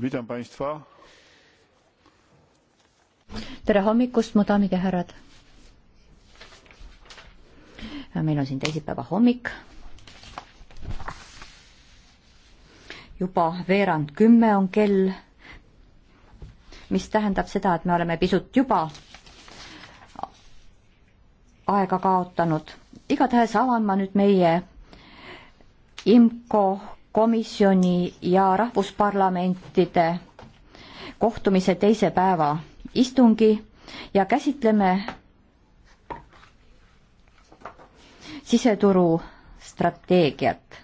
witam państwa. tere hommikust, mu daamid ja härrad. meil on siin teisipäeva hommik. juba veerand kümme on kell, mis tähendab seda, et me oleme pisut juba aega kaotanud. igatahes avan ma nüüd meie IMCO komisjoni ja rahvusparlamentide kohtumise teise päeva istungi ja käsitleme siseturu strateegiat.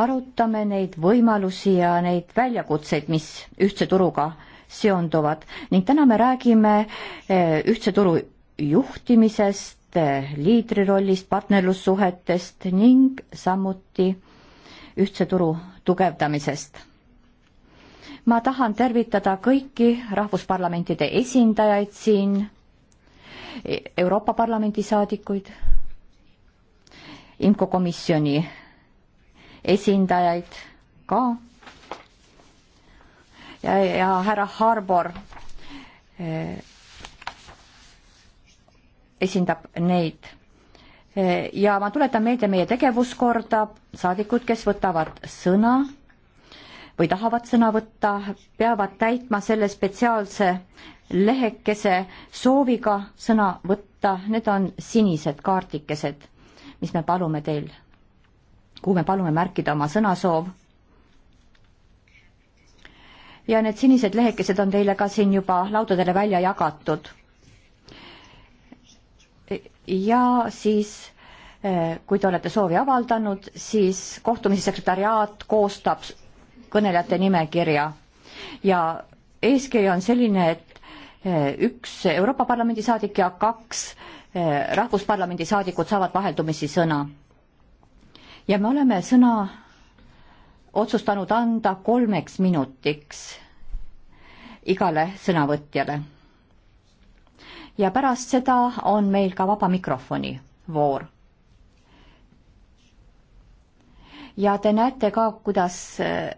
arutame neid võimalusi ja neid väljakutseid, mis ühtse turuga seonduvad ning täna me räägime eh, ühtse turu juhtimisest, naiste liidri rollist, partnerlussuhetest ning samuti ühtse turu tugevdamisest. ma tahan tervitada kõiki rahvusparlamentide esindajaid siin, Euroopa Parlamendi saadikuid, IMCO komisjoni esindajaid ka ja, ja härra Harbor esindab neid. ja ma tuletan meelde meie tegevuskorda, saadikud, kes võtavad sõna või tahavad sõna võtta, peavad täitma selle spetsiaalse lehekese sooviga sõna võtta, need on sinised kaardikesed, mis me palume teil, kuhu me palume märkida oma sõnasoov ja need sinised lehekesed on teile ka siin juba laudadele välja jagatud ja siis eh, kui te olete soovi avaldanud, siis kohtumise sekretariaat koostab kõnelejate nimekirja ja eeskiri on selline, et eh, üks Euroopa Parlamendi saadik ja kaks eh, Rahvusparlamendi saadikud saavad vaheldumisi sõna. ja me oleme sõna otsustanud anda kolmeks minutiks igale sõnavõtjale ja pärast seda on meil ka vaba mikrofoni voor. ja te näete ka, kuidas eh,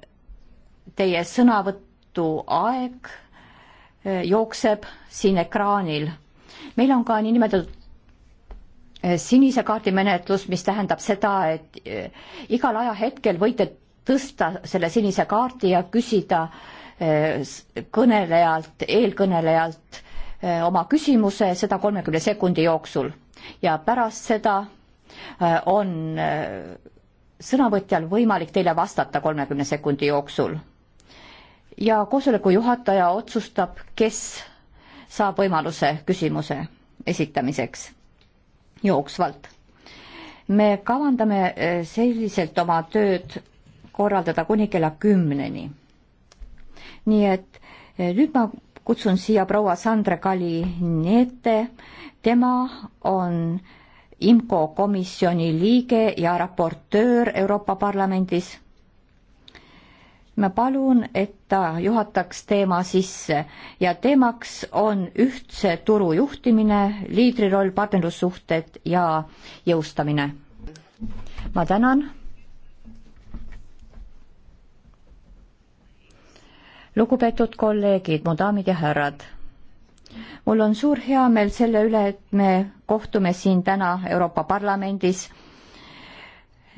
teie sõnavõtu aeg eh, jookseb siin ekraanil. meil on ka niinimetatud eh, sinise kaardi menetlus, mis tähendab seda, et igal ajahetkel võite tõsta selle sinise kaardi ja küsida kõnelejalt, eelkõnelejalt Eh, oma küsimuse, seda kolmekümne sekundi jooksul ja pärast seda eh, on eh, sõnavõtjal võimalik teile vastata kolmekümne sekundi jooksul. ja koosoleku juhataja otsustab, kes saab võimaluse küsimuse esitamiseks jooksvalt. me kavandame selliselt oma tööd korraldada kuni kella kümneni. nii et nüüd ma kutsun siia proua Sandra Kalinete, tema on IMCO komisjoni liige ja raportöör Euroopa Parlamendis. ma palun, et ta juhataks teema sisse ja teemaks on ühtse turu juhtimine, liidriroll, partnerlussuhted ja jõustamine. ma tänan lugupeetud kolleegid, mu daamid ja härrad. mul on suur heameel selle üle, et me kohtume siin täna Euroopa Parlamendis.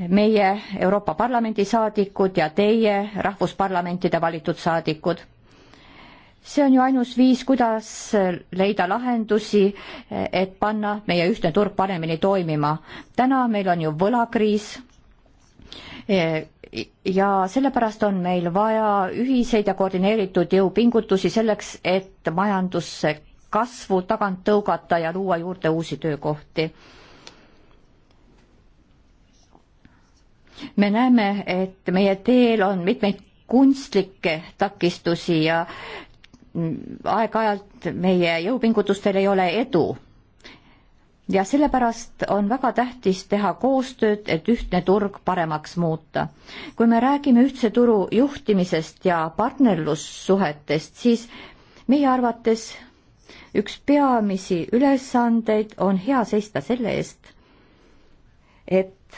meie Euroopa Parlamendi saadikud ja teie rahvusparlamentide valitud saadikud see on ju ainus viis, kuidas leida lahendusi, et panna meie ühtne turg paremini toimima. täna meil on ju võlakriis, ja sellepärast on meil vaja ühiseid ja koordineeritud jõupingutusi selleks, et majandusse kasvu tagant tõugata ja luua juurde uusi töökohti. me näeme, et meie teel on mitmeid kunstlikke takistusi ja aeg-ajalt meie jõupingutustel ei ole edu ja sellepärast on väga tähtis teha koostööd, et ühtne turg paremaks muuta. kui me räägime ühtse turu juhtimisest ja partnerlussuhetest, siis meie arvates üks peamisi ülesandeid on hea seista selle eest, et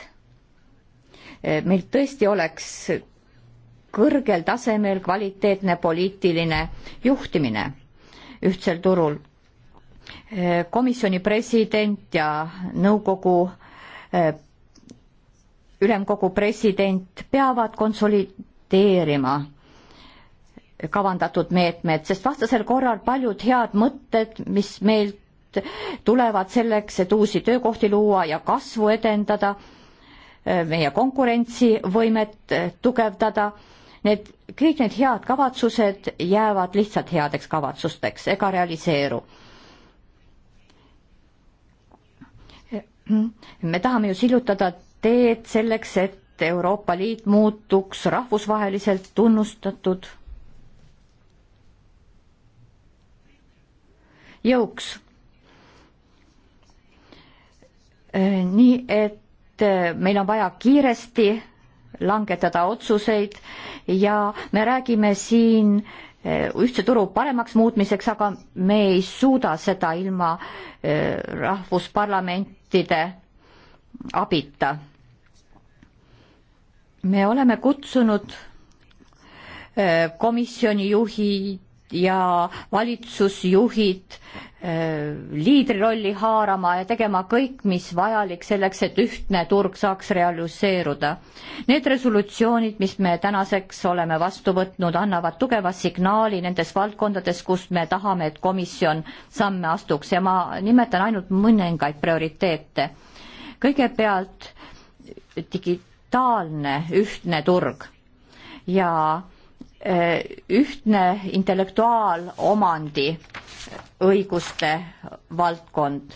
e, meil tõesti oleks kõrgel tasemel kvaliteetne poliitiline juhtimine ühtsel turul Eh, komisjoni president ja nõukogu eh, ülemkogu president peavad konsolideerima kavandatud meetmed, sest vastasel korral paljud head mõtted, mis meilt tulevad selleks, et uusi töökohti luua ja kasvu edendada, eh, meie konkurentsivõimet tugevdada, need, kõik need head kavatsused jäävad lihtsalt headeks kavatsusteks ega realiseeru me tahame ju sillutada teed selleks, et Euroopa Liit muutuks rahvusvaheliselt tunnustatud jõuks. Äh, nii et äh, meil on vaja kiiresti langetada otsuseid ja me räägime siin Eh, ühtse turu paremaks muutmiseks, aga me ei suuda seda ilma eh, rahvusparlamentide abita. me oleme kutsunud eh, komisjoni juhid ja valitsusjuhid äh, liidrirolli haarama ja tegema kõik, mis vajalik selleks, et ühtne turg saaks realiseeruda. Need resolutsioonid, mis me tänaseks oleme vastu võtnud, annavad tugeva signaali nendes valdkondades, kus me tahame, et komisjon samme astuks ja ma nimetan ainult mõningaid prioriteete. kõigepealt digitaalne ühtne turg ja Eh, ühtne intellektuaalomandi õiguste valdkond.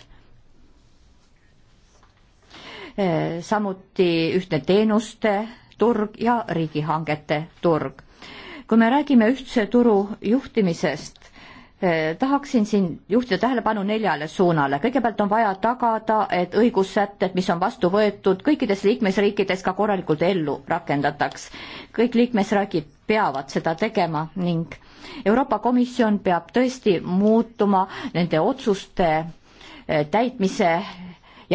Eh, samuti ühtne teenuste turg ja riigihangete turg. kui me räägime ühtse turu juhtimisest, Eh, tahaksin siin juhtida tähelepanu neljale suunale. kõigepealt on vaja tagada, et õigussätted, mis on vastu võetud kõikides liikmesriikides ka korralikult ellu rakendataks. kõik liikmesriigid peavad seda tegema ning Euroopa Komisjon peab tõesti muutuma nende otsuste eh, täitmise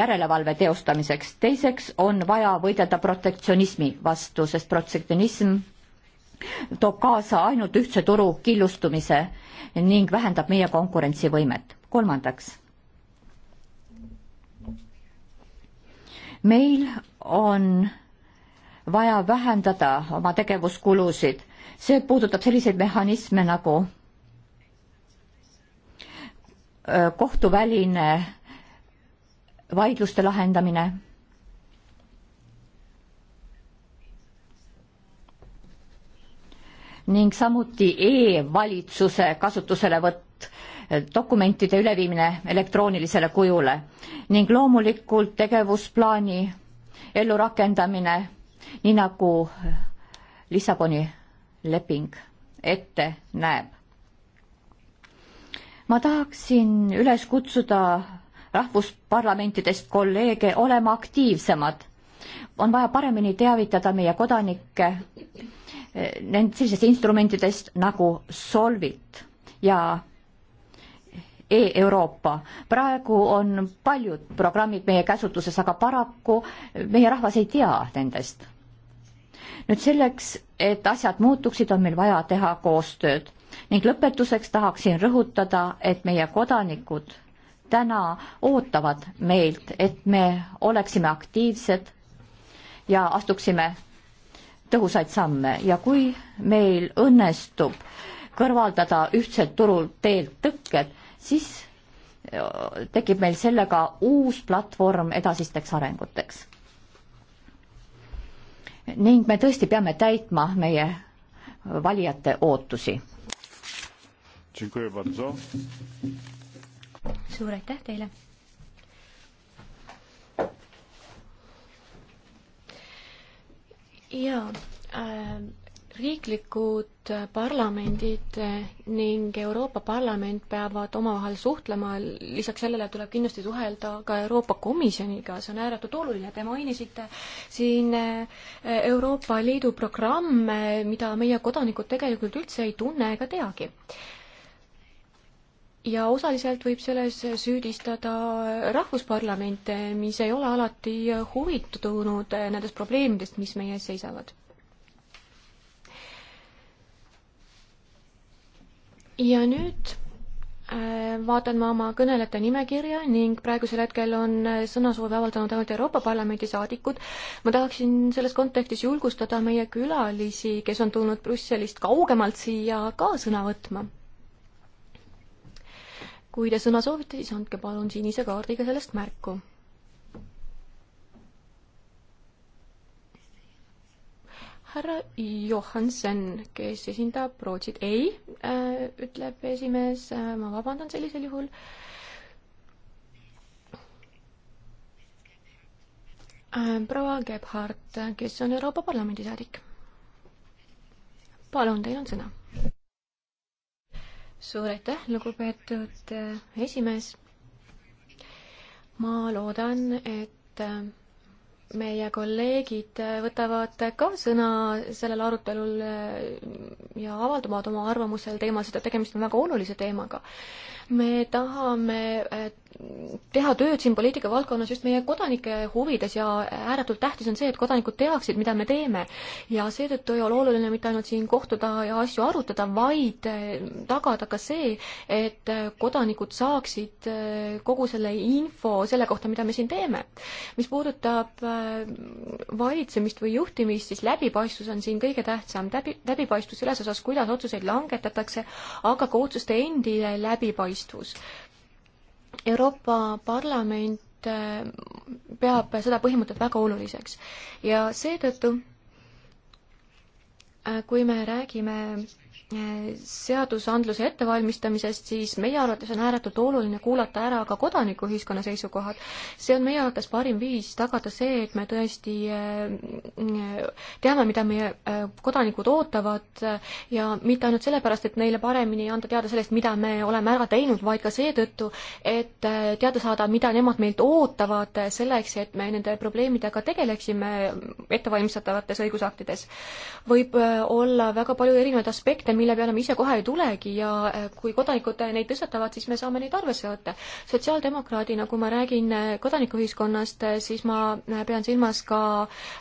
järelevalve teostamiseks. teiseks on vaja võidelda protektsionismi vastu, sest protektsionism toob kaasa ainult ühtse turu killustumise ning vähendab meie konkurentsivõimet. kolmandaks, meil on vaja vähendada oma tegevuskulusid, see puudutab selliseid mehhanisme nagu äh, kohtuväline vaidluste lahendamine ning samuti e-valitsuse kasutuselevõtt, dokumentide üleviimine elektroonilisele kujule ning loomulikult tegevusplaani ellurakendamine, nii nagu Lissaboni leping ette näeb. ma tahaksin üles kutsuda rahvusparlamentidest kolleege olema aktiivsemad. on vaja paremini teavitada meie kodanikke nend-, sellistest instrumentidest nagu Solvit ja E-Euroopa. praegu on paljud programmid meie käsutuses, aga paraku meie rahvas ei tea nendest. nüüd selleks, et asjad muutuksid, on meil vaja teha koostööd ning lõpetuseks tahaksin rõhutada, et meie kodanikud täna ootavad meilt, et me oleksime aktiivsed ja astuksime tõhusaid samme ja kui meil õnnestub kõrvaldada ühtselt turult teelt tõkked, siis tekib meil sellega uus platvorm edasisteks arenguteks. ning me tõesti peame täitma meie valijate ootusi. suur aitäh teile! jaa ähm, äh,, riiklikud parlamendid äh, ning Euroopa Parlament peavad omavahel suhtlema, lisaks sellele tuleb kindlasti suhelda ka Euroopa Komisjoniga, see on ääretult oluline, te mainisite siin äh, Euroopa Liidu programme, mida meie kodanikud tegelikult üldse ei tunne ega teagi ja osaliselt võib selles süüdistada rahvusparlamente, mis ei ole alati huvitunud nendest probleemidest, mis meie ees seisavad. ja nüüd äh, vaatan ma oma kõnelejate nimekirja ning praegusel hetkel on sõnasoovi avaldanud ainult Euroopa Parlamendi saadikud. ma tahaksin selles kontekstis julgustada meie külalisi, kes on tulnud Brüsselist kaugemalt siia ka sõna võtma kui te sõna soovite, siis andke palun sinise kaardiga sellest märku. härra Johansen, kes esindab Rootsit, ei äh,, ütleb esimees äh,, ma vabandan sellisel juhul äh,. proua Gebhardt, kes on Euroopa Parlamendi saadik. palun, teil on sõna suur aitäh, lugupeetud äh, esimees. ma loodan, et äh, meie kolleegid äh, võtavad ka sõna sellel arutelul ja avaldavad oma arvamusel teemal, seda tegemist on väga olulise teemaga me tahame äh, teha tööd siin poliitika valdkonnas just meie kodanike huvides ja ääretult tähtis on see, et kodanikud teaksid, mida me teeme. ja seetõttu ei ole oluline mitte ainult siin kohtuda ja asju arutada, vaid äh, tagada ka see, et äh, kodanikud saaksid kogu selle info selle kohta, mida me siin teeme. mis puudutab valitsemist või juhtimist, siis läbipaistvus on siin kõige tähtsam, läbi, läbipaistvus selles osas, kuidas otsuseid langetatakse, aga ka otsuste endi läbipaistvus läbipaistvus. Euroopa Parlament äh, peab seda põhimõtet väga oluliseks ja seetõttu Äh, kui me räägime äh, seadusandluse ettevalmistamisest, siis meie arvates on ääretult oluline kuulata ära ka kodanikuühiskonna seisukohad. see on meie arvates parim viis tagada see, et me tõesti äh, teame, mida meie kodanikud ootavad ja mitte ainult sellepärast, et neile paremini anda teada sellest, mida me oleme ära teinud, vaid ka seetõttu, et teada saada, mida nemad meilt ootavad, selleks et me nende probleemidega tegeleksime ettevalmistatavates õigusaktides. võib olla väga palju erinevaid aspekte, mille peale me ise kohe ei tulegi ja eh, kui kodanikud eh, neid tõstatavad, siis me saame neid arvesse võtta. sotsiaaldemokraadina, kui ma räägin eh, kodanikuühiskonnast, siis ma pean silmas ka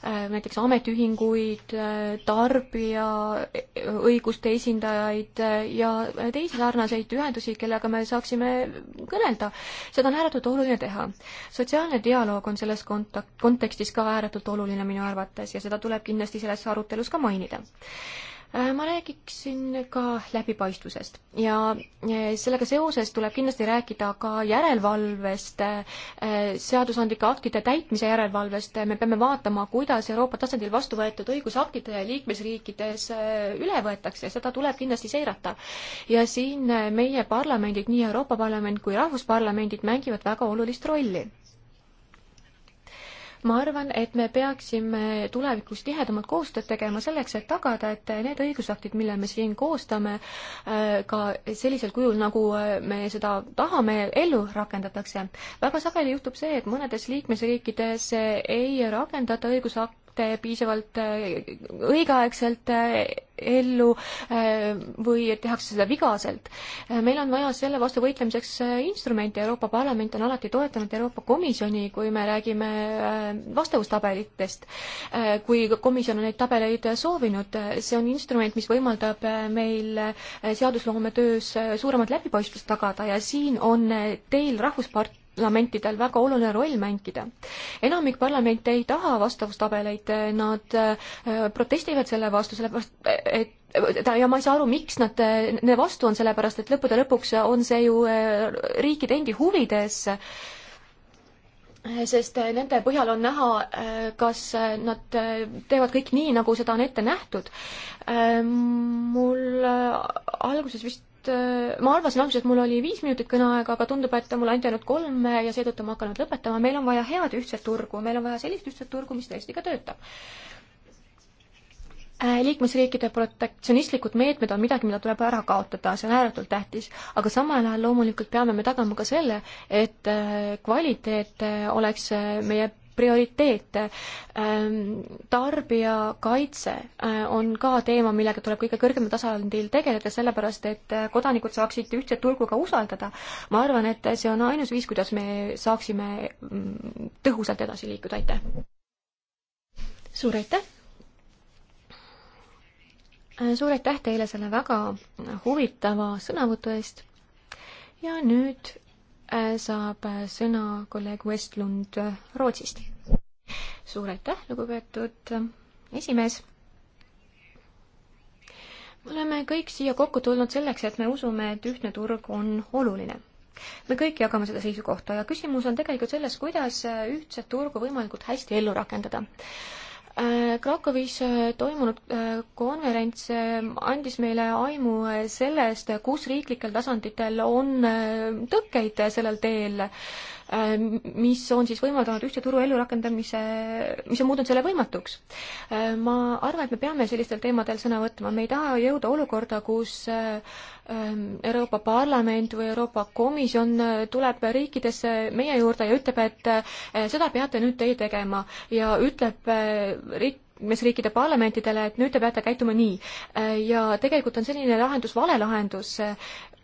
näiteks ametiühinguid, tarbija õiguste esindajaid ja teisi sarnaseid ühendusi, kellega me saaksime kõnelda. seda on ääretult oluline teha. sotsiaalne dialoog on selles kont-, kontekstis ka ääretult oluline minu arvates ja seda tuleb kindlasti selles arutelus ka mainida Äh, ma räägiksin ka läbipaistvusest ja äh, sellega seoses tuleb kindlasti rääkida ka järelevalvest, äh, seadusandlike aktide täitmise järelevalvest, me peame vaatama, kuidas Euroopa tasandil vastu võetud õigusaktide liikmesriikides üle võetakse, seda tuleb kindlasti seirata. ja siin meie parlamendid, nii Euroopa Parlament kui Rahvusparlamendid mängivad väga olulist rolli ma arvan, et me peaksime tulevikus tihedamat koostööd tegema selleks, et tagada, et need õigusaktid, mille me siin koostame, äh, ka sellisel kujul, nagu äh, me seda tahame, ellu rakendatakse. väga sageli juhtub see, et mõnedes liikmesriikides ei rakendata õigusakte projekte piisavalt äh, õigeaegselt äh, ellu äh, või tehakse seda vigaselt. meil on vaja selle vastu võitlemiseks instrumente, Euroopa Parlament on alati toetanud Euroopa Komisjoni, kui me räägime vastavustabelitest. kui komisjon on neid tabeleid soovinud, see on instrument, mis võimaldab meil seadusloometöös suuremat läbipaistvust tagada ja siin on teil rahvuspart-, parlamentidel väga oluline roll mängida. enamik parlamente ei taha vastavustabeleid, nad äh, protestivad selle vastu, sellepärast äh, et ja ma ei saa aru, miks nad äh, nende vastu on, sellepärast et lõppude lõpuks on see ju riikide endi huvides, sest nende põhjal on näha, kas nad teevad kõik nii, nagu seda on ette nähtud. mul alguses vist et äh, ma arvasin alguses, et mul oli viis minutit kõneaega, aga tundub, et mulle anti ainult kolm ja seetõttu ma hakkan nüüd lõpetama. meil on vaja head ühtset turgu, meil on vaja sellist ühtset turgu, mis tõesti ka töötab. Äh, liikmesriikide protektsionistlikud meetmed on midagi, mida tuleb ära kaotada, see on ääretult tähtis, aga samal ajal loomulikult peame me tagama ka selle, et äh, kvaliteet oleks meie prioriteet. Ähm, tarbijakaitse äh, on ka teema, millega tuleb kõige kõrgemal tasandil tegeleda, sellepärast et äh, kodanikud saaksid ühtset turgu ka usaldada. ma arvan, et see on ainus viis, kuidas me saaksime mm, tõhusalt edasi liikuda, aitäh! suur aitäh! Äh, suur aitäh teile selle väga huvitava sõnavõtu eest ja nüüd Äh, saab äh, sõna kolleeg Westlund äh, Rootsist. suur aitäh, lugupeetud esimees me oleme kõik siia kokku tulnud selleks, et me usume, et ühtne turg on oluline. me kõik jagame seda seisukohta ja küsimus on tegelikult selles, kuidas ühtset turgu võimalikult hästi ellu rakendada. Äh, Krakowis äh, toimunud äh, konverents andis meile aimu sellest, kus riiklikel tasanditel on tõkkeid sellel teel Äh, mis on siis võimaldanud ühtse turu ellurakendamise, mis on muutnud selle võimatuks. Äh, ma arvan, et me peame sellistel teemadel sõna võtma, me ei taha jõuda olukorda, kus äh, ähm, Euroopa Parlament või Euroopa Komisjon tuleb riikidesse meie juurde ja ütleb, et seda peate nüüd teie tegema ja ütleb riik, liikmesriikide parlamentidele, et nüüd te peate käituma nii. ja tegelikult on selline lahendus vale lahendus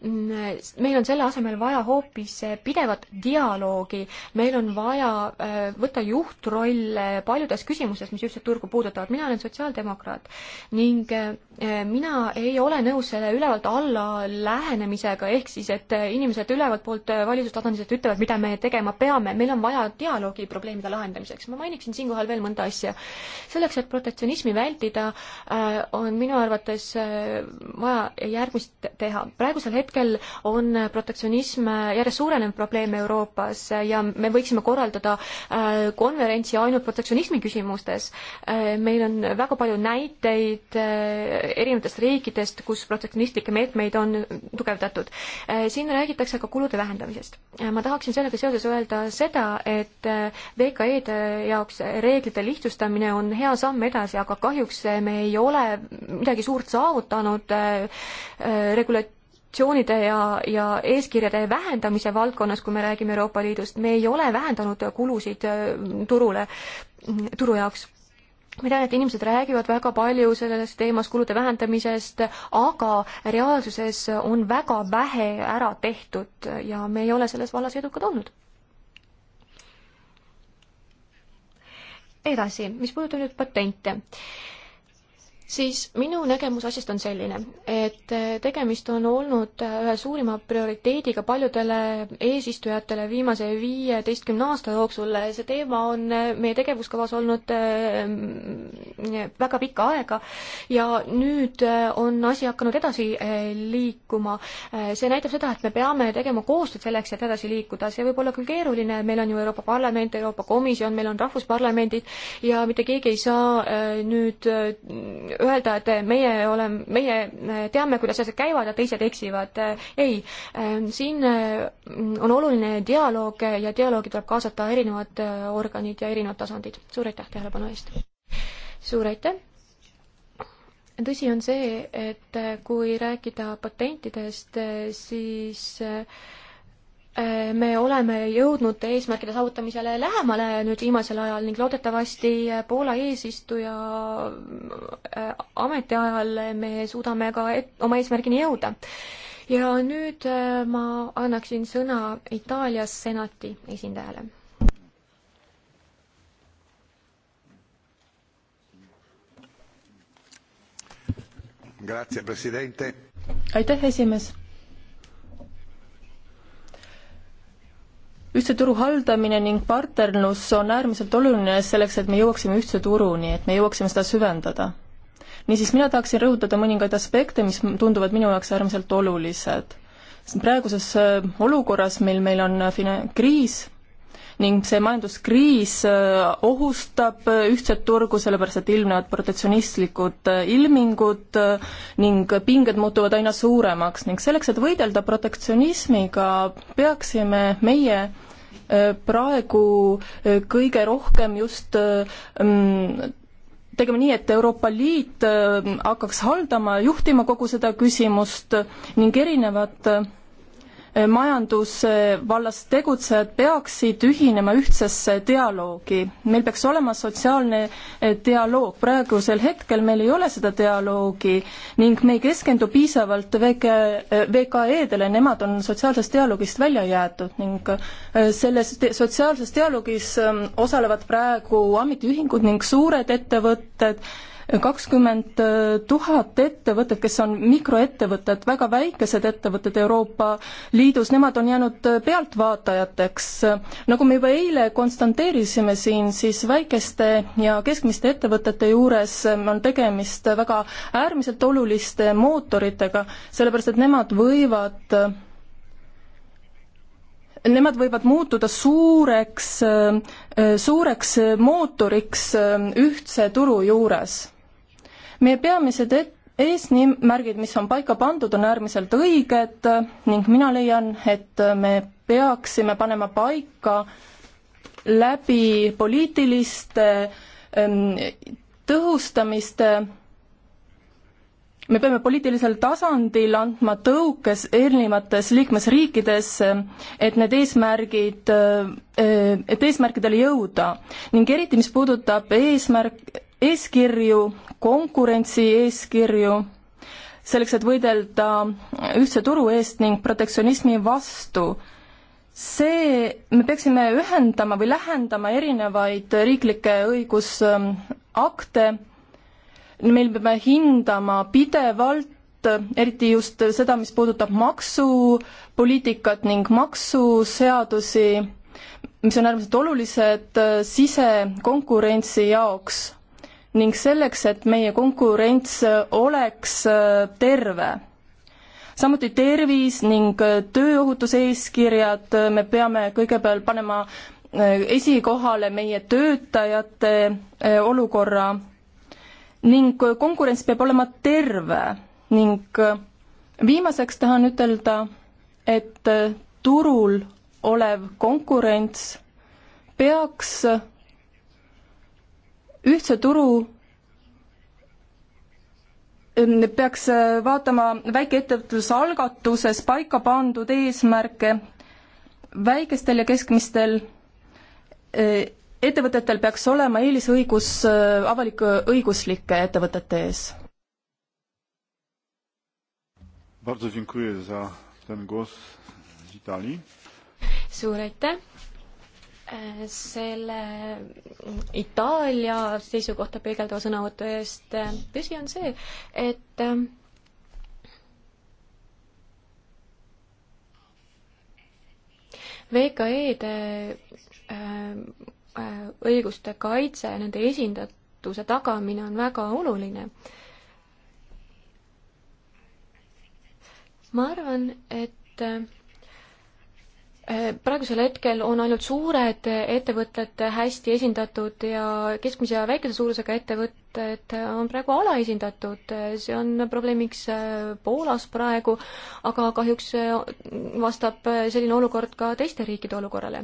meil on selle asemel vaja hoopis pidevat dialoogi, meil on vaja äh, võtta juhtroll paljudes küsimustes, mis üldse turgu puudutavad, mina olen sotsiaaldemokraat ning äh, mina ei ole nõus selle ülevalt alla lähenemisega, ehk siis, et inimesed ülevalt poolt valitsustasandilt ütlevad, mida me tegema peame, meil on vaja dialoogi probleemide lahendamiseks. ma mainiksin siinkohal veel mõnda asja. selleks, et protektsionismi vältida, äh, on minu arvates vaja järgmist teha. praegusel hetkel hetkel on protektsionism järjest suurenev probleem Euroopas ja me võiksime korraldada äh, konverentsi ainult protektsionismi küsimustes. Äh, meil on väga palju näiteid äh, erinevatest riikidest, kus protektsionistlikke meetmeid on tugevdatud. siin räägitakse ka kulude vähendamisest. ma tahaksin sellega seoses öelda seda, et VKE-de jaoks reeglite lihtsustamine on hea samm edasi, aga kahjuks me ei ole midagi suurt saavutanud regulat-, sanktsioonide ja, ja eeskirjade vähendamise valdkonnas, kui me räägime Euroopa Liidust, me ei ole vähendanud kulusid äh, turule, turu jaoks ma tean, et inimesed räägivad väga palju selles teemas kulude vähendamisest, aga reaalsuses on väga vähe ära tehtud ja me ei ole selles vallas edukad olnud. edasi, mis puudutab nüüd patente siis minu nägemus asjast on selline, et äh, tegemist on olnud äh, ühe suurima prioriteediga paljudele eesistujatele viimase viieteistkümne aasta jooksul. see teema on äh, meie tegevuskavas olnud mm, väga pikka aega ja nüüd on asi hakanud edasi liikuma. see näitab seda, et me peame tegema koostööd selleks, et edasi liikuda. see võib olla küll keeruline, meil on ju Euroopa Parlament, Euroopa Komisjon, meil on rahvusparlamendid ja mitte keegi ei saa nüüd öelda, et meie oleme, meie äh, teame, kuidas asjad käivad ja teised eksivad. Äh, ei, ähm, siin äh, on oluline dialoog ja dialoogi tuleb kaasata erinevad organid ja erinevad tasandid. suur aitäh tähelepanu eest! suur aitäh! tõsi on see, et kui rääkida patentidest, siis äh, Äh, me oleme jõudnud eesmärkide saavutamisele lähemale nüüd viimasel ajal ning loodetavasti äh, Poola eesistuja äh, ametiajal me suudame ka oma eesmärgini jõuda. ja nüüd ma annaksin sõna Itaalia senati esindajale. aitäh, esimees ühtse turu haldamine ning partnerlus on äärmiselt oluline selleks, et me jõuaksime ühtse turuni, et me jõuaksime seda süvendada. niisiis, mina tahaksin rõhutada mõningaid aspekte, mis tunduvad minu jaoks äärmiselt olulised. praeguses äh, olukorras, mil meil on äh, fina-, kriis, ning see majanduskriis äh, ohustab äh, ühtset turgu, sellepärast et ilmnevad protektsionistlikud äh, ilmingud ning pinged muutuvad aina suuremaks ning selleks, et võidelda protektsionismiga, peaksime meie praegu kõige rohkem just mm, tegema nii, et Euroopa Liit hakkaks haldama, juhtima kogu seda küsimust ning erinevad majandusvallas tegutsejad peaksid ühinema ühtsesse dialoogi. meil peaks olema sotsiaalne eh, dialoog, praegusel hetkel meil ei ole seda dialoogi ning me ei keskendu piisavalt VK, eh, VKE-dele, nemad on sotsiaalsest dialoogist välja jäetud ning eh, selles sotsiaalses dialoogis osalevad praegu ametiühingud ning suured ettevõtted, kakskümmend äh, tuhat ettevõtet, kes on mikroettevõtted, väga väikesed ettevõtted Euroopa Liidus, nemad on jäänud äh, pealtvaatajateks. nagu me juba eile konstanteerisime siin, siis väikeste ja keskmiste ettevõtete juures äh, on tegemist väga äärmiselt oluliste mootoritega, sellepärast et nemad võivad nemad võivad muutuda suureks, suureks mootoriks ühtse turu juures meie peamised et-, eesmärgid, mis on paika pandud, on äärmiselt õiged ning mina leian, et me peaksime panema paika läbi poliitiliste ähm, tõhustamiste, me peame poliitilisel tasandil andma tõukes erinevates liikmesriikides, et need eesmärgid, äh, et eesmärkidele jõuda. ning eriti, mis puudutab eesmärk, eeskirju, konkurentsieeskirju, selleks, et võidelda ühtse turu eest ning protektsionismi vastu. see, me peaksime ühendama või lähendama erinevaid riiklikke õigusakte, meil peame hindama pidevalt eriti just seda, mis puudutab maksupoliitikat ning maksuseadusi, mis on äärmiselt olulised sisekonkurentsi jaoks ning selleks, et meie konkurents äh, oleks äh, terve. samuti tervis ning äh, tööohutuse eeskirjad, me peame kõigepealt panema esikohale meie töötajate olukorra ning konkurents peab olema terve ning viimaseks tahan ütelda, et turul olev konkurents peaks ühtse turu ähm, peaks äh, vaatama väikeettevõtluse algatuses paika pandud eesmärke, väikestel ja keskmistel äh, ettevõtetel peaks olema eelisõigus äh, avalik-õiguslike ettevõtete ees. suur aitäh selle Itaalia seisukohta peegeldava sõnavõtu eest. tõsi on see, et äh, VKE-de äh, äh, õiguste kaitse, nende esindatuse tagamine on väga oluline. ma arvan, et Äh, praegusel hetkel on ainult suured ettevõtted hästi esindatud ja keskmise ja väikese suurusega ettevõtted on praegu alaesindatud. see on probleemiks äh, Poolas praegu, aga kahjuks äh, vastab selline olukord ka teiste riikide olukorrale.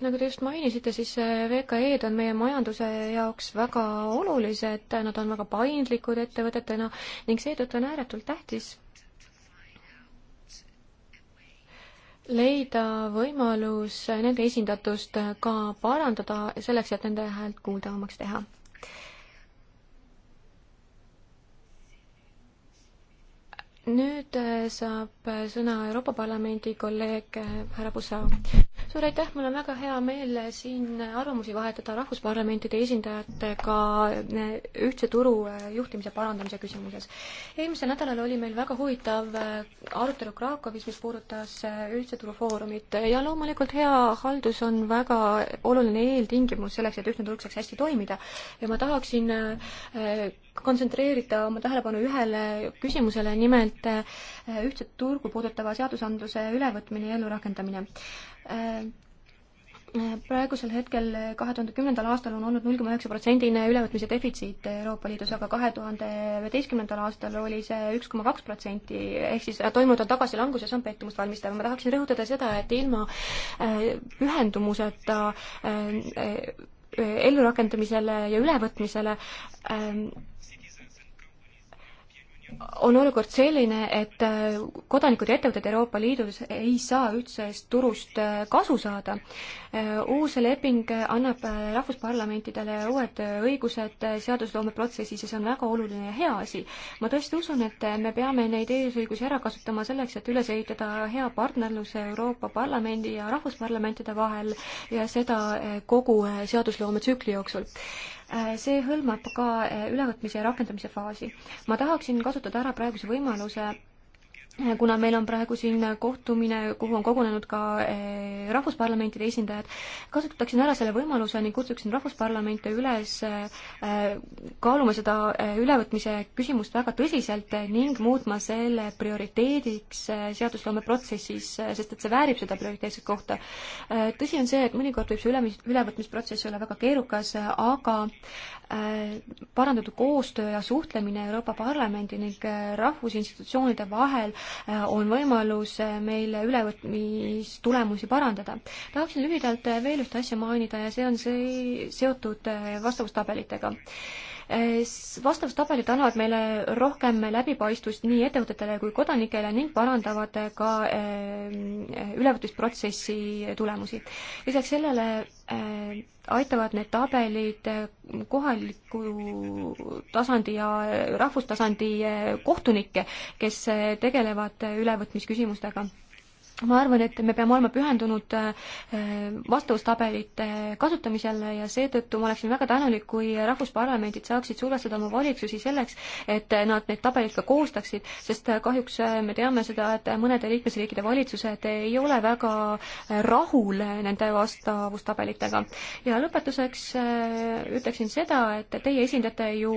nagu te just mainisite, siis VKE-d on meie majanduse jaoks väga olulised, nad on väga paindlikud ettevõtetena ning seetõttu on ääretult tähtis leida võimalus nende esindatust ka parandada selleks, et nende häält kuuldavamaks teha. nüüd saab sõna Euroopa Parlamendi kolleeg härra Pussau suur aitäh, mul on väga hea meel siin arvamusi vahetada rahvusparlamentide esindajatega ühtse turu äh, juhtimise parandamise küsimuses. eelmisel nädalal oli meil väga huvitav äh, arutelu Krakowis, mis puudutas äh, ühtse turu foorumit ja loomulikult hea haldus on väga oluline eeltingimus selleks, et ühtne turg saaks hästi toimida ja ma tahaksin kontsentreerida oma tähelepanu ühele küsimusele, nimelt ühtset turgu puudutava seadusandluse ülevõtmine ja ellurakendamine. Äh, äh, praegusel hetkel kahe tuhande kümnendal aastal on olnud null koma üheksa protsendine ülevõtmise defitsiit Euroopa Liidus, aga kahe tuhande üheteistkümnendal aastal oli see üks koma kaks protsenti, ehk siis äh, toimunud on tagasilangus ja see on pettumust valmistav. ma tahaksin rõhutada seda, et ilma pühendumuseta ellurakendamisele ja ülevõtmisele ähm, on olukord selline, et äh, kodanikud ja ettevõtted Euroopa Liidus ei saa ühtsest turust äh, kasu saada. Äh, uus leping annab rahvusparlamentidele uued õigused seadusloomeprotsessis ja see on väga oluline ja hea asi. ma tõesti usun, et me peame neid eesõigusi ära kasutama selleks, et üles ehitada hea partnerlus Euroopa Parlamendi ja rahvusparlamentide vahel ja seda kogu seadusloome tsükli jooksul Äh, see hõlmab ka äh, ülevõtmise ja rakendamise faasi. ma tahaksin kasutada ära praeguse võimaluse kuna meil on praegu siin kohtumine, kuhu on kogunenud ka eh, rahvusparlamentide esindajad, kasutaksin ära selle võimaluse ning kutsuksin rahvusparlamente üles eh, kaaluma seda eh, ülevõtmise küsimust väga tõsiselt ning muutma selle prioriteediks seadusloome protsessis, sest et see väärib seda prioriteetset kohta. tõsi on see, et mõnikord võib see üle, ülevõtmisprotsess olla väga keerukas, aga Äh, parandatud koostöö ja suhtlemine Euroopa Parlamendi ning äh, rahvusinstitutsioonide vahel äh, on võimalus meil ülevõtmistulemusi parandada. tahaksin lühidalt veel ühte asja mainida ja see on see seotud vastavustabelitega vastavustabelid annavad meile rohkem läbipaistvust nii ettevõtetele kui kodanikele ning parandavad ka ehm, ülevõtmisprotsessi tulemusi. lisaks sellele ehm, aitavad need tabelid ehm, kohaliku tasandi ja rahvustasandi kohtunikke, kes tegelevad ülevõtmisküsimustega ma arvan, et me peame olema pühendunud äh, vastavustabelite kasutamisele ja seetõttu ma oleksin väga tänulik, kui rahvusparlamendid saaksid survestada oma valitsusi selleks, et nad need tabelid ka koostaksid, sest äh, kahjuks äh, me teame seda, et mõnede liikmesriikide valitsused ei ole väga rahul nende vastavustabelitega. ja lõpetuseks ütleksin seda, et teie esindate ju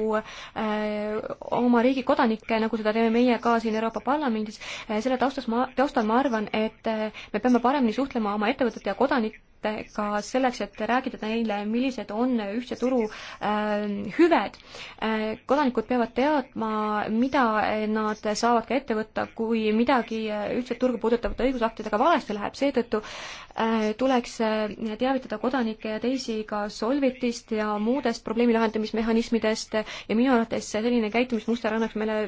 oma riigi kodanikke, nagu seda teeme meie ka siin Euroopa Parlamendis, selle taustas ma, taustal ma arvan, et et me peame paremini suhtlema oma ettevõtete ja kodanikega selleks, et rääkida neile, millised on ühtse turu äh, hüved äh,. kodanikud peavad teadma, mida nad saavad ka ette võtta, kui midagi äh, ühtset turgu puudutavate õigusaktidega valesti läheb, seetõttu äh, tuleks äh, teavitada kodanikke ja teisi ka Solvitist ja muudest probleemi lahendamismehhanismidest ja minu arvates selline käitumismuster annaks meile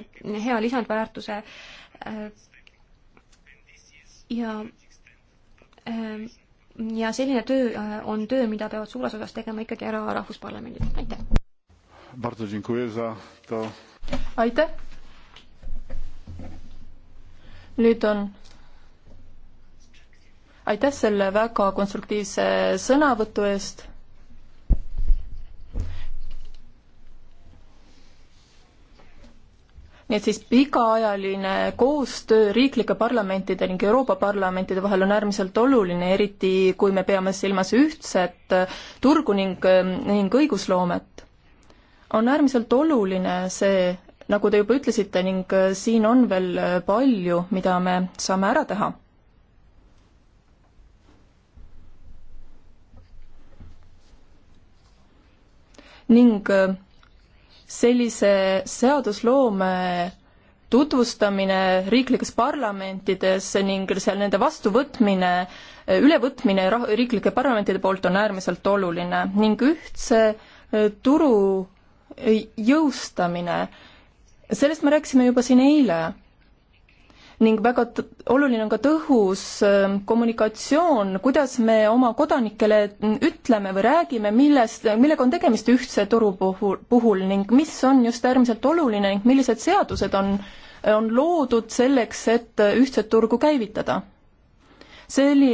hea lisandväärtuse äh, ja ähm, ja selline töö äh, on töö, mida peavad suures osas tegema ikkagi ära rahvusparlamendid, aitäh. aitäh. nüüd on, aitäh selle väga konstruktiivse sõnavõtu eest nii et siis pikaajaline koostöö riiklike parlamentide ning Euroopa parlamentide vahel on äärmiselt oluline, eriti kui me peame silmas ühtset äh, turgu ning, ähm, ning õigusloomet. on äärmiselt oluline see, nagu te juba ütlesite, ning äh, siin on veel äh, palju, mida me saame ära teha ning sellise seadusloome tutvustamine riiklikes parlamentides ning seal nende vastuvõtmine, ülevõtmine rah-, riiklike parlamentide poolt on äärmiselt oluline ning ühtse e, turu e, jõustamine, sellest me rääkisime juba siin eile ning väga oluline on ka tõhus ähm, kommunikatsioon, kuidas me oma kodanikele ütleme või räägime, millest, millega on tegemist ühtse turu puhul, puhul ning mis on just äärmiselt oluline ning millised seadused on, on loodud selleks, et ühtset turgu käivitada. see oli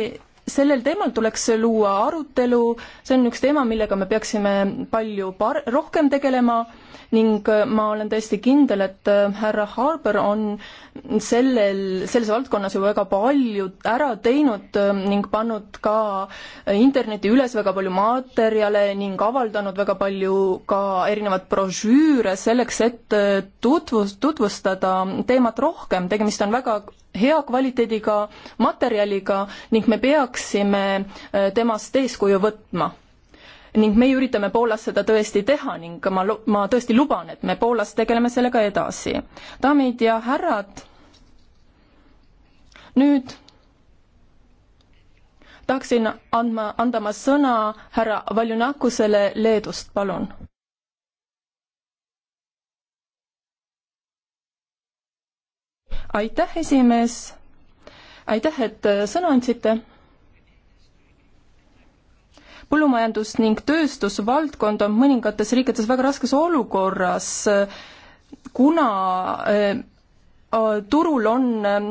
sellel teemal tuleks luua arutelu, see on üks teema, millega me peaksime palju par-, rohkem tegelema ning äh, ma olen täiesti kindel, et äh, härra Harber on sellel, selles valdkonnas ju väga palju ära teinud äh, ning pannud ka interneti üles väga palju materjale ning avaldanud väga palju ka erinevaid brošüüre selleks, et tutvus, tutvustada teemat rohkem, tegemist on väga hea kvaliteediga materjaliga ning me peaksime temast eeskuju võtma ning meie üritame Poolas seda tõesti teha ning ma, ma tõesti luban, et me Poolas tegeleme sellega edasi. daamid ja härrad, nüüd tahaksin andma, anda ma sõna härra Valjunakusele Leedust, palun. aitäh, esimees. aitäh, et sõna andsite põllumajandus- ning tööstusvaldkond on mõningates riikides väga raskes olukorras, kuna äh, äh, turul on ähm,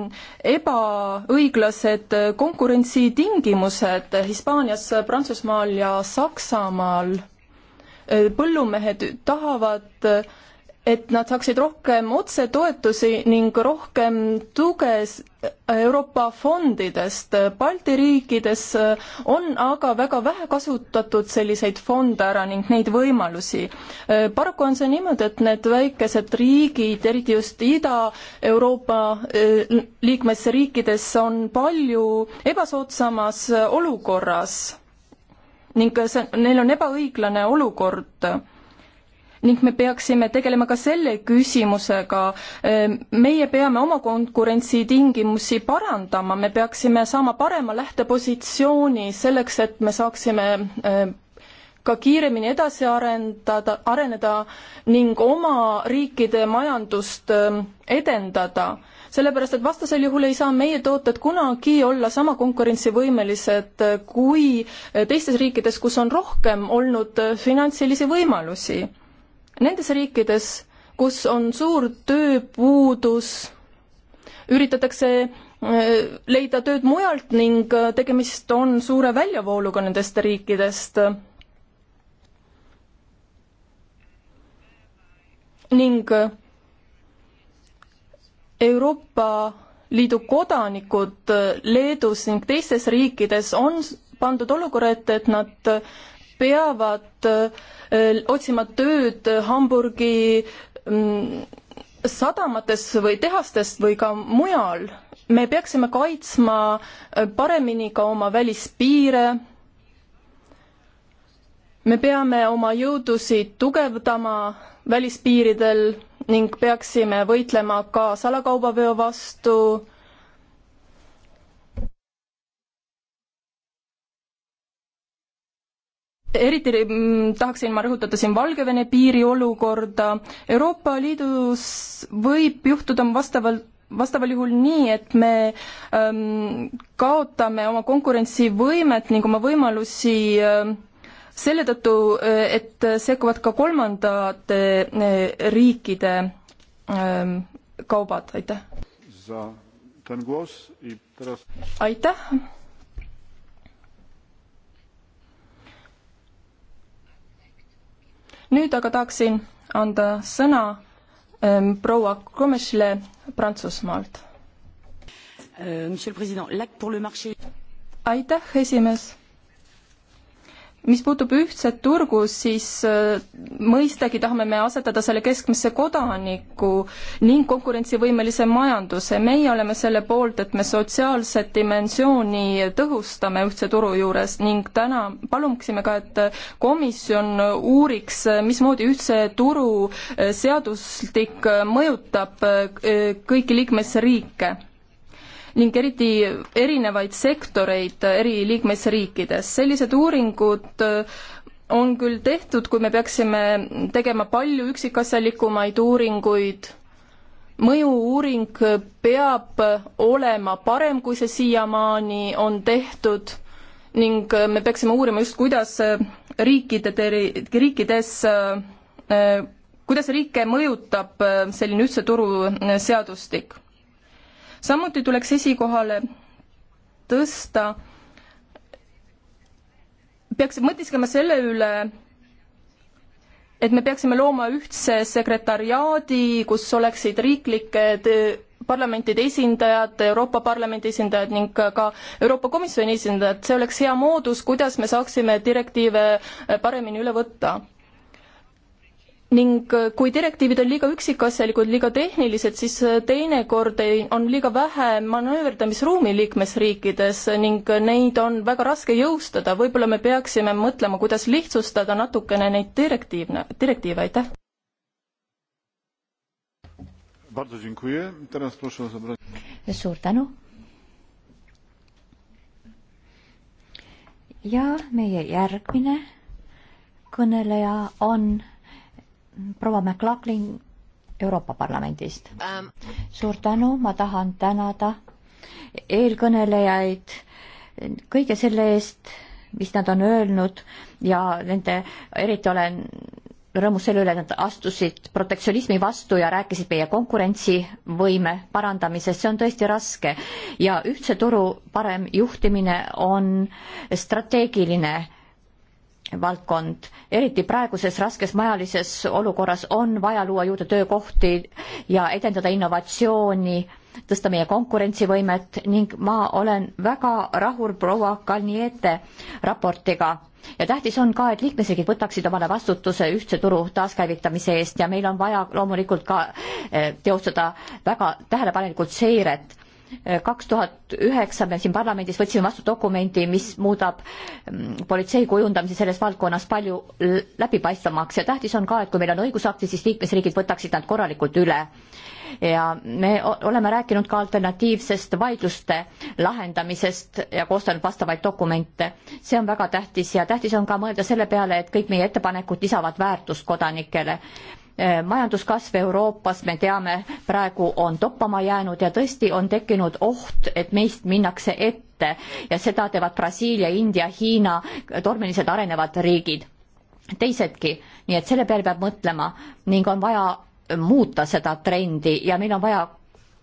ebaõiglased konkurentsitingimused Hispaanias, Prantsusmaal ja Saksamaal. Äh, põllumehed tahavad et nad saaksid rohkem otsetoetusi ning rohkem tuge Euroopa fondidest. Balti riikides äh, on aga väga vähe kasutatud selliseid fonde ära ning neid võimalusi. Äh, paraku on see niimoodi, et need väikesed riigid, eriti just Ida-Euroopa äh, liikmesriikides, on palju ebasoodsamas olukorras ning see, neil on ebaõiglane olukord ning me peaksime tegelema ka selle küsimusega. Ehm, meie peame oma konkurentsitingimusi parandama, me peaksime saama parema lähtepositsiooni selleks, et me saaksime ehm, ka kiiremini edasi arendada, areneda ning oma riikide majandust ehm, edendada. sellepärast, et vastasel juhul ei saa meie tooted kunagi olla sama konkurentsivõimelised kui eh, teistes riikides, kus on rohkem olnud eh, finantsilisi võimalusi Nendes riikides, kus on suur tööpuudus, üritatakse äh, leida tööd mujalt ning äh, tegemist on suure väljavooluga nendest riikidest ning äh, Euroopa Liidu kodanikud Leedus ning teistes riikides on pandud olukorra ette, et nad peavad äh, otsima tööd Hamburgi mm, sadamates või tehastes või ka mujal. me peaksime kaitsma äh, paremini ka oma välispiire. me peame oma jõudusid tugevdama välispiiridel ning peaksime võitlema ka salakaubaveo vastu eriti mm, tahaksin ma rõhutada siin Valgevene piiri olukorda, Euroopa Liidus võib juhtuda vastavalt vastaval juhul nii, et me ähm, kaotame oma konkurentsivõimet ning oma võimalusi äh, selle tõttu, äh, et sekkuvad ka kolmandate äh, riikide äh, kaubad, aitäh. aitäh nüüd aga tahaksin anda sõna ähm, proua Komešile Prantsusmaalt. Äh, aitäh, esimees mis puutub ühtset turgu, siis äh, mõistagi tahame me asetada selle keskmisse kodaniku ning konkurentsivõimelise majanduse. meie oleme selle poolt, et me sotsiaalset dimensiooni tõhustame ühtse turu juures ning täna paluksime ka, et komisjon uuriks, mismoodi ühtse turu äh, seadustik äh, mõjutab kõiki liikmesriike ning eriti erinevaid sektoreid eri liikmesriikides. sellised uuringud äh, on küll tehtud, kui me peaksime tegema palju üksikasjalikumaid uuringuid, mõju-uuring peab olema parem, kui see siiamaani on tehtud ning me peaksime uurima just, kuidas riikide teri-, riikides, äh, kuidas riike mõjutab äh, selline ühtse turu seadustik samuti tuleks esikohale tõsta, peaks mõtisklema selle üle, et me peaksime looma ühtse sekretariaadi, kus oleksid riiklike parlamentide esindajad, Euroopa Parlamendi esindajad ning ka Euroopa Komisjoni esindajad, see oleks hea moodus, kuidas me saaksime direktiive paremini üle võtta ning äh, kui direktiivid on liiga üksikasjalikud, liiga tehnilised, siis äh, teinekord ei, on liiga vähe manööverdamisruumi liikmesriikides ning äh, neid on väga raske jõustada, võib-olla me peaksime mõtlema, kuidas lihtsustada natukene neid direktiivne, direktiive, aitäh. suur tänu. ja meie järgmine kõneleja on proua McLaughlin Euroopa Parlamendist um.. suur tänu, ma tahan tänada eelkõnelejaid kõige selle eest, mis nad on öelnud ja nende, eriti olen rõõmus selle üle, et nad astusid protektsionismi vastu ja rääkisid meie konkurentsivõime parandamisest, see on tõesti raske. ja ühtse turu parem juhtimine on strateegiline valdkond, eriti praeguses raskes majalises olukorras on vaja luua juurde töökohti ja edendada innovatsiooni, tõsta meie konkurentsivõimet ning ma olen väga rahul proua Kalniete raportiga ja tähtis on ka, et liikmesriigid võtaksid omale vastutuse ühtse turu taaskäivitamise eest ja meil on vaja loomulikult ka eh, teostada väga tähelepanelikult seiret kaks tuhat üheksa me siin parlamendis võtsime vastu dokumendi, mis muudab mm, politsei kujundamise selles valdkonnas palju läbipaistvamaks ja tähtis on ka, et kui meil on õigusaktid, siis liikmesriigid võtaksid nad korralikult üle. ja me oleme rääkinud ka alternatiivsest vaidluste lahendamisest ja koostanud vastavaid dokumente. see on väga tähtis ja tähtis on ka mõelda selle peale, et kõik meie ettepanekud lisavad väärtust kodanikele Eh, majanduskasv Euroopas, me teame, praegu on toppama jäänud ja tõesti on tekkinud oht, et meist minnakse ette ja seda teevad Brasiilia, India, Hiina, tormilised arenevad riigid, teisedki. nii et selle peale peab mõtlema ning on vaja muuta seda trendi ja meil on vaja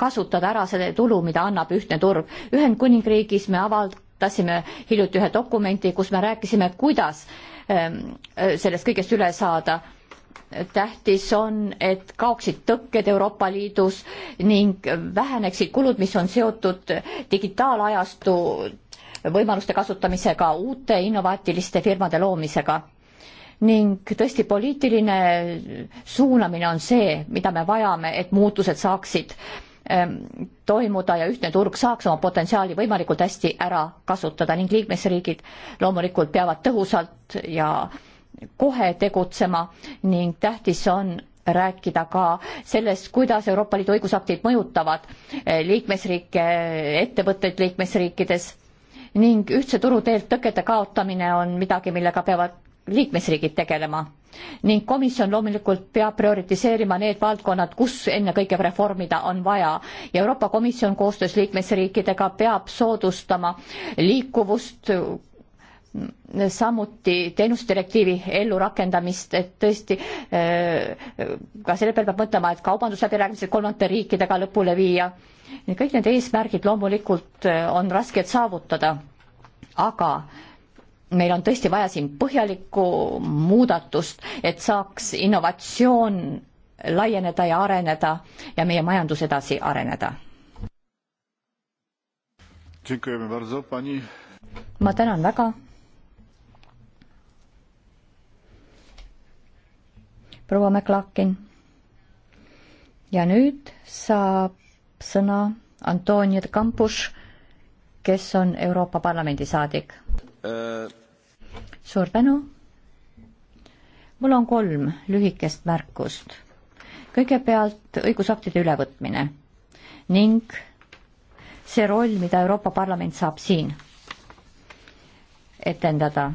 kasutada ära selle tulu, mida annab ühtne turg. Ühendkuningriigis me avaldasime hiljuti ühe dokumendi, kus me rääkisime, kuidas ehm, sellest kõigest üle saada tähtis on, et kaoksid tõkked Euroopa Liidus ning väheneksid kulud, mis on seotud digitaalajastu võimaluste kasutamisega, uute innovaatiliste firmade loomisega. ning tõesti, poliitiline suunamine on see, mida me vajame, et muutused saaksid ehm, toimuda ja ühtne turg saaks oma potentsiaali võimalikult hästi ära kasutada ning liikmesriigid loomulikult peavad tõhusalt ja kohe tegutsema ning tähtis on rääkida ka sellest, kuidas Euroopa Liidu õigusaktid mõjutavad eh, liikmesriike, ettevõtteid liikmesriikides ning ühtse turu teelt tõkete kaotamine on midagi, millega peavad liikmesriigid tegelema. ning komisjon loomulikult peab prioritiseerima need valdkonnad, kus ennekõike reformida on vaja ja Euroopa Komisjon koostöös liikmesriikidega peab soodustama liikuvust samuti teenusdirektiivi ellurakendamist, et tõesti äh, ka selle peale peab mõtlema, et kaubandusläbirääkimised kolmandate riikidega lõpule viia. kõik need eesmärgid loomulikult äh, on rasked saavutada, aga meil on tõesti vaja siin põhjalikku muudatust, et saaks innovatsioon laieneda ja areneda ja meie majandus edasi areneda. ma tänan väga proua McLaughlin. ja nüüd saab sõna Antonio de Campus, kes on Euroopa Parlamendi saadik äh.. suur tänu. mul on kolm lühikest märkust. kõigepealt õigusaktide ülevõtmine ning see roll, mida Euroopa Parlament saab siin etendada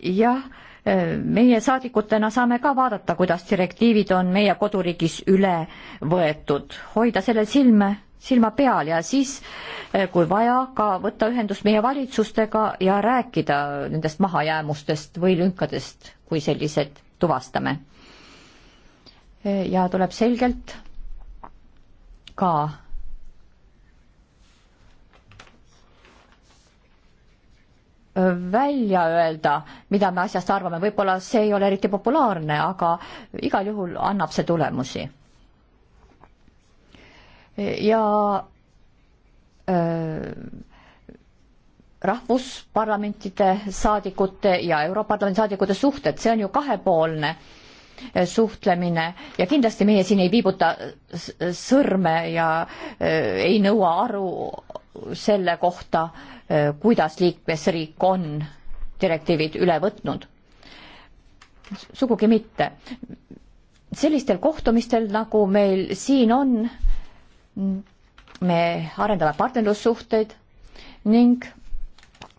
jah, meie saadikutena saame ka vaadata, kuidas direktiivid on meie koduriigis üle võetud, hoida sellel silme, silma peal ja siis, kui vaja, ka võtta ühendust meie valitsustega ja rääkida nendest mahajäämustest või lünkadest, kui sellised tuvastame. ja tuleb selgelt ka välja öelda, mida me asjast arvame, võib-olla see ei ole eriti populaarne, aga igal juhul annab see tulemusi. ja öö, äh, rahvusparlamentide saadikute ja Europarlamendi saadikute suhted, see on ju kahepoolne äh, suhtlemine ja kindlasti meie siin ei viibuta sõrme ja äh, ei nõua aru selle kohta, eh, kuidas liikmesriik on direktiivid üle võtnud. sugugi mitte. sellistel kohtumistel, nagu meil siin on, me arendame partnerlussuhteid ning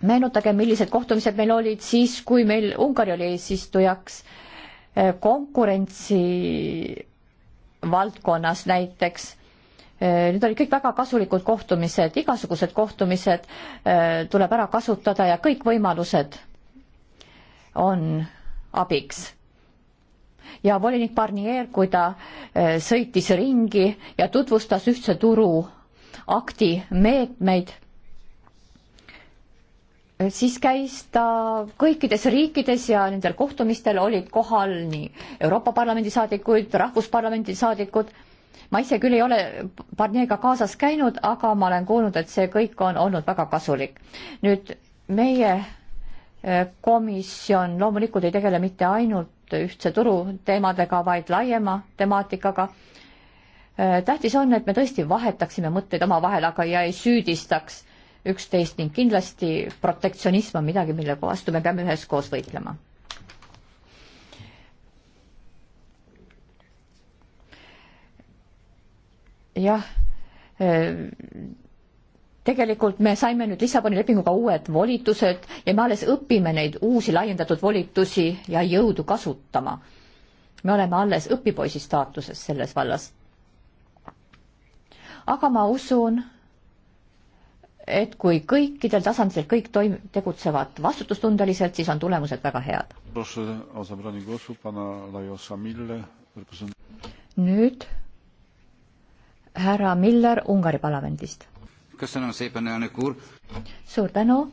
meenutage, millised kohtumised meil olid siis, kui meil Ungari oli eesistujaks eh, konkurentsi valdkonnas näiteks Äh, Need olid kõik väga kasulikud kohtumised, igasugused kohtumised äh, tuleb ära kasutada ja kõik võimalused on abiks. ja volinik Barnier, kui ta äh, sõitis ringi ja tutvustas ühtse turu akti meetmeid, siis käis ta kõikides riikides ja nendel kohtumistel olid kohal nii Euroopa Parlamendi saadikuid, Rahvusparlamendi saadikud ma ise küll ei ole Barnieriga kaasas käinud, aga ma olen kuulnud, et see kõik on olnud väga kasulik. nüüd meie äh, komisjon loomulikult ei tegele mitte ainult ühtse turu teemadega, vaid laiema temaatikaga. Äh, tähtis on, et me tõesti vahetaksime mõtteid omavahel, aga ja ei süüdistaks üksteist ning kindlasti protektsionism on midagi, mille vastu me peame üheskoos võitlema jah, eh, tegelikult me saime nüüd Lissaboni lepinguga uued volitused ja me alles õpime neid uusi laiendatud volitusi ja jõudu kasutama. me oleme alles õpipoisi staatuses selles vallas. aga ma usun, et kui kõikidel tasandil kõik toim-, tegutsevad vastutustundeliselt, siis on tulemused väga head. nüüd härra Miller Ungari parlamendist. suur tänu.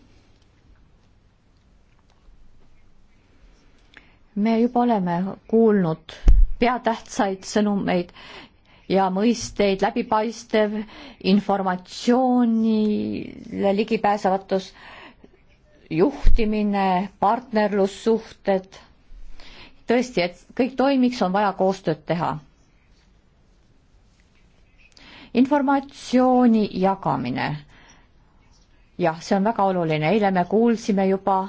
me juba oleme kuulnud peatähtsaid sõnumeid ja mõisteid läbipaistev informatsioonile ligipääsevatus, juhtimine, partnerlussuhted. tõesti, et kõik toimiks, on vaja koostööd teha informatsiooni jagamine. jah, see on väga oluline, eile me kuulsime juba äh,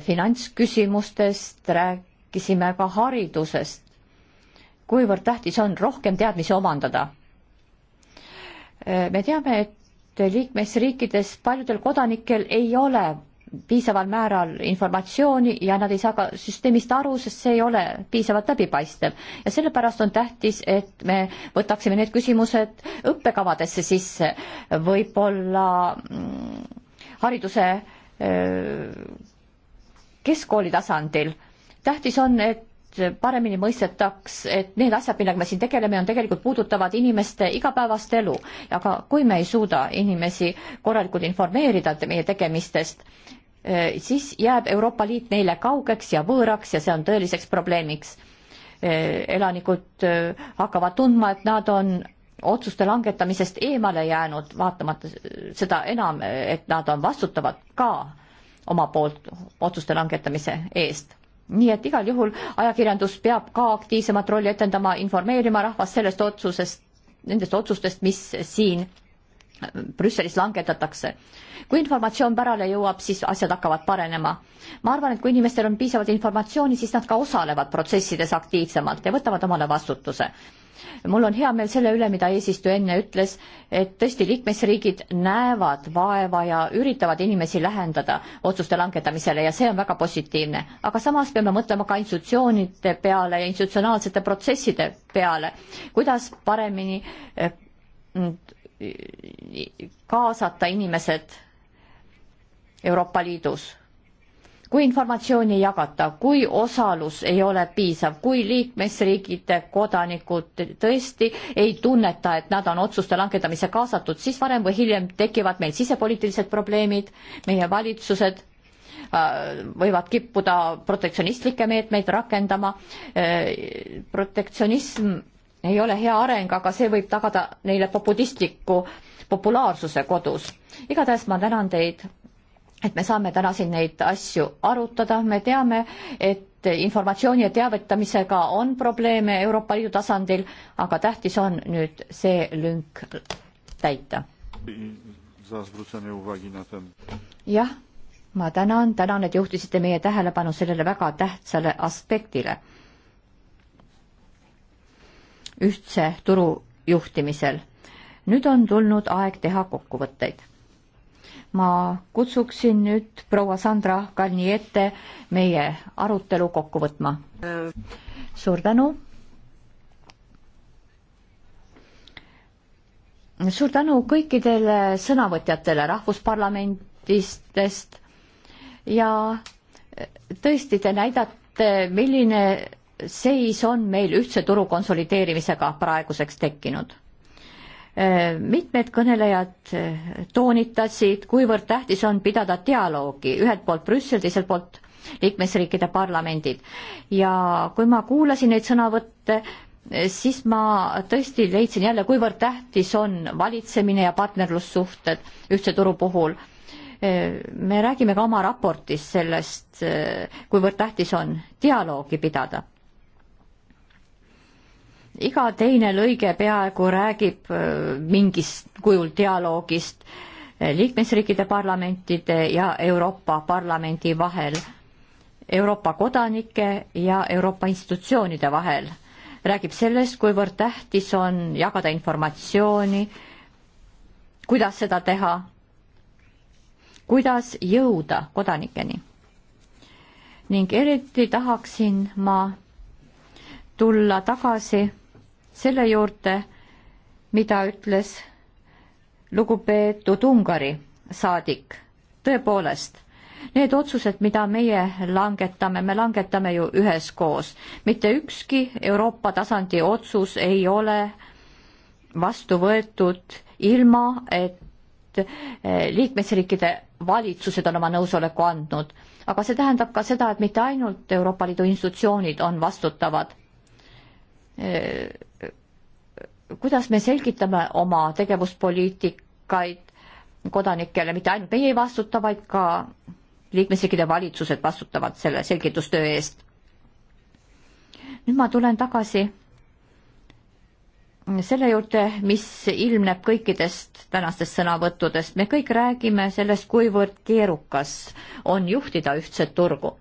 finantsküsimustest, rääkisime ka haridusest. kuivõrd tähtis on rohkem teadmisi omandada äh,? me teame, et liikmesriikides paljudel kodanikel ei ole piisaval määral informatsiooni ja nad ei saa ka süsteemist aru, sest see ei ole piisavalt läbipaistev. ja sellepärast on tähtis, et me võtaksime need küsimused õppekavadesse sisse, võib-olla mm, hariduse keskkooli tasandil. tähtis on, et paremini mõistetaks, et need asjad, millega me siin tegeleme, on tegelikult puudutavad inimeste igapäevast elu. aga kui me ei suuda inimesi korralikult informeerida meie tegemistest, Eh, siis jääb Euroopa Liit neile kaugeks ja võõraks ja see on tõeliseks probleemiks. Eh, elanikud eh, hakkavad tundma, et nad on otsuste langetamisest eemale jäänud, vaatamata seda enam, et nad on vastutavad ka oma poolt otsuste langetamise eest nii et igal juhul ajakirjandus peab ka aktiivsemat rolli etendama, informeerima rahvast sellest otsusest, nendest otsustest, mis siin Brüsselis langetatakse. kui informatsioon pärale jõuab, siis asjad hakkavad parenema. ma arvan, et kui inimestel on piisavalt informatsiooni, siis nad ka osalevad protsessides aktiivsemalt ja võtavad omale vastutuse. mul on hea meel selle üle, mida eesistuja enne ütles, et tõesti liikmesriigid näevad vaeva ja üritavad inimesi lähendada otsuste langetamisele ja see on väga positiivne. aga samas peame mõtlema ka institutsioonide peale ja institutsionaalsete protsesside peale, kuidas paremini eh, kaasata inimesed Euroopa Liidus. kui informatsiooni ei jagata, kui osalus ei ole piisav, kui liikmesriigide kodanikud tõesti ei tunneta, et nad on otsuste langetamisse kaasatud, siis varem või hiljem tekivad meil sisepoliitilised probleemid, meie valitsused äh, võivad kippuda protektsionistlikke meetmeid rakendama. Äh, protektsionism ei ole hea areng, aga see võib tagada neile populistliku populaarsuse kodus. igatahes ma tänan teid, et me saame täna siin neid asju arutada, me teame, et informatsiooni ja teavitamisega on probleeme Euroopa Liidu tasandil, aga tähtis on nüüd see lünk täita. jah, ma tänan, tänan, et juhtisite meie tähelepanu sellele väga tähtsale aspektile ühtse turu juhtimisel. nüüd on tulnud aeg teha kokkuvõtteid. ma kutsuksin nüüd proua Sandra Kalniete meie arutelu kokku võtma. suur tänu. suur tänu kõikidele sõnavõtjatele rahvusparlamentistest ja tõesti, te näidate, milline seis on meil ühtse turu konsolideerimisega praeguseks tekkinud äh, mitmed kõnelejad äh, toonitasid, kuivõrd tähtis on pidada dialoogi ühelt poolt Brüssel, teiselt poolt liikmesriikide parlamendid. ja kui ma kuulasin neid sõnavõtte, äh, siis ma tõesti leidsin jälle, kuivõrd tähtis on valitsemine ja partnerlussuhted ühtse turu puhul. me räägime ka oma raportis sellest, kuivõrd tähtis on dialoogi pidada iga teine lõige peaaegu räägib äh, mingist kujul dialoogist äh, liikmesriikide parlamentide ja Euroopa Parlamendi vahel, Euroopa kodanike ja Euroopa institutsioonide vahel. räägib sellest, kuivõrd tähtis on jagada informatsiooni, kuidas seda teha, kuidas jõuda kodanikeni. ning eriti tahaksin ma tulla tagasi selle juurde, mida ütles lugupeetud Ungari saadik. tõepoolest, need otsused, mida meie langetame, me langetame ju üheskoos. mitte ükski Euroopa tasandi otsus ei ole vastu võetud ilma, et eh, liikmesriikide valitsused on oma nõusoleku andnud. aga see tähendab ka seda, et mitte ainult Euroopa Liidu institutsioonid on vastutavad eh, kuidas me selgitame oma tegevuspoliitikaid kodanikele, mitte ainult meie ei vastuta, vaid ka liikmesriikide valitsused vastutavad selle selgitustöö eest. nüüd ma tulen tagasi selle juurde, mis ilmneb kõikidest tänastest sõnavõttudest. me kõik räägime sellest, kuivõrd keerukas on juhtida ühtset turgu.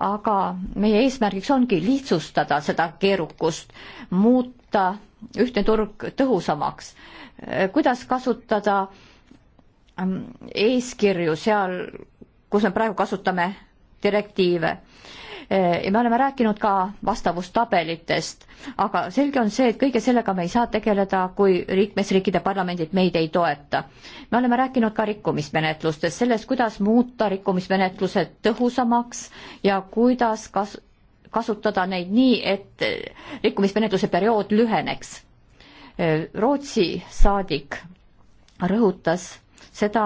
aga meie eesmärgiks ongi lihtsustada seda keerukust, muuta muuta ühtne turg tõhusamaks, kuidas kasutada ähm, eeskirju seal, kus me praegu kasutame direktiive. Äh, ja me oleme rääkinud ka vastavustabelitest, aga selge on see, et kõige sellega me ei saa tegeleda, kui liikmesriikide parlamendid meid ei toeta. me oleme rääkinud ka rikkumismenetlustest, sellest, kuidas muuta rikkumismenetlused tõhusamaks ja kuidas kas-, kasutada neid nii, et rikkumismenetluse periood lüheneks. Rootsi saadik rõhutas seda,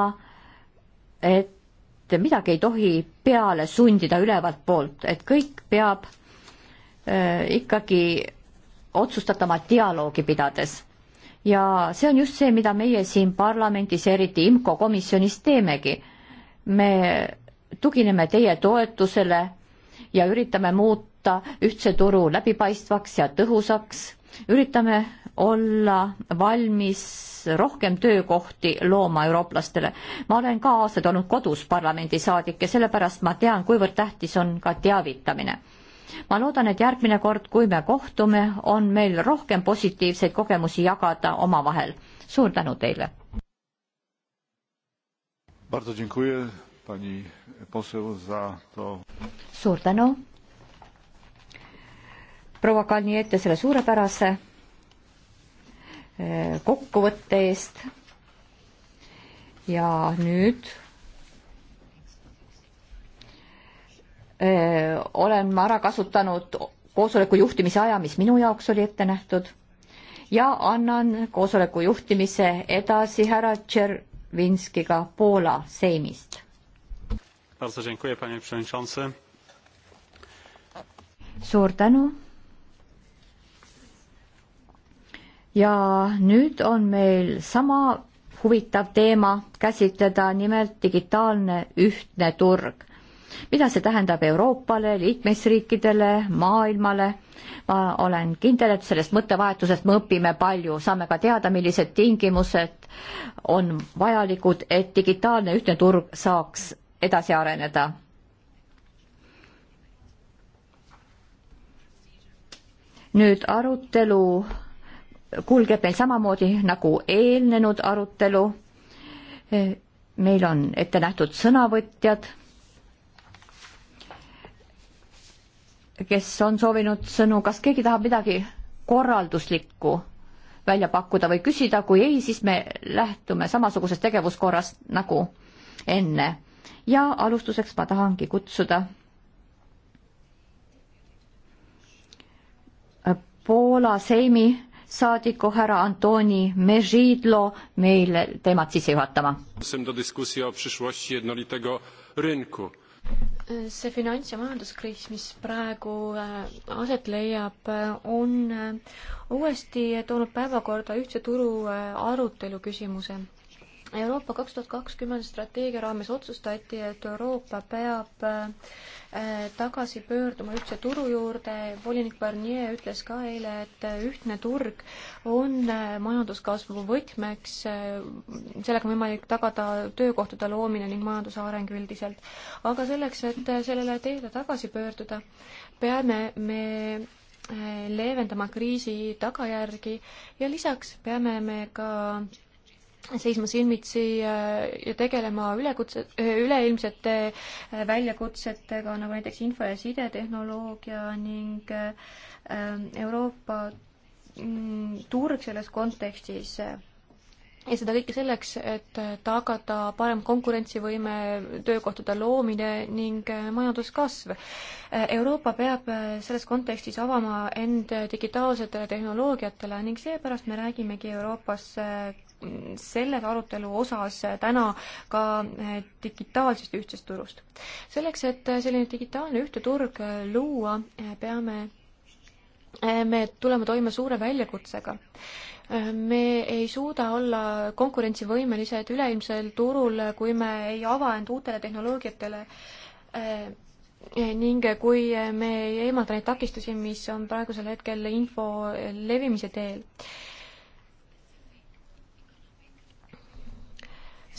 et midagi ei tohi peale sundida ülevalt poolt, et kõik peab äh, ikkagi otsustatama dialoogi pidades ja see on just see, mida meie siin parlamendis, eriti IMCO komisjonis teemegi. me tugineme teie toetusele ja üritame muuta muuta ühtse turu läbipaistvaks ja tõhusaks, üritame olla valmis rohkem töökohti looma eurooplastele. ma olen ka aastaid olnud kodus parlamendisaadik ja sellepärast ma tean, kuivõrd tähtis on ka teavitamine ma loodan, et järgmine kord, kui me kohtume, on meil rohkem positiivseid kogemusi jagada omavahel. suur tänu teile. suur tänu proua Kalniete selle suurepärase eh, kokkuvõtte eest. ja nüüd öö, eh, olen ma ära kasutanud koosoleku juhtimise aja, mis minu jaoks oli ette nähtud ja annan koosoleku juhtimise edasi härra Tšervinskiga Poola seimist. suur tänu ja nüüd on meil sama huvitav teema käsitleda, nimelt digitaalne ühtne turg. mida see tähendab Euroopale, liikmesriikidele, maailmale? ma olen kindel, et sellest mõttevahetusest me õpime palju, saame ka teada, millised tingimused on vajalikud, et digitaalne ühtne turg saaks edasi areneda nüüd arutelu kulgeb meil samamoodi nagu eelnenud arutelu. meil on ette nähtud sõnavõtjad, kes on soovinud sõnu, kas keegi tahab midagi korralduslikku välja pakkuda või küsida, kui ei, siis me lähtume samasugusest tegevuskorrast nagu enne. ja alustuseks ma tahangi kutsuda Poola Seimi saadiku härra Antoni Mežidlo meil teemat sisse juhatama. see finants- ja majanduskriis, mis praegu äh, aset leiab, äh, on äh, uuesti toonud päevakorda ühtse turu arutelu küsimuse Euroopa kaks tuhat kakskümmend strateegia raames otsustati, et Euroopa peab äh, tagasi pöörduma ühtse turu juurde, volinik Barnier ütles ka eile, et ühtne turg on äh, majanduskasvu võtmeks, äh, sellega on võimalik tagada töökohtade loomine ning majanduse areng üldiselt. aga selleks, et sellele teele tagasi pöörduda, peame me leevendama kriisi tagajärgi ja lisaks peame me ka seisma silmitsi äh, ja tegelema ülekutse, äh, üleilmsete äh, väljakutsetega, nagu näiteks info- ja sidetehnoloogia ning ähm, Euroopa mm, turg selles kontekstis ja seda kõike selleks, et tagada parem konkurentsivõime, töökohtade loomine ning majanduskasv. Euroopa peab selles kontekstis avama end digitaalsetele tehnoloogiatele ning seepärast me räägimegi Euroopas selles arutelu osas täna ka eh, digitaalsest ühtsest turust. selleks, et eh, selline digitaalne ühtne turg eh, luua, peame me tuleme toime suure väljakutsega. me ei suuda olla konkurentsivõimelised üleilmsel turul, kui me ei ava end uutele tehnoloogiatele ning kui me ei eemalda neid takistusi, mis on praegusel hetkel info levimise teel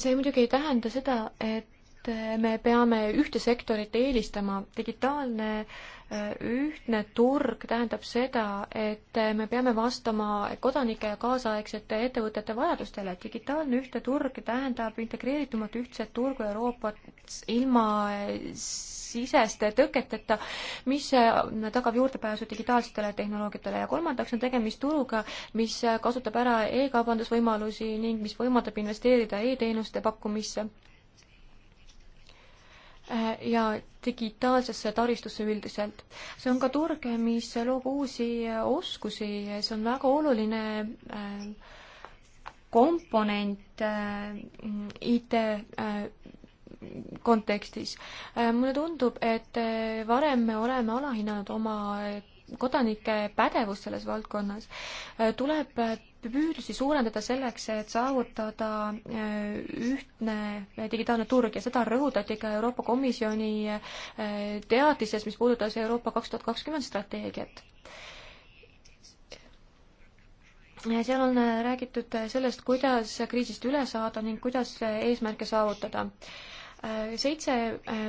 see muidugi ei tähenda seda, et äh, me peame ühte sektorit eelistama, digitaalne äh, ühtne turg tähendab seda, et äh, me peame vastama kodanike ja kaasaegsete ettevõtete vajadustele. digitaalne ühtne turg tähendab integreeritumat ühtset turgu Euroopas ilma siseste tõketeta, mis äh, tagab juurdepääsu digitaalsetele tehnoloogiatele ja kolmandaks on tegemist turuga, mis äh, kasutab ära e-kaubandusvõimalusi ning mis võimaldab investeerida e-teenuste pakkumisse äh, ja digitaalsesse taristusse üldiselt. see on ka turg, mis loob uusi oskusi, see on väga oluline komponent IT kontekstis. Äh, mulle tundub, et äh, varem me oleme alahinnanud oma äh, kodanike pädevust selles valdkonnas. tuleb püüdlusi suurendada selleks, et saavutada ühtne digitaalne turg ja seda rõhutati ka Euroopa Komisjoni teadises, mis puudutas Euroopa kaks tuhat kakskümmend strateegiat seal on räägitud sellest, kuidas kriisist üle saada ning kuidas eesmärke saavutada seitse äh,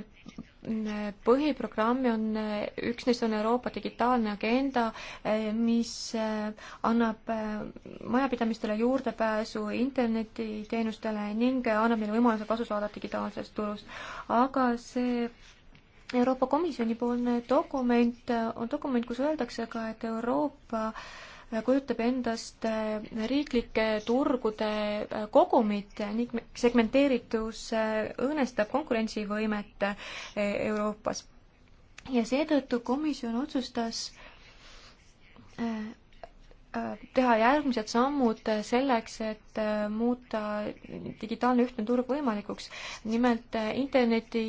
põhiprogrammi on, üks neist on Euroopa digitaalne agenda, äh, mis äh, annab majapidamistele juurdepääsu internetiteenustele ning annab neile võimaluse kasu saada digitaalsest turust. aga see Euroopa Komisjoni poolne dokument on dokument, kus öeldakse ka, et Euroopa äh, Äh, kujutab endast äh, riiklike turgude äh, kogumit ning segmenteeritus õõnestab konkurentsivõimet Euroopas. ja seetõttu komisjon otsustas teha järgmised sammud selleks, et muuta digitaalne ühtne turg võimalikuks. nimelt interneti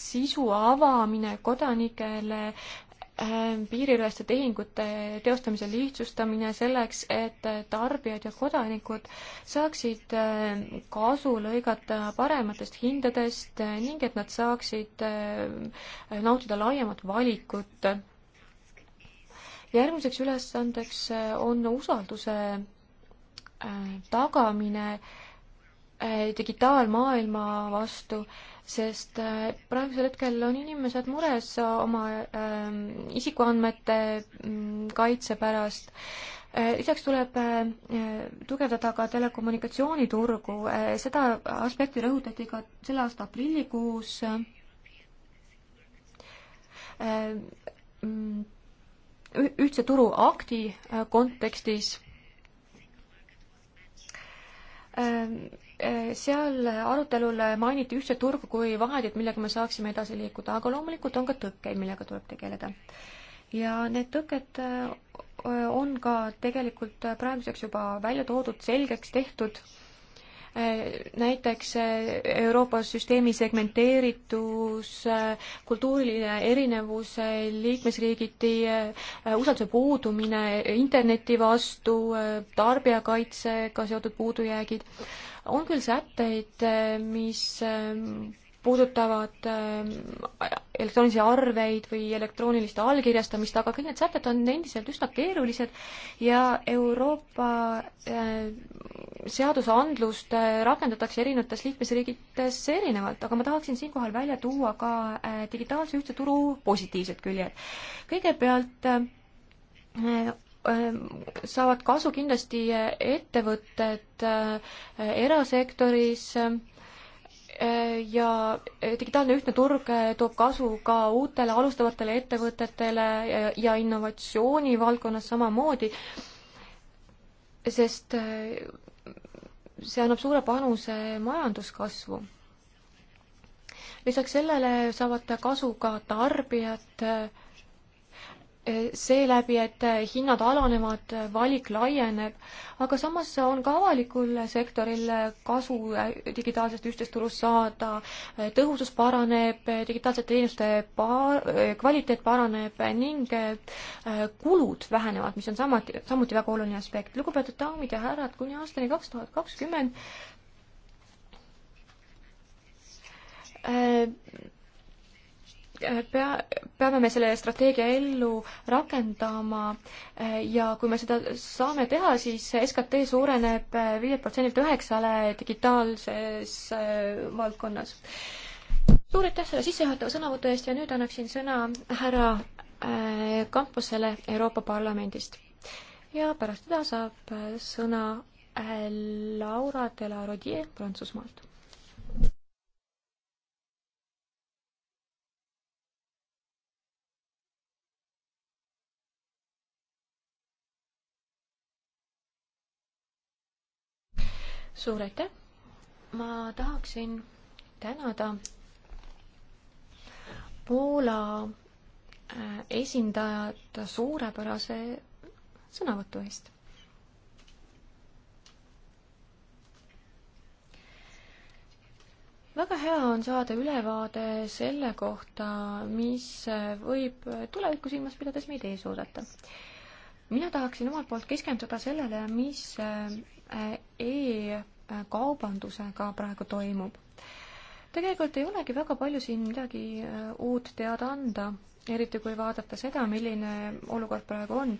sisu avamine kodanikele Äh, piiriüleste tehingute teostamise lihtsustamine selleks, et tarbijad ja kodanikud saaksid äh, kasu lõigata parematest hindadest ning et nad saaksid äh, nautida laiemat valikut. järgmiseks ülesandeks on usalduse tagamine digitaalmaailma vastu sest äh, praegusel hetkel on inimesed mures äh, oma ähm, isikuandmete mm, kaitse pärast. Äh, lisaks tuleb tugevdada ka telekommunikatsiooniturgu, seda aspekti rõhutati ka selle aasta aprillikuus mm, ühtse turu akti kontekstis Eh, seal arutelul mainiti ühtset turgu kui vahendit, millega me saaksime edasi liikuda, aga loomulikult on ka tõkkeid, millega tuleb tegeleda. ja need tõkked eh, on ka tegelikult praeguseks juba välja toodud, selgeks tehtud, eh, näiteks Euroopa süsteemi segmenteeritus, kultuuriline erinevus liikmesriigiti, usalduse puudumine interneti vastu, tarbijakaitsega seotud puudujäägid on küll sätteid, äh, mis ähm, puudutavad ähm, elektroonilisi arveid või elektroonilist allkirjastamist, aga kõik need sätted on endiselt üsna keerulised ja Euroopa äh, seadusandlust äh, rakendatakse erinevates liikmesriikides erinevalt, aga ma tahaksin siinkohal välja tuua ka digitaalse ühtse turu positiivsed küljed. kõigepealt Ähm, saavad kasu kindlasti ettevõtted äh, erasektoris äh, ja digitaalne ühtne turg äh, toob kasu ka uutele alustavatele ettevõtetele ja innovatsiooni valdkonnas samamoodi, sest see annab suure panuse majanduskasvu lisaks sellele saavad kasu ka tarbijad, seeläbi, et hinnad alanevad, valik laieneb, aga samas on ka avalikul sektoril kasu äh, digitaalsest ühtsest turust saada, äh, tõhusus paraneb, digitaalsete teenuste paar-, äh, kvaliteet paraneb ning kulud vähenevad, mis on samuti, samuti väga oluline aspekt. lugupeetud daamid ja härrad, kuni aastani kaks tuhat kakskümmend Äh, pea, peame me selle strateegia ellu rakendama äh, ja kui me seda saame teha, siis SKT suureneb äh, viielt protsendilt üheksale digitaalses valdkonnas. suur aitäh selle sissejuhatava sõnavõtu eest ja nüüd annaksin sõna härra Kamposele Euroopa Parlamendist. ja pärast teda saab sõna Laura de la Rodier Prantsusmaalt suur aitäh! ma tahaksin tänada Poola äh, esindajat suurepärase sõnavõtu eest. väga hea on saada ülevaade selle kohta, mis võib tulevikku silmas pidades meid ees oodata. mina tahaksin omalt poolt keskenduda sellele, mis äh, e-kaubandusega praegu toimub. tegelikult ei olegi väga palju siin midagi äh, uut teada anda, eriti kui vaadata seda, milline olukord praegu on.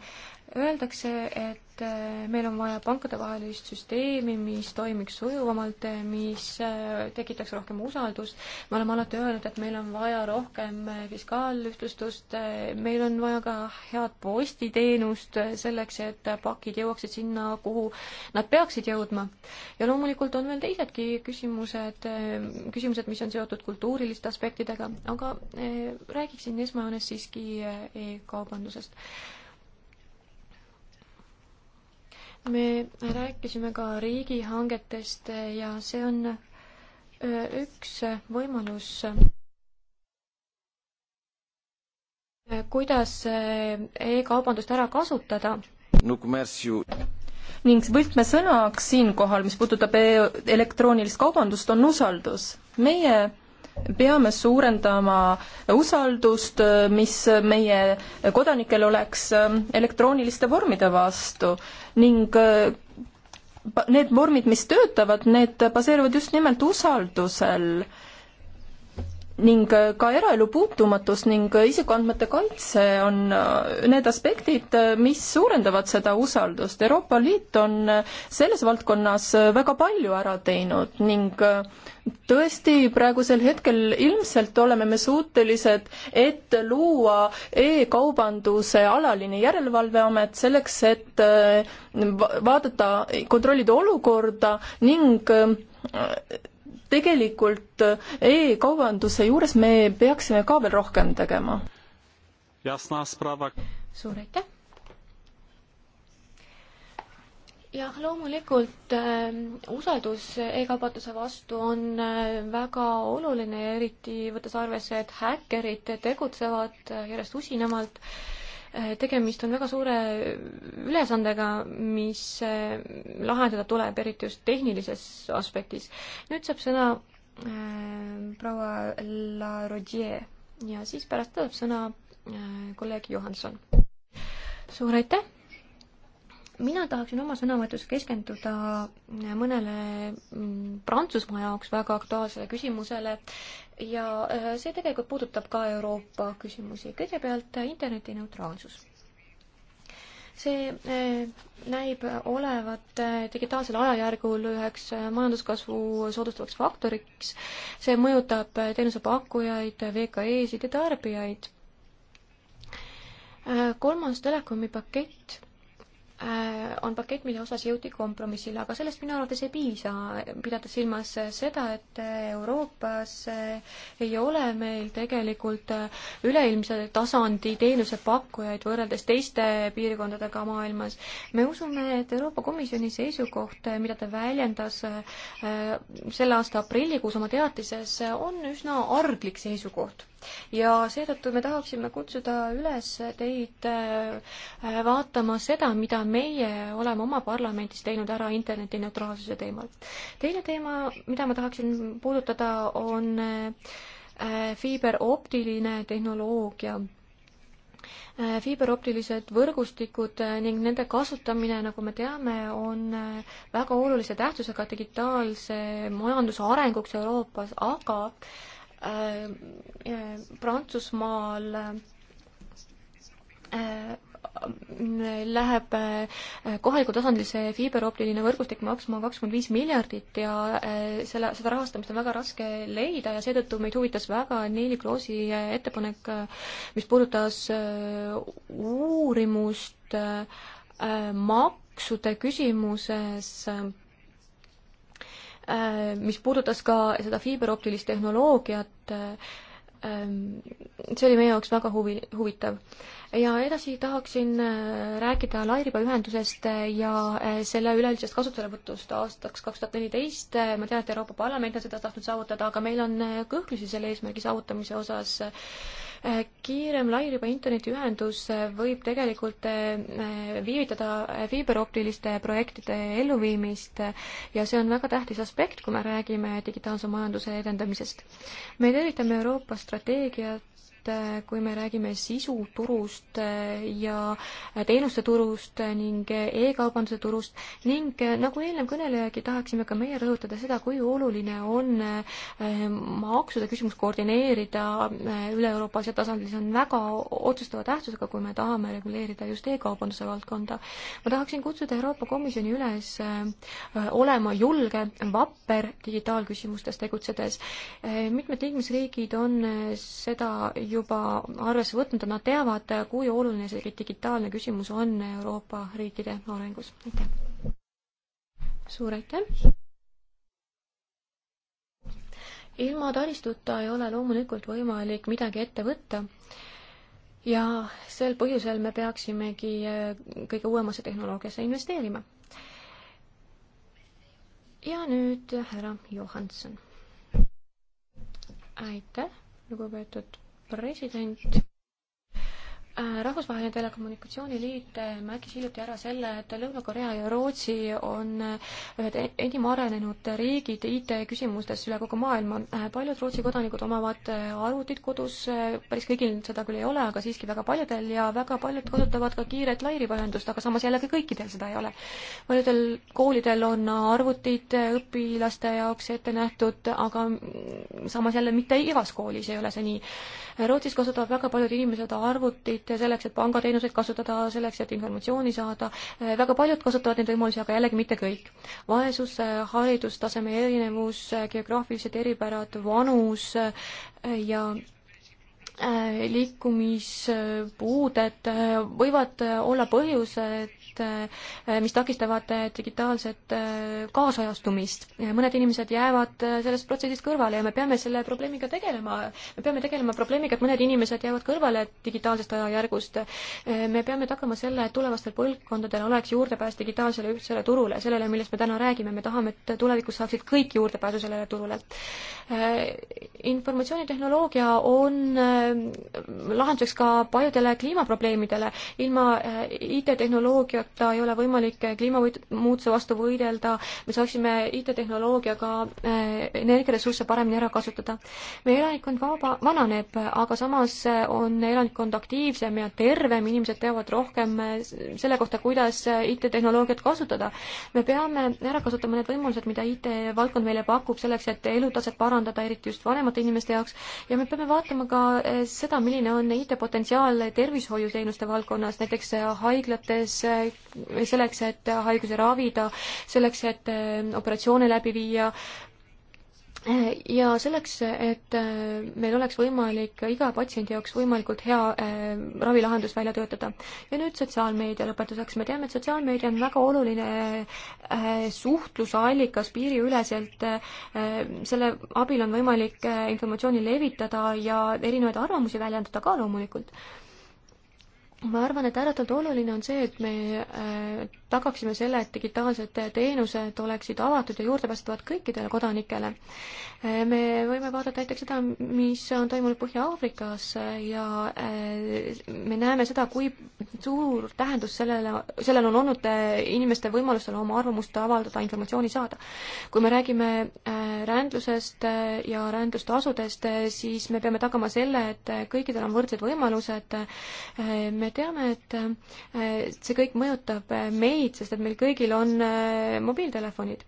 Öeldakse, et äh, meil on vaja pankadevahelist süsteemi, mis toimiks sujuvamalt, äh, mis äh, tekitaks rohkem usaldust. me oleme alati öelnud, et meil on vaja rohkem fiskaalühtlustust, meil on vaja ka head postiteenust selleks, et pakid jõuaksid sinna, kuhu nad peaksid jõudma. ja loomulikult on veel teisedki küsimused, küsimused, mis on seotud kultuuriliste aspektidega, aga räägiksin esmajoones siiski e-kaubandusest me rääkisime ka riigihangetest ja see on üks võimalus, kuidas e-kaubandust ära kasutada no,. ning võtmesõnaks siinkohal, mis puudutab e elektroonilist kaubandust, on usaldus. meie peame suurendama usaldust, mis meie kodanikel oleks äh, elektrooniliste vormide vastu ning äh, need vormid, mis töötavad, need baseeruvad just nimelt usaldusel ning äh, ka eraelu puutumatus ning äh, isikuandmete kaitse on äh, need aspektid, mis suurendavad seda usaldust. Euroopa Liit on selles valdkonnas väga palju ära teinud ning tõesti, praegusel hetkel ilmselt oleme me suutelised, et luua e-kaubanduse alaline järelevalveamet selleks, et vaadata, kontrollida olukorda ning tegelikult äh, e-kaubanduse juures me peaksime ka veel rohkem tegema. suur aitäh! jah, loomulikult äh, usaldus e-kaubanduse vastu on äh, väga oluline, eriti võttes arvesse, et häkkerid tegutsevad äh, järjest usinamalt äh, tegemist on väga suure ülesandega, mis eh, lahendada tuleb, eriti just tehnilises aspektis. nüüd saab sõna äh, proua La Rodier ja siis pärast tuleb sõna äh, kolleeg Johanson. suur aitäh! mina tahaksin oma sõnavõtus keskenduda mõnele mm, Prantsusmaa jaoks väga aktuaalsele küsimusele ja äh, see tegelikult puudutab ka Euroopa küsimusi. kõigepealt äh, interneti neutraalsus. see äh, näib olevat digitaalsel ajajärgul üheks majanduskasvu soodustavaks faktoriks. see mõjutab teenusepakkujaid, VKE-sid ja tarbijaid. kolmas telekomi pakett Äh, on pakett, mille osas jõuti kompromissile, aga sellest minu arvates ei piisa, pidades silmas seda, et äh, Euroopas äh, ei ole meil tegelikult üleilmse tasandi teenusepakkujaid võrreldes teiste piirkondadega maailmas. me usume, et Euroopa Komisjoni seisukoht, mida ta väljendas selle aasta aprillikuus oma teatises, on üsna arglik seisukoht ja seetõttu me tahaksime kutsuda üles teid äh, vaatama seda, mida meie oleme oma parlamendis teinud ära interneti neutraalsuse teemal. teine teema, mida ma tahaksin puudutada, on äh, fiiberoptiline tehnoloogia äh, fiiberoptilised võrgustikud ning nende kasutamine, nagu me teame, on väga olulise tähtsusega digitaalse majanduse arenguks Euroopas, aga Äh, äh, Prantsusmaal äh, läheb kohaliku tasandil see fiiberoptiline võrgustik maksma kakskümmend viis miljardit ja selle, seda rahastamist on väga raske leida ja seetõttu meid huvitas väga Neeli Kroosi ettepanek, mis puudutas uurimust maksude küsimuses Äh, mis puudutas ka seda fiiberoptilist tehnoloogiat, äh, ähm, see oli meie jaoks väga huvi, huvitav ja edasi tahaksin äh, rääkida lairibaühendusest äh, ja äh, selle üleüldisest kasutuselevõtust aastaks kaks tuhat neliteist. ma tean, et Euroopa Parlament on seda tahtnud saavutada, aga meil on kõhklusi selle eesmärgi saavutamise osas. kiirem lairiba internetiühendus võib tegelikult viivitada fiiberoptiliste projektide elluviimist ja see on väga tähtis aspekt, kui me räägime digitaalse majanduse edendamisest. me tervitame Euroopa strateegiat et äh, kui me räägime sisuturust äh, ja äh, teenuste turust ning e-kaubanduse turust ning nagu eelnev kõnelejagi, tahaksime ka meie rõhutada seda, kui oluline on maksude küsimus koordineerida üle-euroopalisel tasandil, see on väga otsustava tähtsusega, kui me tahame reguleerida just e-kaubanduse valdkonda. ma tahaksin kutsuda Euroopa Komisjoni üles olema julge, vapper digitaalküsimustes tegutsedes. mitmed liikmesriigid on seda juba arvesse võtnud, nad teavad, kui oluline see digitaalne küsimus on Euroopa riikide arengus. aitäh! suur aitäh! ilma taristuta ei ole loomulikult võimalik midagi ette võtta ja sel põhjusel me peaksimegi eh, kõige uuemasse tehnoloogiasse investeerima. ja nüüd härra Johanson. aitäh, lugupeetud president Äh, rahvusvaheline Telekommunikatsiooniliit äh, märkis hiljuti ära selle, et Lõuna-Korea ja Rootsi on äh, ühed e-, enim arenenud riigid IT-küsimustes üle kogu maailma. paljud Rootsi kodanikud omavad arvutid kodus, päris kõigil seda küll ei ole, aga siiski väga paljudel ja väga paljud kasutavad ka kiiret lairibaühendust, aga samas jällegi kõikidel seda ei ole. paljudel koolidel on arvutid õpilaste jaoks ette nähtud, aga samas jälle mitte igas koolis ei ole see nii. Rootsis kasutavad väga paljud inimesed arvutit vahendeid selleks, et pangateenuseid kasutada, selleks, et informatsiooni saada, väga paljud kasutavad neid võimalusi, aga jällegi mitte kõik. vaesus, haridustaseme erinevus, geograafilised eripärad, vanus ja äh, liikumispuuded võivad olla põhjused takistavad, eh, mis takistavad eh, digitaalset eh, kaasajastumist. mõned inimesed jäävad sellest protsessist kõrvale ja me peame selle probleemiga tegelema. me peame tegelema probleemiga, et mõned inimesed jäävad kõrvale digitaalsest ajajärgust. me peame tagama selle, et tulevastel põlvkondadel oleks juurdepääs digitaalsele ühtsele turule, sellele, millest me täna räägime, me tahame, et tulevikus saaksid kõik juurdepääsu sellele turule. informatsioonitehnoloogia on lahenduseks ka paljudele kliimaprobleemidele. ilma IT-tehnoloogia tehnoloogiata ei ole võimalik kliimamuutuse vastu võidelda, me saaksime IT-tehnoloogiaga äh, energiaressursse paremini ära kasutada. meie elanikkond vaba, vananeb, aga samas äh, on elanikkond aktiivsem ja tervem, inimesed teavad rohkem äh, selle kohta, kuidas IT-tehnoloogiat kasutada. me peame ära kasutama need võimalused, mida IT-valdkond meile pakub selleks, et elutaset parandada, eriti just vanemate inimeste jaoks, ja me peame vaatama ka seda, milline on IT-potentsiaal tervishoiuteenuste valdkonnas, näiteks haiglates, selleks, et haiguse ravida, selleks, et äh, operatsioone läbi viia, ja selleks, et äh, meil oleks võimalik iga patsiendi jaoks võimalikult hea äh, ravilahendus välja töötada. ja nüüd sotsiaalmeedia lõpetuseks, me teame, et sotsiaalmeedia on väga oluline äh, suhtlusallikas piiriüleselt äh,, selle abil on võimalik äh, informatsiooni levitada ja erinevaid arvamusi väljendada ka loomulikult ma arvan, et ääretult oluline on see, et me äh, tagaksime selle, et digitaalsed teenused oleksid avatud ja juurdepääsetavad kõikidele kodanikele. Äh, me võime vaadata näiteks seda, mis on toimunud Põhja-Aafrikas äh, ja me näeme seda, kui suur tähendus sellele, sellel on olnud inimeste võimalustel oma arvamust avaldada, informatsiooni saada. kui me räägime rändlusest ja rändlustasudest, siis me peame tagama selle, et kõikidel on võrdsed võimalused, me teame, et äh, see kõik mõjutab äh, meid, sest et meil kõigil on äh, mobiiltelefonid.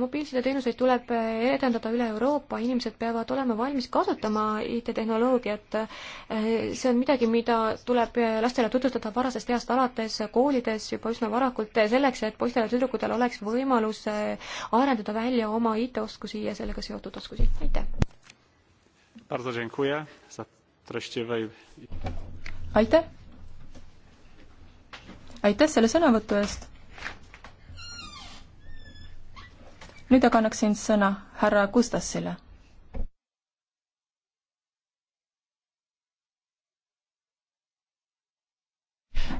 mobiilsideteenuseid tuleb edendada üle Euroopa, inimesed peavad olema valmis kasutama IT-tehnoloogiat. see on midagi, mida tuleb lastele tutvustada varasest east alates koolides juba üsna varakult, selleks et poistel ja tüdrukutel oleks võimalus arendada välja oma IT-oskusi ja sellega seotud oskusi. aitäh! Bardzo dziękuję za treściwe... Aitäh aitäh selle sõnavõtu eest. nüüd aga annaksin sõna härra Gustassile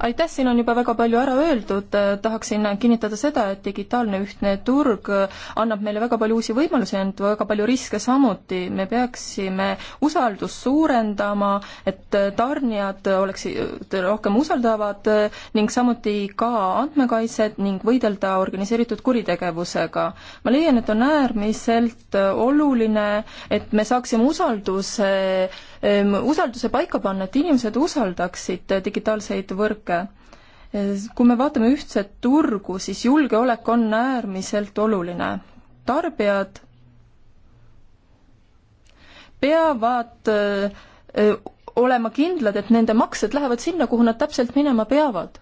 aitäh, siin on juba väga palju ära öeldud, tahaksin kinnitada seda, et digitaalne ühtne turg annab meile väga palju uusi võimalusi, ent väga palju riske samuti. me peaksime usaldust suurendama, et tarnijad oleksid rohkem usaldavad ning samuti ka andmekaitset ning võidelda organiseeritud kuritegevusega. ma leian, et on äärmiselt oluline, et me saaksime usalduse Ehm, usalduse paika panna, et inimesed usaldaksid digitaalseid võrke. Ehm, kui me vaatame ühtset turgu, siis julgeolek on äärmiselt oluline. tarbijad peavad ehm, olema kindlad, et nende maksed lähevad sinna, kuhu nad täpselt minema peavad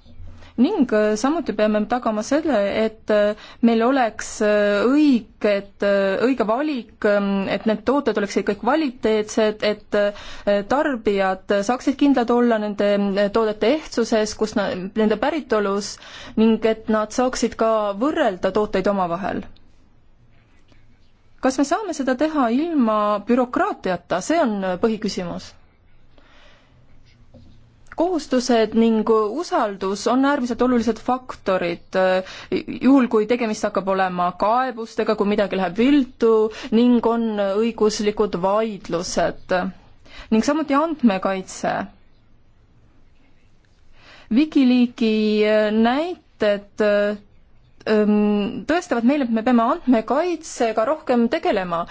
ning äh, samuti peame tagama selle, et äh, meil oleks äh, õiged, õige valik, ähm, et need tooted oleksid kõik kvaliteetsed, et tarbijad saaksid kindlad olla nende toodete ehtsuses, kus na-, nende päritolus ning et nad saaksid ka võrrelda tooteid omavahel kas me saame seda teha ilma bürokraatiata, see on põhiküsimus kohustused ning usaldus on äärmiselt olulised faktorid, juhul kui tegemist hakkab olema kaebustega, kui midagi läheb viltu ning on õiguslikud vaidlused. ning samuti andmekaitse. Wikileaki näited ähm, tõestavad meile, et me peame andmekaitsega rohkem tegelema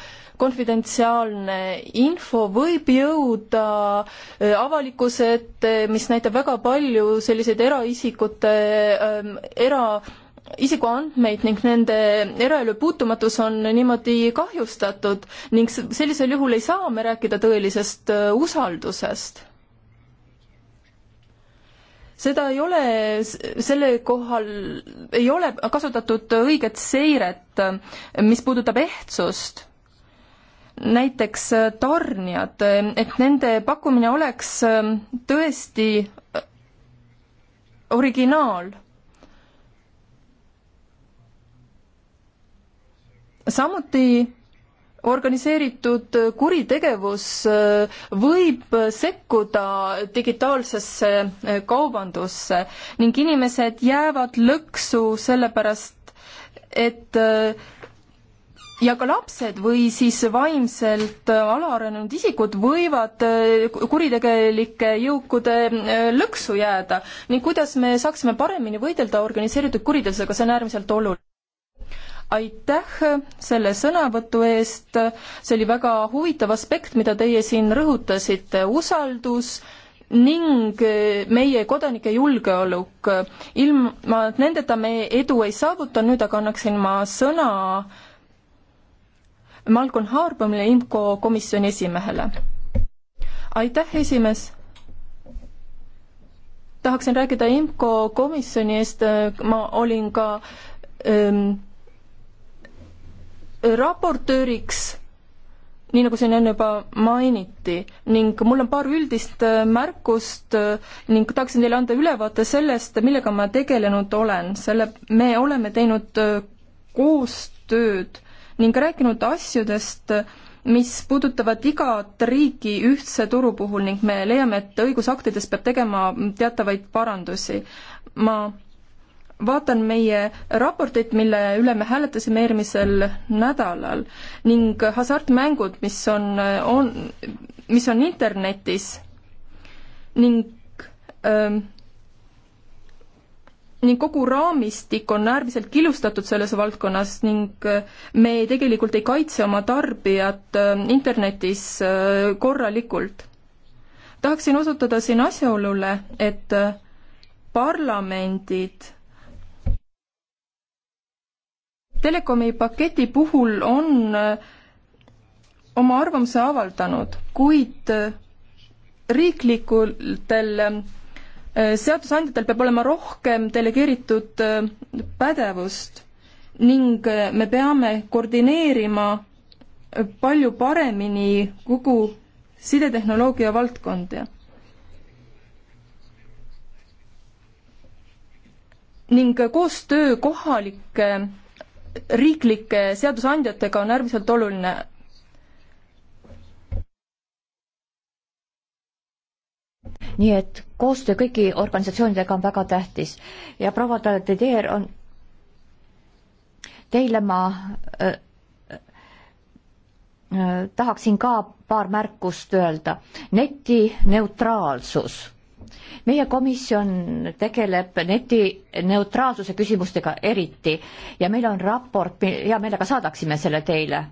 konfidentsiaalne info võib jõuda äh, avalikkuse ette, mis näitab väga palju selliseid eraisikute ähm,, era isikuandmeid ning nende eraelu puutumatus on niimoodi kahjustatud ning sellisel juhul ei saa me rääkida tõelisest äh, usaldusest seda ei ole, selle kohal ei ole kasutatud õiget seiret, äh, mis puudutab ehtsust näiteks äh, tarnijad, äh, et nende pakkumine oleks ähm, tõesti äh, originaal. samuti organiseeritud kuritegevus võib sekkuda digitaalsesse kaubandusse ning inimesed jäävad lõksu sellepärast, et äh, ja ka lapsed või siis vaimselt äh, alaarenenud isikud võivad äh, kuritegelike jõukude äh, lõksu jääda ning kuidas me saaksime paremini võidelda organiseeritud kuritegevusega, see on äärmiselt oluline aitäh selle sõnavõtu eest, see oli väga huvitav aspekt, mida teie siin rõhutasite, usaldus ning meie kodanike julgeolek. ilma nendeta me edu ei saavuta, nüüd aga annaksin ma sõna Malcolm Harbomile, IMCO komisjoni esimehele. aitäh, esimees! tahaksin rääkida IMCO komisjoni eest, ma olin ka ähm, raportööriks, nii nagu siin enne juba mainiti, ning mul on paar üldist äh, märkust äh, ning tahaksin teile anda ülevaate sellest, millega ma tegelenud olen, selle, me oleme teinud äh, koostööd ning rääkinud asjadest, mis puudutavad igat riiki ühtse turu puhul ning me leiame, et õigusaktides peab tegema teatavaid parandusi. ma vaatan meie raportit, mille üle me hääletasime eelmisel nädalal ning hasartmängud, mis on, on, mis on internetis ning öö, ähm, ning kogu raamistik on äärmiselt killustatud selles valdkonnas ning äh, me tegelikult ei kaitse oma tarbijat äh, internetis äh, korralikult. tahaksin osutada siin asjaolule, et parlamendid telekomi paketi puhul on oma arvamuse avaldanud, kuid riiklikutel seadusandjatel peab olema rohkem delegeeritud äh, pädevust ning äh, me peame koordineerima äh, palju paremini kogu sidetehnoloogia valdkondi. ning koostöö kohalike riiklike seadusandjatega on äärmiselt oluline. nii et koostöö kõigi organisatsioonidega on väga tähtis ja proua Tadeur on, teile ma äh, äh, tahaksin ka paar märkust öelda. netineutraalsus meie komisjon tegeleb neti neutraalsuse küsimustega eriti ja meil on raport, hea meelega saadaksime selle teile.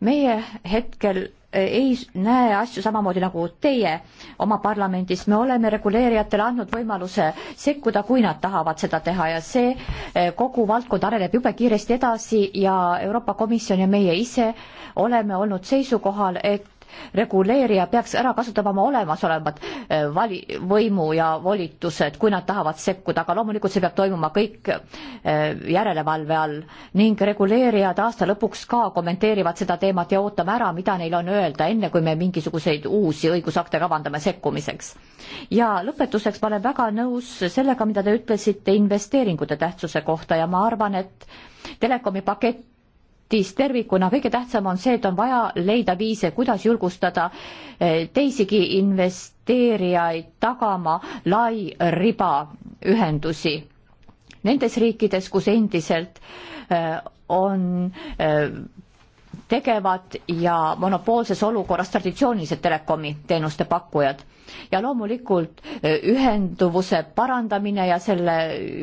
meie hetkel ei näe asju samamoodi nagu teie oma parlamendis. me oleme reguleerijatele andnud võimaluse sekkuda, kui nad tahavad seda teha ja see eh, kogu valdkond areneb jube kiiresti edasi ja Euroopa Komisjon ja meie ise oleme olnud seisukohal, et reguleerija peaks ära kasutama oma olemasolevad eh, vali, võimu ja volitused, kui nad tahavad sekkuda, aga loomulikult see peab toimuma kõik eh, järelevalve all ning reguleerijad aasta lõpuks ka kommenteerivad seda teemat ja ootame ära, mida neil on öelda, enne kui me mingisuguseid uusi õigusakte kavandame sekkumiseks. ja lõpetuseks ma olen väga nõus sellega, mida te ütlesite investeeringute tähtsuse kohta ja ma arvan, et telekomi pakett debatis tervikuna kõige tähtsam on see, et on vaja leida viise, kuidas julgustada eh, teisigi investeerijaid tagama lai riba ühendusi. Nendes riikides, kus endiselt eh, on eh, tegevad ja monopoolses olukorras traditsioonilised telekomi teenuste pakkujad. ja loomulikult e, ühenduvuse parandamine ja selle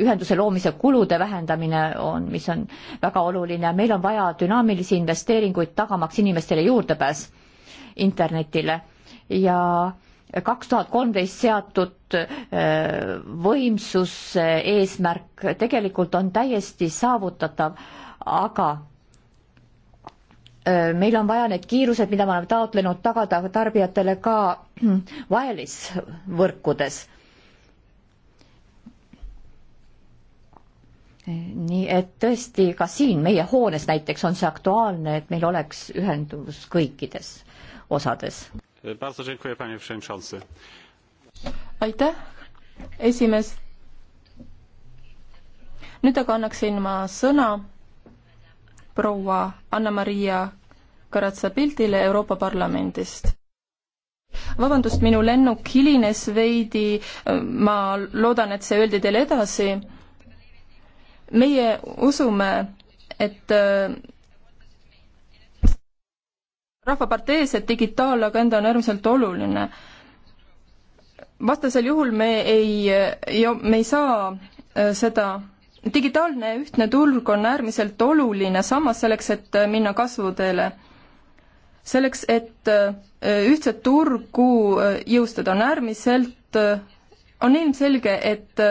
ühenduse loomise kulude vähendamine on, mis on väga oluline, meil on vaja dünaamilisi investeeringuid, tagamaks inimestele juurdepääs internetile ja kaks tuhat kolmteist seatud e, võimsuse eesmärk tegelikult on täiesti saavutatav, aga Äh, meil on vaja need kiirused, mida me oleme taotlenud, tagada tarbijatele ka vahelisvõrkudes. nii et tõesti ka siin meie hoones näiteks on see aktuaalne, et meil oleks ühendus kõikides osades. aitäh, esimees. nüüd aga annaksin ma sõna proua Anna-Maria Karatsa-Pildile Euroopa Parlamendist vabandust, minu lennuk hilines veidi, ma loodan, et see öeldi teile edasi. meie usume, et äh, rahvapartees, et digitaalagenda on äärmiselt oluline. vastasel juhul me ei, me ei saa äh, seda digitaalne ühtne turg on äärmiselt oluline sammas selleks, et minna kasvuteele. selleks, et äh, ühtset turgu äh, jõustada, on äärmiselt, äh, on ilmselge, et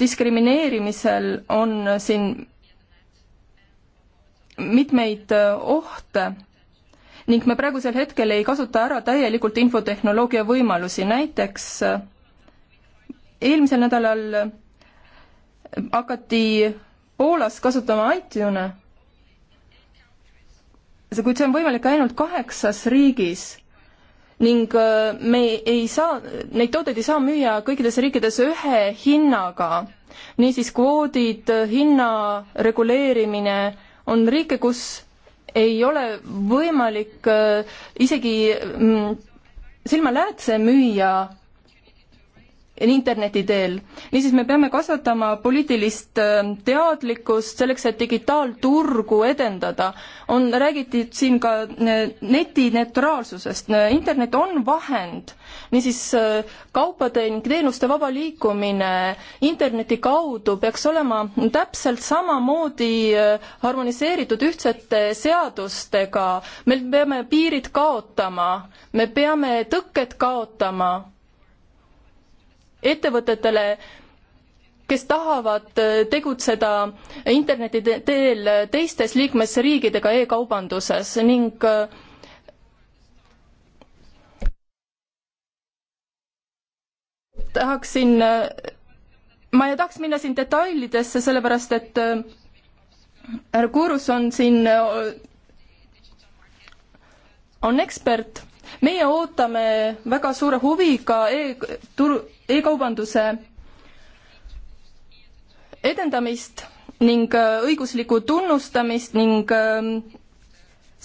diskrimineerimisel on siin mitmeid ohte ning me praegusel hetkel ei kasuta ära täielikult infotehnoloogia võimalusi, näiteks eelmisel nädalal hakati Poolas kasutama iTune'e, kuid see on võimalik ainult kaheksas riigis ning äh, me ei saa, neid tooteid ei saa müüa kõikides riikides ühe hinnaga. niisiis kvoodid, hinna reguleerimine on riike, kus ei ole võimalik äh, isegi mm, silmaläätse müüa interneti teel. niisiis, me peame kasvatama poliitilist äh, teadlikkust selleks, et digitaalturgu edendada. on räägitud siin ka äh, netineutraalsusest, äh, internet on vahend, niisiis kaupade ning teenuste vaba liikumine interneti kaudu peaks olema täpselt samamoodi harmoniseeritud ühtsete seadustega, me peame piirid kaotama, me peame tõkked kaotama ettevõtetele, kes tahavad äh, tegutseda interneti teel äh, teistes liikmesriigidega e-kaubanduses ning äh, tahaksin, ma ei tahaks minna siin detailidesse, sellepärast et härra Kurus on siin, on ekspert, meie ootame väga suure huviga e-turu, e-kaubanduse edendamist ning äh, õiguslikku tunnustamist ning ähm,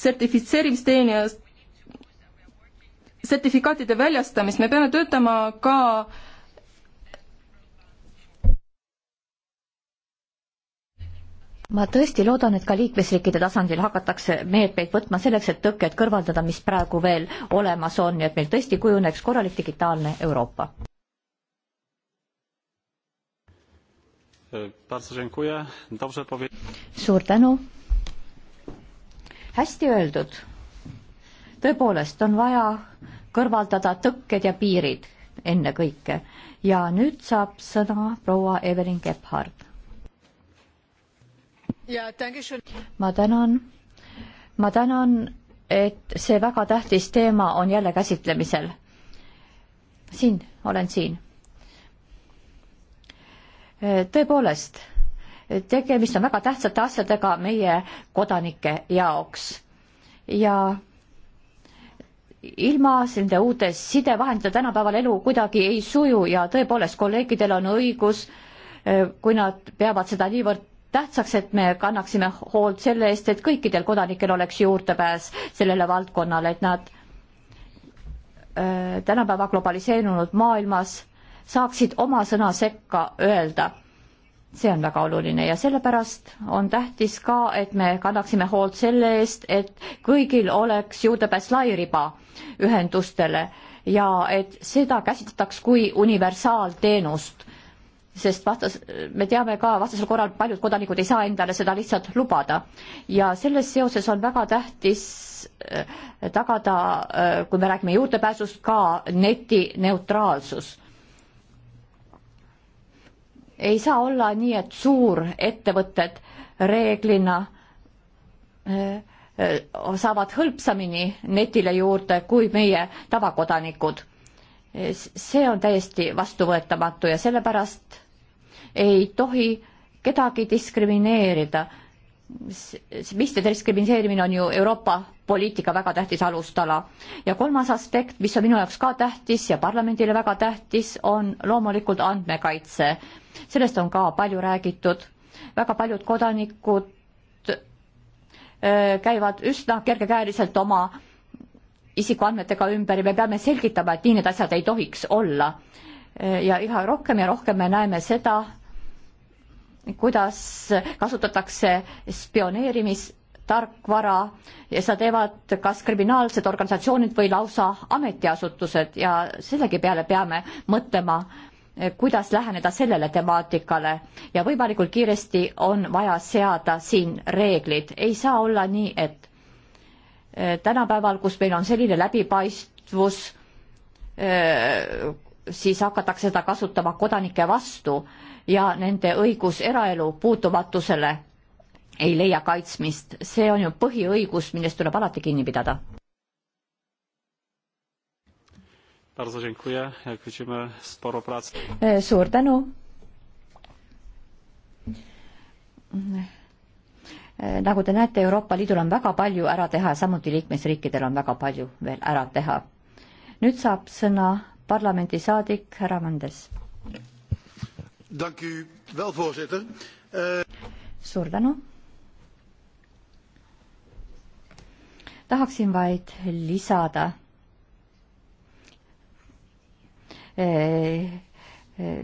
sertifitseerimisteenijast, sertifikaatide väljastamist, me peame töötama ka ma tõesti loodan, et ka liikmesriikide tasandil hakatakse meetmeid võtma selleks, et tõkked kõrvaldada, mis praegu veel olemas on ja et meil tõesti kujuneks korralik digitaalne Euroopa. suur tänu. hästi öeldud. tõepoolest on vaja kõrvaldada tõkked ja piirid ennekõike ja nüüd saab sõna proua Evelyn Gebhard. ma tänan, ma tänan, et see väga tähtis teema on jälle käsitlemisel. siin, olen siin tõepoolest, tegemist on väga tähtsate asjadega meie kodanike jaoks ja ilma nende uute sidevahendite tänapäeval elu kuidagi ei suju ja tõepoolest, kolleegidel on õigus, kui nad peavad seda niivõrd tähtsaks, et me kannaksime hoolt selle eest, et kõikidel kodanikel oleks juurdepääs sellele valdkonnale, et nad äh, tänapäeva globaliseerunud maailmas saaksid oma sõna sekka öelda. see on väga oluline ja sellepärast on tähtis ka, et me kannaksime hoolt selle eest, et kõigil oleks juurdepääs lairiba ühendustele ja et seda käsitletaks kui universaalteenust sest vastas, me teame ka, vastasel korral paljud kodanikud ei saa endale seda lihtsalt lubada. ja selles seoses on väga tähtis äh, tagada, äh, kui me räägime juurdepääsust, ka netineutraalsus ei saa olla nii, et suurettevõtted reeglina äh, äh, saavad hõlpsamini netile juurde kui meie tavakodanikud. see on täiesti vastuvõetamatu ja sellepärast ei tohi kedagi diskrimineeriste diskrimineerimine on ju Euroopa poliitika väga tähtis alustala. ja kolmas aspekt, mis on minu jaoks ka tähtis ja parlamendile väga tähtis, on loomulikult andmekaitse. sellest on ka palju räägitud. väga paljud kodanikud äh, käivad üsna kergekäeliselt oma isikuandmetega ümber ja me peame selgitama, et nii need asjad ei tohiks olla. Äh, ja iha rohkem ja rohkem me näeme seda, kuidas kasutatakse spioneerimis tarkvara ja seda teevad kas kriminaalsed organisatsioonid või lausa ametiasutused ja sellegi peale peame mõtlema, kuidas läheneda sellele temaatikale ja võimalikult kiiresti on vaja seada siin reeglid. ei saa olla nii, et eh, tänapäeval, kus meil on selline läbipaistvus, eh, siis hakatakse seda kasutama kodanike vastu ja nende õigus eraelu puutumatusele ei leia kaitsmist, see on ju põhiõigus, millest tuleb alati kinni pidada. E, suur tänu. E, nagu te näete, Euroopa Liidul on väga palju ära teha, samuti liikmesriikidel on väga palju veel ära teha. nüüd saab sõna parlamendisaadik härra Mandes. suur tänu tahaksin vaid lisada eh, eh,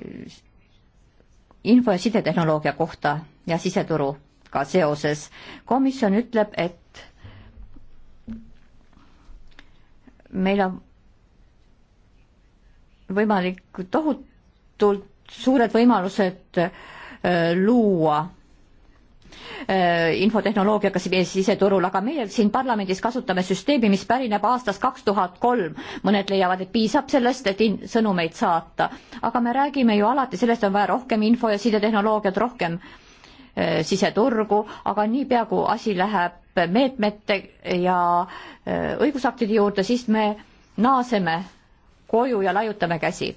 info- ja sidetehnoloogia kohta ja siseturuga seoses. komisjon ütleb, et meil on võimalik tohutult suured võimalused eh, luua Äh, infotehnoloogiaga meie siseturul, aga meie siin parlamendis kasutame süsteemi, mis pärineb aastast kaks tuhat kolm. mõned leiavad, et piisab sellest, et sõnumeid saata, aga me räägime ju alati sellest, on vaja rohkem info ja sidetehnoloogiat, rohkem äh, siseturgu, aga niipea kui asi läheb meetmete ja äh, õigusaktide juurde, siis me naaseme koju ja laiutame käsi.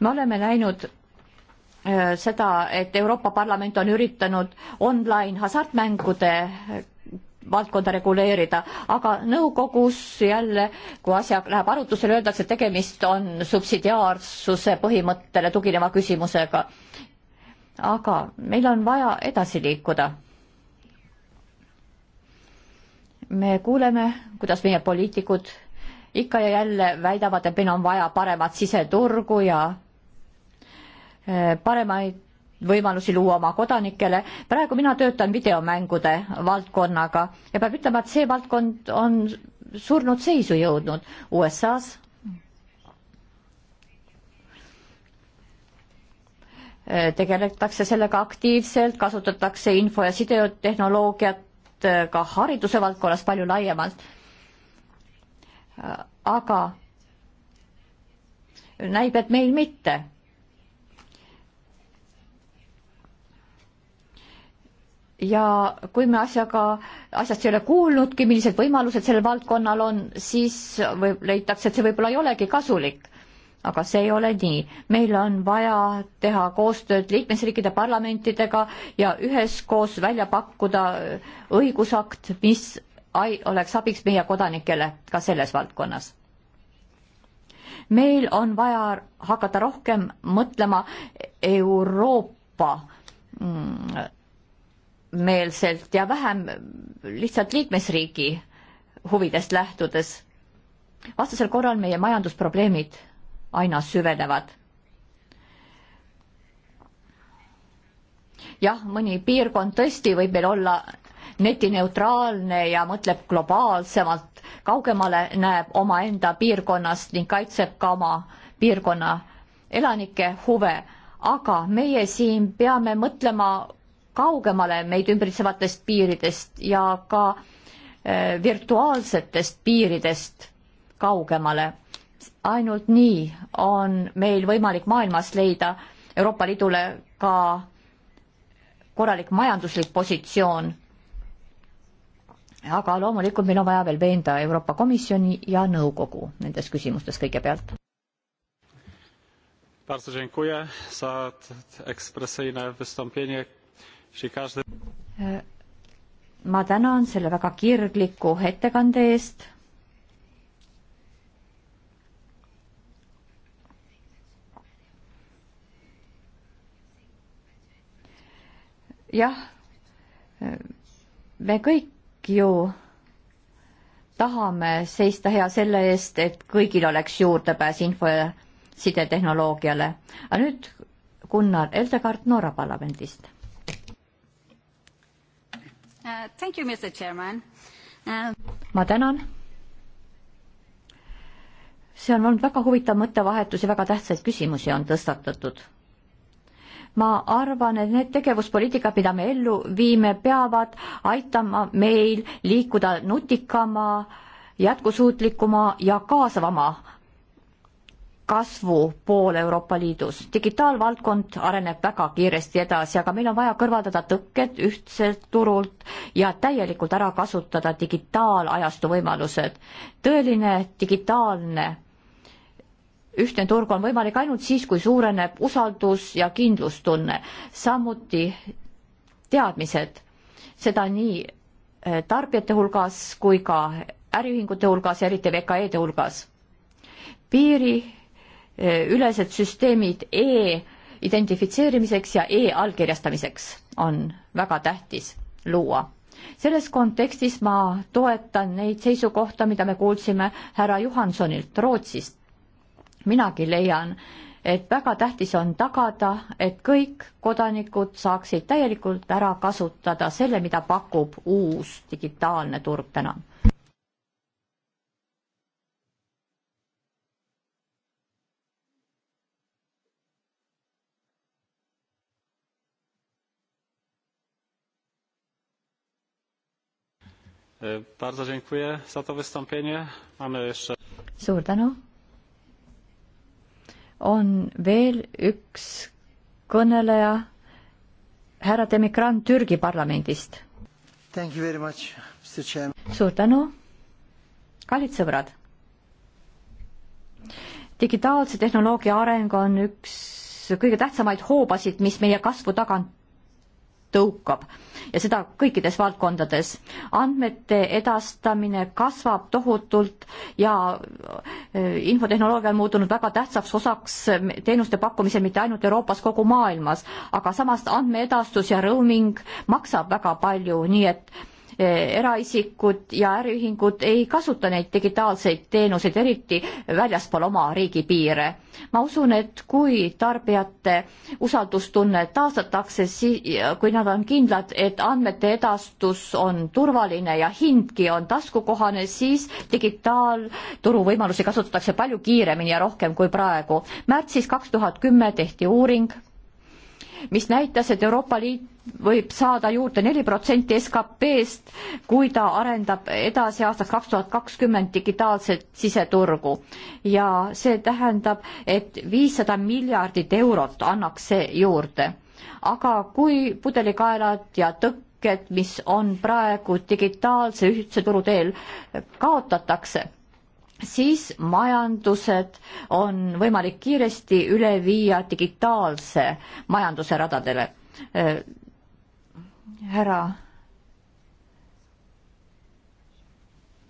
me oleme näinud Äh, seda, et Euroopa Parlament on üritanud online hasartmängude äh, valdkonda reguleerida, aga nõukogus jälle, kui asja läheb arutlusele, öeldakse, et tegemist on subsidiaarsuse põhimõttele tugineva küsimusega. aga meil on vaja edasi liikuda. me kuuleme, kuidas meie poliitikud ikka ja jälle väidavad, et meil on vaja paremat siseturgu ja paremaid võimalusi luua oma kodanikele. praegu mina töötan videomängude valdkonnaga ja peab ütlema, et see valdkond on surnud seisu jõudnud USA-s. tegeletakse sellega aktiivselt, kasutatakse info- ja sidetehnoloogiat eh, ka hariduse valdkonnas palju laiemalt. aga näib, et meil mitte ja kui me asjaga, asjast ei ole kuulnudki, millised võimalused sellel valdkonnal on, siis võib, leitakse, et see võib-olla ei olegi kasulik. aga see ei ole nii. meil on vaja teha koostööd liikmesriikide parlamentidega ja üheskoos välja pakkuda õigusakt, mis ai-, oleks abiks meie kodanikele ka selles valdkonnas. meil on vaja hakata rohkem mõtlema Euroopa mm, meelselt ja vähem lihtsalt liikmesriigi huvidest lähtudes. vastasel korral meie majandusprobleemid aina süvenevad. jah, mõni piirkond tõesti võib meil olla netineutraalne ja mõtleb globaalsemalt, kaugemale näeb omaenda piirkonnast ning kaitseb ka oma piirkonna elanike huve, aga meie siin peame mõtlema kaugemale meid ümbritsevatest piiridest ja ka äh, virtuaalsetest piiridest kaugemale. ainult nii on meil võimalik maailmas leida Euroopa Liidule ka korralik majanduslik positsioon. aga loomulikult meil on vaja veel veenda Euroopa Komisjoni ja nõukogu nendes küsimustes kõigepealt. Bardzo dziękuję za ekspresyjne wystąpienie ma tänan selle väga kirgliku ettekande eest. jah, me kõik ju tahame seista hea selle eest, et kõigil oleks juurdepääs info ja sidetehnoloogiale. aga nüüd Gunnar Eldekaart Norra parlamendist Uh, thank you, Mr Chairman uh.... ma tänan. see on olnud väga huvitav mõttevahetus ja väga tähtsaid küsimusi on tõstatatud ma arvan, et need tegevuspoliitikad, mida me ellu viime, peavad aitama meil liikuda nutikama, jätkusuutlikuma ja kaasavama kasvu pool Euroopa Liidus. digitaalvaldkond areneb väga kiiresti edasi, aga meil on vaja kõrvaldada tõkked ühtselt turult ja täielikult ära kasutada digitaalajastu võimalused. tõeline digitaalne ühtne turg on võimalik ainult siis, kui suureneb usaldus ja kindlustunne, samuti teadmised, seda nii eh, tarbijate hulgas kui ka äriühingute hulgas ja eriti VKE-de hulgas. piiri ülesed süsteemid e-identifitseerimiseks ja e-allkirjastamiseks on väga tähtis luua. selles kontekstis ma toetan neid seisukohta, mida me kuulsime härra Johansonilt Rootsist. minagi leian, et väga tähtis on tagada, et kõik kodanikud saaksid täielikult ära kasutada selle, mida pakub uus digitaalne turg täna E, bardzo dziękuję za to wystąpienie. Mamy jeszcze... Suur tänu. On veel üks kõneleja, härra Demikran Türgi parlamendist. Thank you very much, Mr Chairman. suur tänu. kallid sõbrad. digitaalse tehnoloogia areng on üks kõige tähtsamaid hoobasid, mis meie kasvu tagant tõukab ja seda kõikides valdkondades. andmete edastamine kasvab tohutult ja äh, infotehnoloogia on muutunud väga tähtsaks osaks teenuste pakkumisel mitte ainult Euroopas, kogu maailmas, aga samas andmeedastus ja roaming maksab väga palju, nii et Eh, eraisikud ja äriühingud ei kasuta neid digitaalseid teenuseid eriti väljaspool oma riigi piire. ma usun, et kui tarbijate usaldustunne taastatakse, kui nad on kindlad, et andmete edastus on turvaline ja hindki on taskukohane, siis digitaalturu võimalusi kasutatakse palju kiiremini ja rohkem kui praegu. märtsis kaks tuhat kümme tehti uuring mis näitas, et Euroopa Liit võib saada juurde neli protsenti SKP-st, kui ta arendab edasi aastaks kaks tuhat kakskümmend digitaalset siseturgu. ja see tähendab, et viissada miljardit eurot annaks see juurde. aga kui pudelikaelad ja tõkked, mis on praegu digitaalse ühtse turu teel, kaotatakse, siis majandused on võimalik kiiresti üle viia digitaalse majanduse radadele härra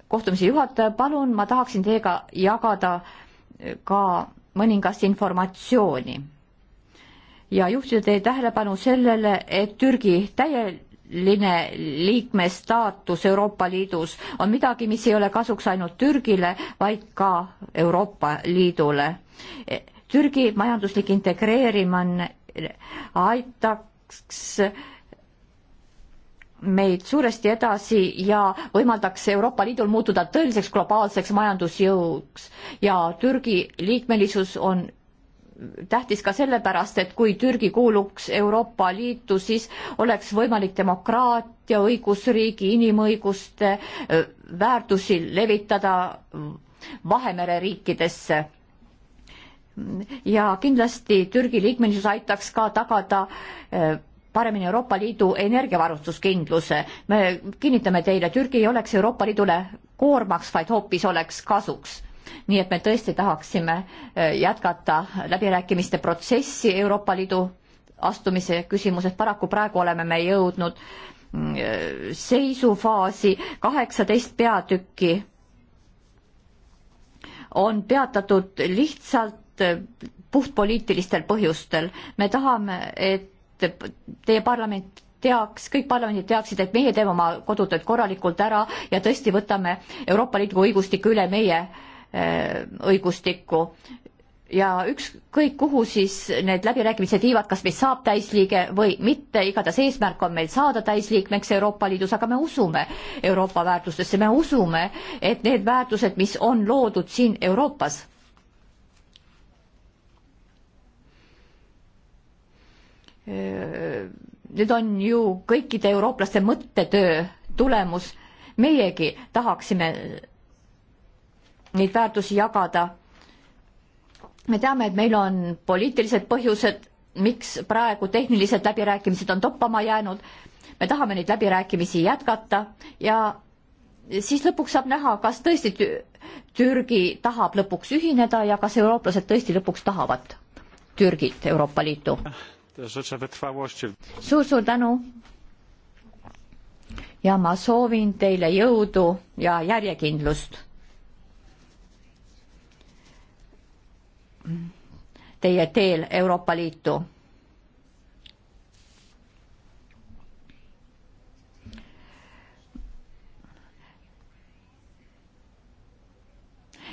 kohtumise juhataja, palun, ma tahaksin teiega jagada eh, ka mõningast informatsiooni ja juhtida teie tähelepanu sellele, et Türgi täieline liikme staatus Euroopa Liidus on midagi, mis ei ole kasuks ainult Türgile, vaid ka Euroopa Liidule. Eh, Türgi majanduslik integreerimine aitaks meid suuresti edasi ja võimaldaks Euroopa Liidul muutuda tõeliseks globaalseks majandusjõuks ja Türgi liikmelisus on tähtis ka sellepärast, et kui Türgi kuuluks Euroopa Liitu, siis oleks võimalik demokraatia, õigusriigi, inimõiguste väärtusi levitada Vahemere riikidesse. ja kindlasti Türgi liikmelisus aitaks ka tagada paremini Euroopa Liidu energiavarustuskindluse. me kinnitame teile, Türgi ei oleks Euroopa Liidule koormaks, vaid hoopis oleks kasuks. nii et me tõesti tahaksime eh, jätkata läbirääkimiste protsessi Euroopa Liidu astumise küsimuses, paraku praegu oleme me jõudnud mm, eh, seisufaasi, kaheksateist peatükki on peatatud lihtsalt eh, puhtpoliitilistel põhjustel. me tahame, et teie parlament teaks, kõik parlamendid teaksid, et meie teeme oma kodutööd korralikult ära ja tõesti võtame Euroopa Liidu õigustiku üle meie äh, õigustikku. ja ükskõik, kuhu siis need läbirääkimised viivad, kas meist saab täisliige või mitte, igatahes eesmärk on meil saada täisliikmeks Euroopa Liidus, aga me usume Euroopa väärtustesse, me usume, et need väärtused, mis on loodud siin Euroopas Äh, Need on ju kõikide eurooplaste mõttetöö tulemus. meiegi tahaksime neid väärtusi jagada. me teame, et meil on poliitilised põhjused, miks praegu tehnilised läbirääkimised on toppama jäänud. me tahame neid läbirääkimisi jätkata ja siis lõpuks saab näha, kas tõesti Türgi tahab lõpuks ühineda ja kas eurooplased tõesti lõpuks tahavad Türgit Euroopa Liitu suur-suur tänu. ja ma soovin teile jõudu ja järjekindlust. Teie teel Euroopa Liitu.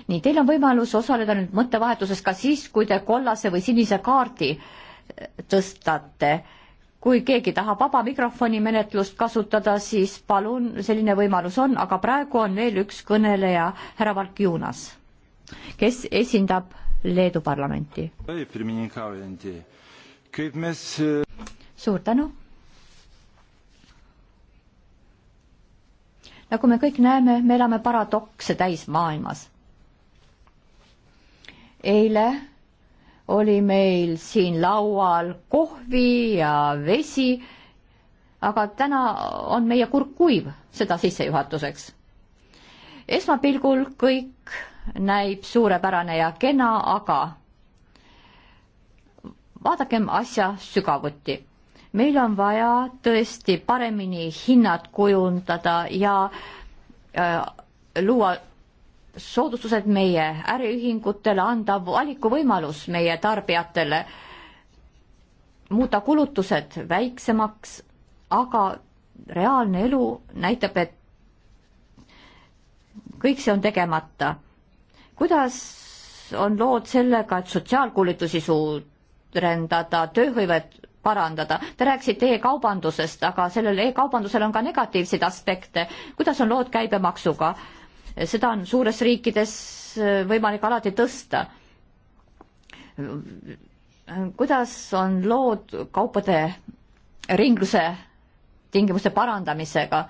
nii, teil on võimalus osaleda nüüd mõttevahetuses ka siis, kui te kollase või sinise kaardi äh, tõstate. kui keegi tahab vaba mikrofoni menetlust kasutada, siis palun, selline võimalus on, aga praegu on veel üks kõneleja, härra Valkjunas, kes esindab Leedu parlamenti. suur tänu. nagu me kõik näeme, me elame paradokse täis maailmas. eile oli meil siin laual kohvi ja vesi, aga täna on meie kurk kuiv, seda sissejuhatuseks. esmapilgul kõik näib suurepärane ja kena, aga vaadakem asja sügavuti. meil on vaja tõesti paremini hinnad kujundada ja äh, luua soodustused meie äriühingutele, anda valikuvõimalus meie tarbijatele, muuta kulutused väiksemaks, aga reaalne elu näitab, et kõik see on tegemata. kuidas on lood sellega, et sotsiaalkulutusi suurendada, tööhõivet parandada. Te rääkisite e-kaubandusest, aga sellel e-kaubandusel on ka negatiivseid aspekte. kuidas on lood käibemaksuga? seda on suures riikides äh, võimalik alati tõsta. kuidas on lood kaupade ringluse tingimuste parandamisega?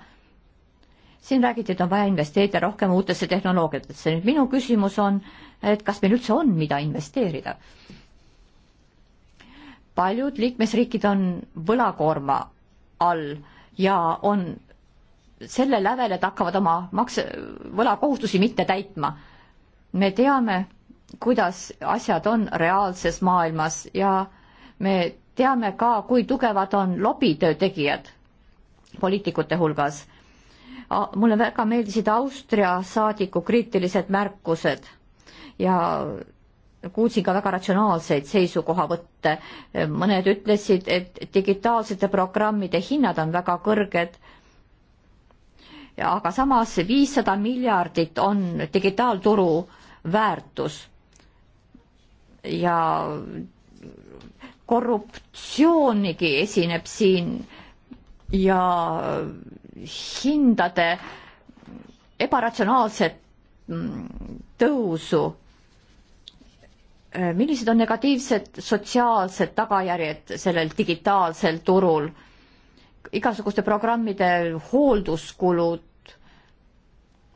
siin räägiti, et on vaja investeerida rohkem uutesse tehnoloogiatesse. nüüd minu küsimus on, et kas meil üldse on, mida investeerida? paljud liikmesriigid on võlakoorma all ja on selle lävel, et hakkavad oma makse, võlakohustusi mitte täitma. me teame, kuidas asjad on reaalses maailmas ja me teame ka, kui tugevad on lobitöö tegijad poliitikute hulgas. mulle väga meeldisid Austria saadiku kriitilised märkused ja kuulsin ka väga ratsionaalseid seisukohavõtte. mõned ütlesid, et digitaalsete programmide hinnad on väga kõrged aga samas viissada miljardit on digitaalturu väärtus. ja korruptsioonigi esineb siin ja hindade ebaratsionaalset mm, tõusu. Äh, millised on negatiivsed sotsiaalsed tagajärjed sellel digitaalsel turul? igasuguste programmide hoolduskulud,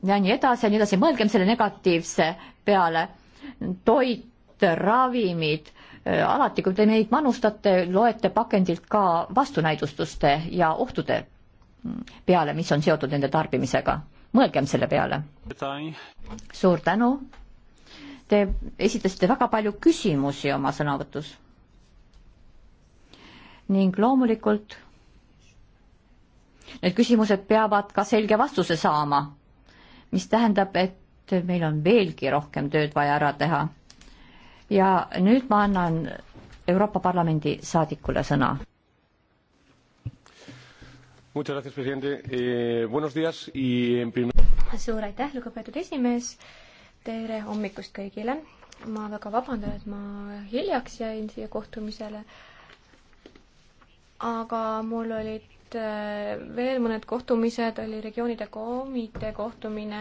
ja nii edasi ja nii edasi, mõelgem selle negatiivse peale. toit, ravimid, äh, alati kui te neid manustate, loete pakendilt ka vastunäidustuste ja ohtude peale, mis on seotud nende tarbimisega. mõelgem selle peale. suur tänu. Te esitasite väga palju küsimusi oma sõnavõtus. ning loomulikult need küsimused peavad ka selge vastuse saama mis tähendab, et meil on veelgi rohkem tööd vaja ära teha. ja nüüd ma annan Euroopa Parlamendi saadikule sõna. Eh, suur aitäh, lugupeetud esimees, tere hommikust kõigile! ma väga vabandan, et ma hiljaks jäin siia kohtumisele äh,, aga mul olid äh, veel mõned kohtumised, oli regioonide komitee kohtumine,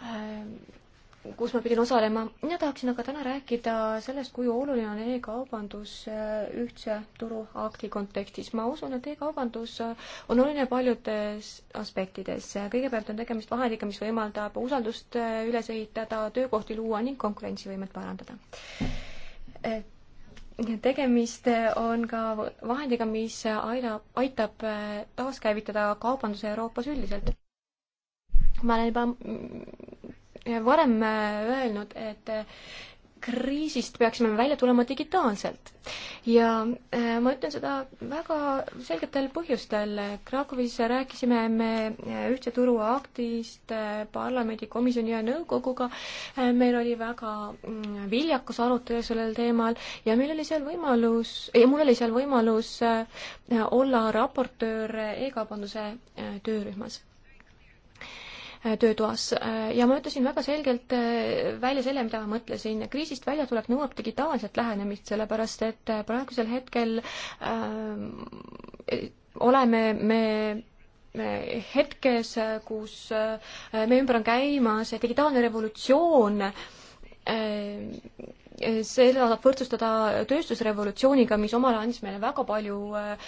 äh, kus ma pidin osalema. mina tahaksin aga täna rääkida sellest, kui oluline on e-kaubandus äh, ühtse turuakti kontekstis. ma usun, et e-kaubandus on oluline paljudes aspektides. kõigepealt on tegemist vahendiga, mis võimaldab usaldust üles ehitada, töökohti luua ning konkurentsivõimet parandada tegemist eh, on ka vahendiga, mis aidab, aitab eh, taaskäivitada kaubanduse Euroopas üldiselt. ma olen juba mm, varem eh, öelnud, et kriisist peaksime me välja tulema digitaalselt. ja äh, ma ütlen seda väga selgetel põhjustel. Krakowis rääkisime me äh, ühtse turu aktist äh, parlamendi, komisjoni ja nõukoguga. meil oli väga mm, viljakas arutelu sellel teemal ja meil oli seal võimalus, ja mul oli seal võimalus olla raportöör e-kaubanduse töörühmas Äh, töötoas äh, ja ma ütlesin väga selgelt äh, välja selle, mida ma mõtlesin. kriisist väljatulek nõuab digitaalset lähenemist, sellepärast et praegusel hetkel äh, oleme me hetkes, kus meie ümber on käimas digitaalne revolutsioon äh,, seda saab võrdsustada tööstusrevolutsiooniga, mis omal ajal andis meile väga palju äh,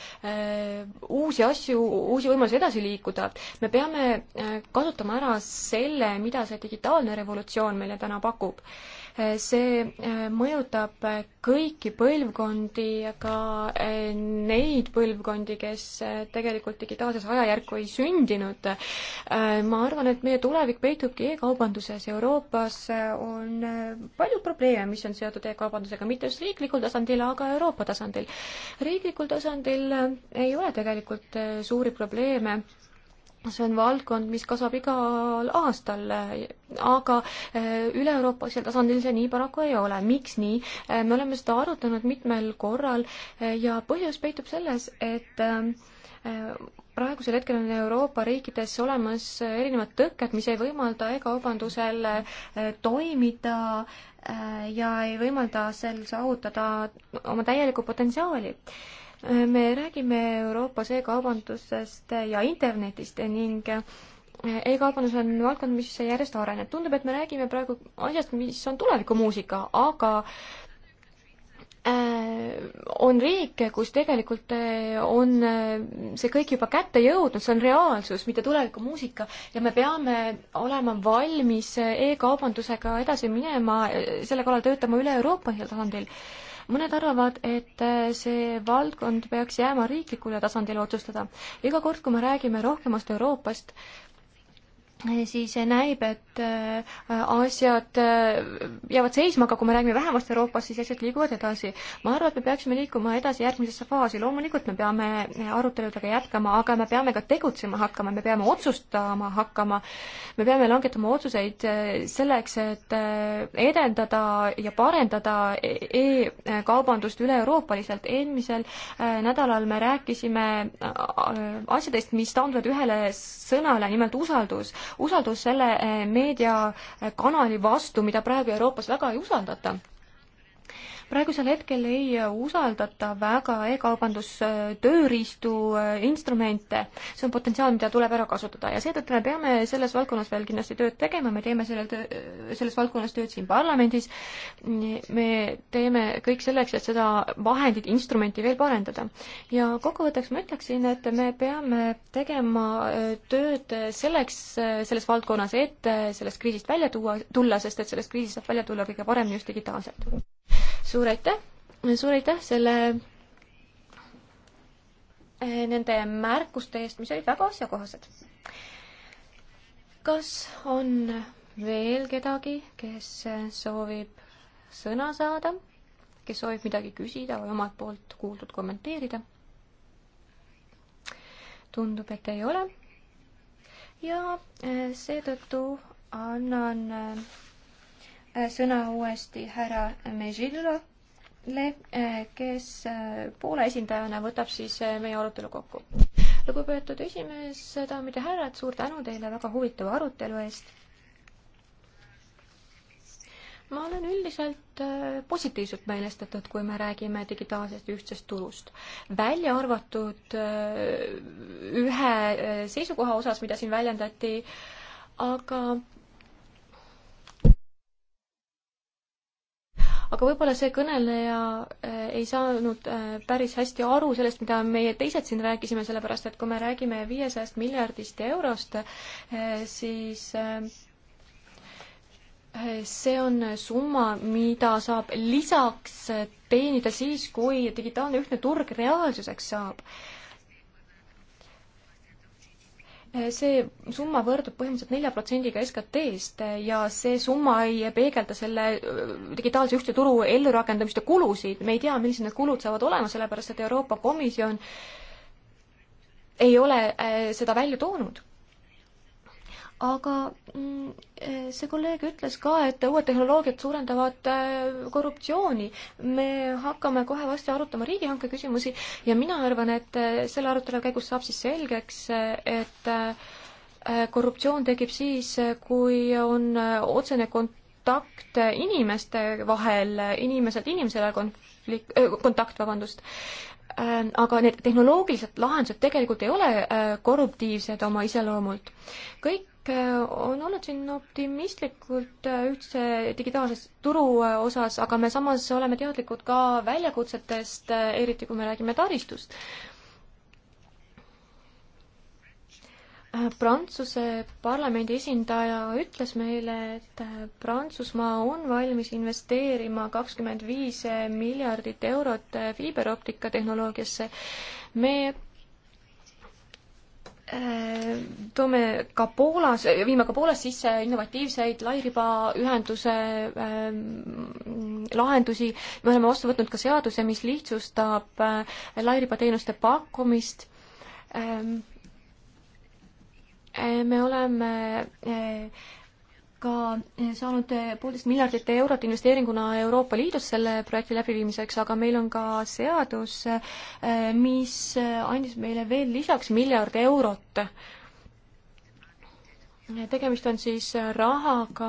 uusi asju, uusi võimalusi edasi liikuda. me peame äh, kasutama ära selle, mida see digitaalne revolutsioon meile täna pakub see äh, mõjutab kõiki põlvkondi, ka äh, neid põlvkondi, kes äh, tegelikult digitaalses ajajärku ei sündinud. ma arvan, et meie tulevik peitubki e-kaubanduses. Euroopas on palju probleeme, mis on seotud e-kaubandusega, mitte just riiklikul tasandil, aga Euroopa tasandil. riiklikul tasandil ei ole tegelikult suuri probleeme see on valdkond, mis kasvab igal aastal, aga äh, üle-euroopalisel tasandil see nii paraku ei ole. miks nii? Äh, me oleme seda arutanud mitmel korral äh, ja põhjus peitub selles, et praegusel hetkel on Euroopa riikides olemas erinevad tõkked, mis ei võimalda e-kaubandusel toimida ja ei võimalda sel saavutada oma täielikku potentsiaali me räägime Euroopas e-kaubandusest ja internetist ning eh, e-kaubandus on valdkond, mis järjest areneb. tundub, et me räägime praegu asjast, mis on tulevikumuusika, aga eh, on riike, kus tegelikult eh, on see kõik juba kätte jõudnud, see on reaalsus, mitte tulevikumuusika ja me peame olema valmis e-kaubandusega edasi minema, selle kallal töötama üle-Euroopa tasandil mõned arvavad, et äh, see valdkond peaks jääma riiklikule tasandile otsustada. iga kord, kui me räägime rohkemast Euroopast, siis näib, et äh, asjad äh, jäävad seisma, aga kui me räägime vähemast Euroopast, siis asjad liiguvad edasi. ma arvan, et me peaksime liikuma edasi järgmisesse faasi, loomulikult me peame aruteludega jätkama, aga me peame ka tegutsema hakkama, me peame otsustama hakkama, me peame langetama otsuseid äh, selleks, et edendada ja parendada e-kaubandust üle-euroopaliselt. eelmisel nädalal me rääkisime asjadest, mis taanduvad ühele sõnale, nimelt usaldus usaldus selle eh, meediakanali vastu, mida praegu Euroopas väga ei usaldata praegusel hetkel ei usaldata väga e-kaubandustööriistu, äh, instrumente. see on potentsiaal, mida tuleb ära kasutada ja seetõttu me peame selles valdkonnas veel kindlasti tööd tegema, me teeme selle töö, äh, selles valdkonnas tööd siin parlamendis, me teeme kõik selleks, et seda vahendit, instrumenti veel parendada. ja kokkuvõtteks ma ütleksin, et me peame tegema äh, tööd selleks, selles valdkonnas, et sellest kriisist välja tuua, tulla, sest et sellest kriisist saab välja tulla kõige paremini just digitaalselt suur aitäh, suur aitäh selle, eh, nende märkuste eest, mis olid väga asjakohased. kas on veel kedagi, kes soovib sõna saada, kes soovib midagi küsida või omalt poolt kuuldud kommenteerida? tundub, et ei ole. ja eh, seetõttu annan eh, Äh, sõna uuesti härra Mežilole, äh, kes äh, Poola esindajana võtab siis meie arutelu kokku. lugupeetud esimees, daamid ja härrad, suur tänu teile väga huvitava arutelu eest. ma olen üldiselt positiivselt meelestatud, kui me räägime digitaalsest ühtsest turust. välja arvatud ühe seisukoha osas, mida siin väljendati, aga aga võib-olla see kõneleja eh, ei saanud eh, päris hästi aru sellest, mida meie teised siin rääkisime, sellepärast et kui me räägime viiesajast miljardist eurost, eh, siis see on summa, mida saab lisaks teenida siis, kui digitaalne ühtne turg reaalsuseks saab Eh, see summa võrdub põhimõtteliselt nelja protsendiga SKT-st eh, ja see summa ei peegelda selle eh, digitaalse ühtse turu ellurakendamiste kulusid, me ei tea, millised need kulud saavad olema, sellepärast et Euroopa Komisjon ei ole seda välja toonud aga mm, see kolleeg ütles ka, et uued tehnoloogiad suurendavad äh, korruptsiooni. me hakkame kohe varsti arutama riigihanke küsimusi ja mina arvan, et äh, selle arutelu käigus saab siis selgeks, äh, et korruptsioon tekib siis, kui on otsene kontakt inimeste vahel, inimeselt inimesele konflikt, kontakt, vabandust aga need tehnoloogilised lahendused tegelikult ei ole korruptiivsed oma iseloomult. kõik Eh, on olnud siin optimistlikult eh, ühtse digitaalses turu eh, osas, aga me samas oleme teadlikud ka väljakutsetest, eriti kui me räägime taristust. Prantsuse parlamendi esindaja ütles meile, et Prantsusmaa on valmis investeerima kakskümmend viis miljardit eurot fiiberoptika tehnoloogiasse. me Äh, toome ka Poolas, äh, viime ka Poolas sisse innovatiivseid lairibaühenduse äh, lahendusi, me oleme vastu võtnud ka seaduse, mis lihtsustab äh, lairibateenuste pakkumist ähm,. me oleme äh, ka eh, saanud eh, poolteist miljardit eurot investeeringuna Euroopa Liidus selle projekti läbiviimiseks, aga meil on ka seadus, eh, mis andis meile veel lisaks miljard eurot. tegemist on siis rahaga,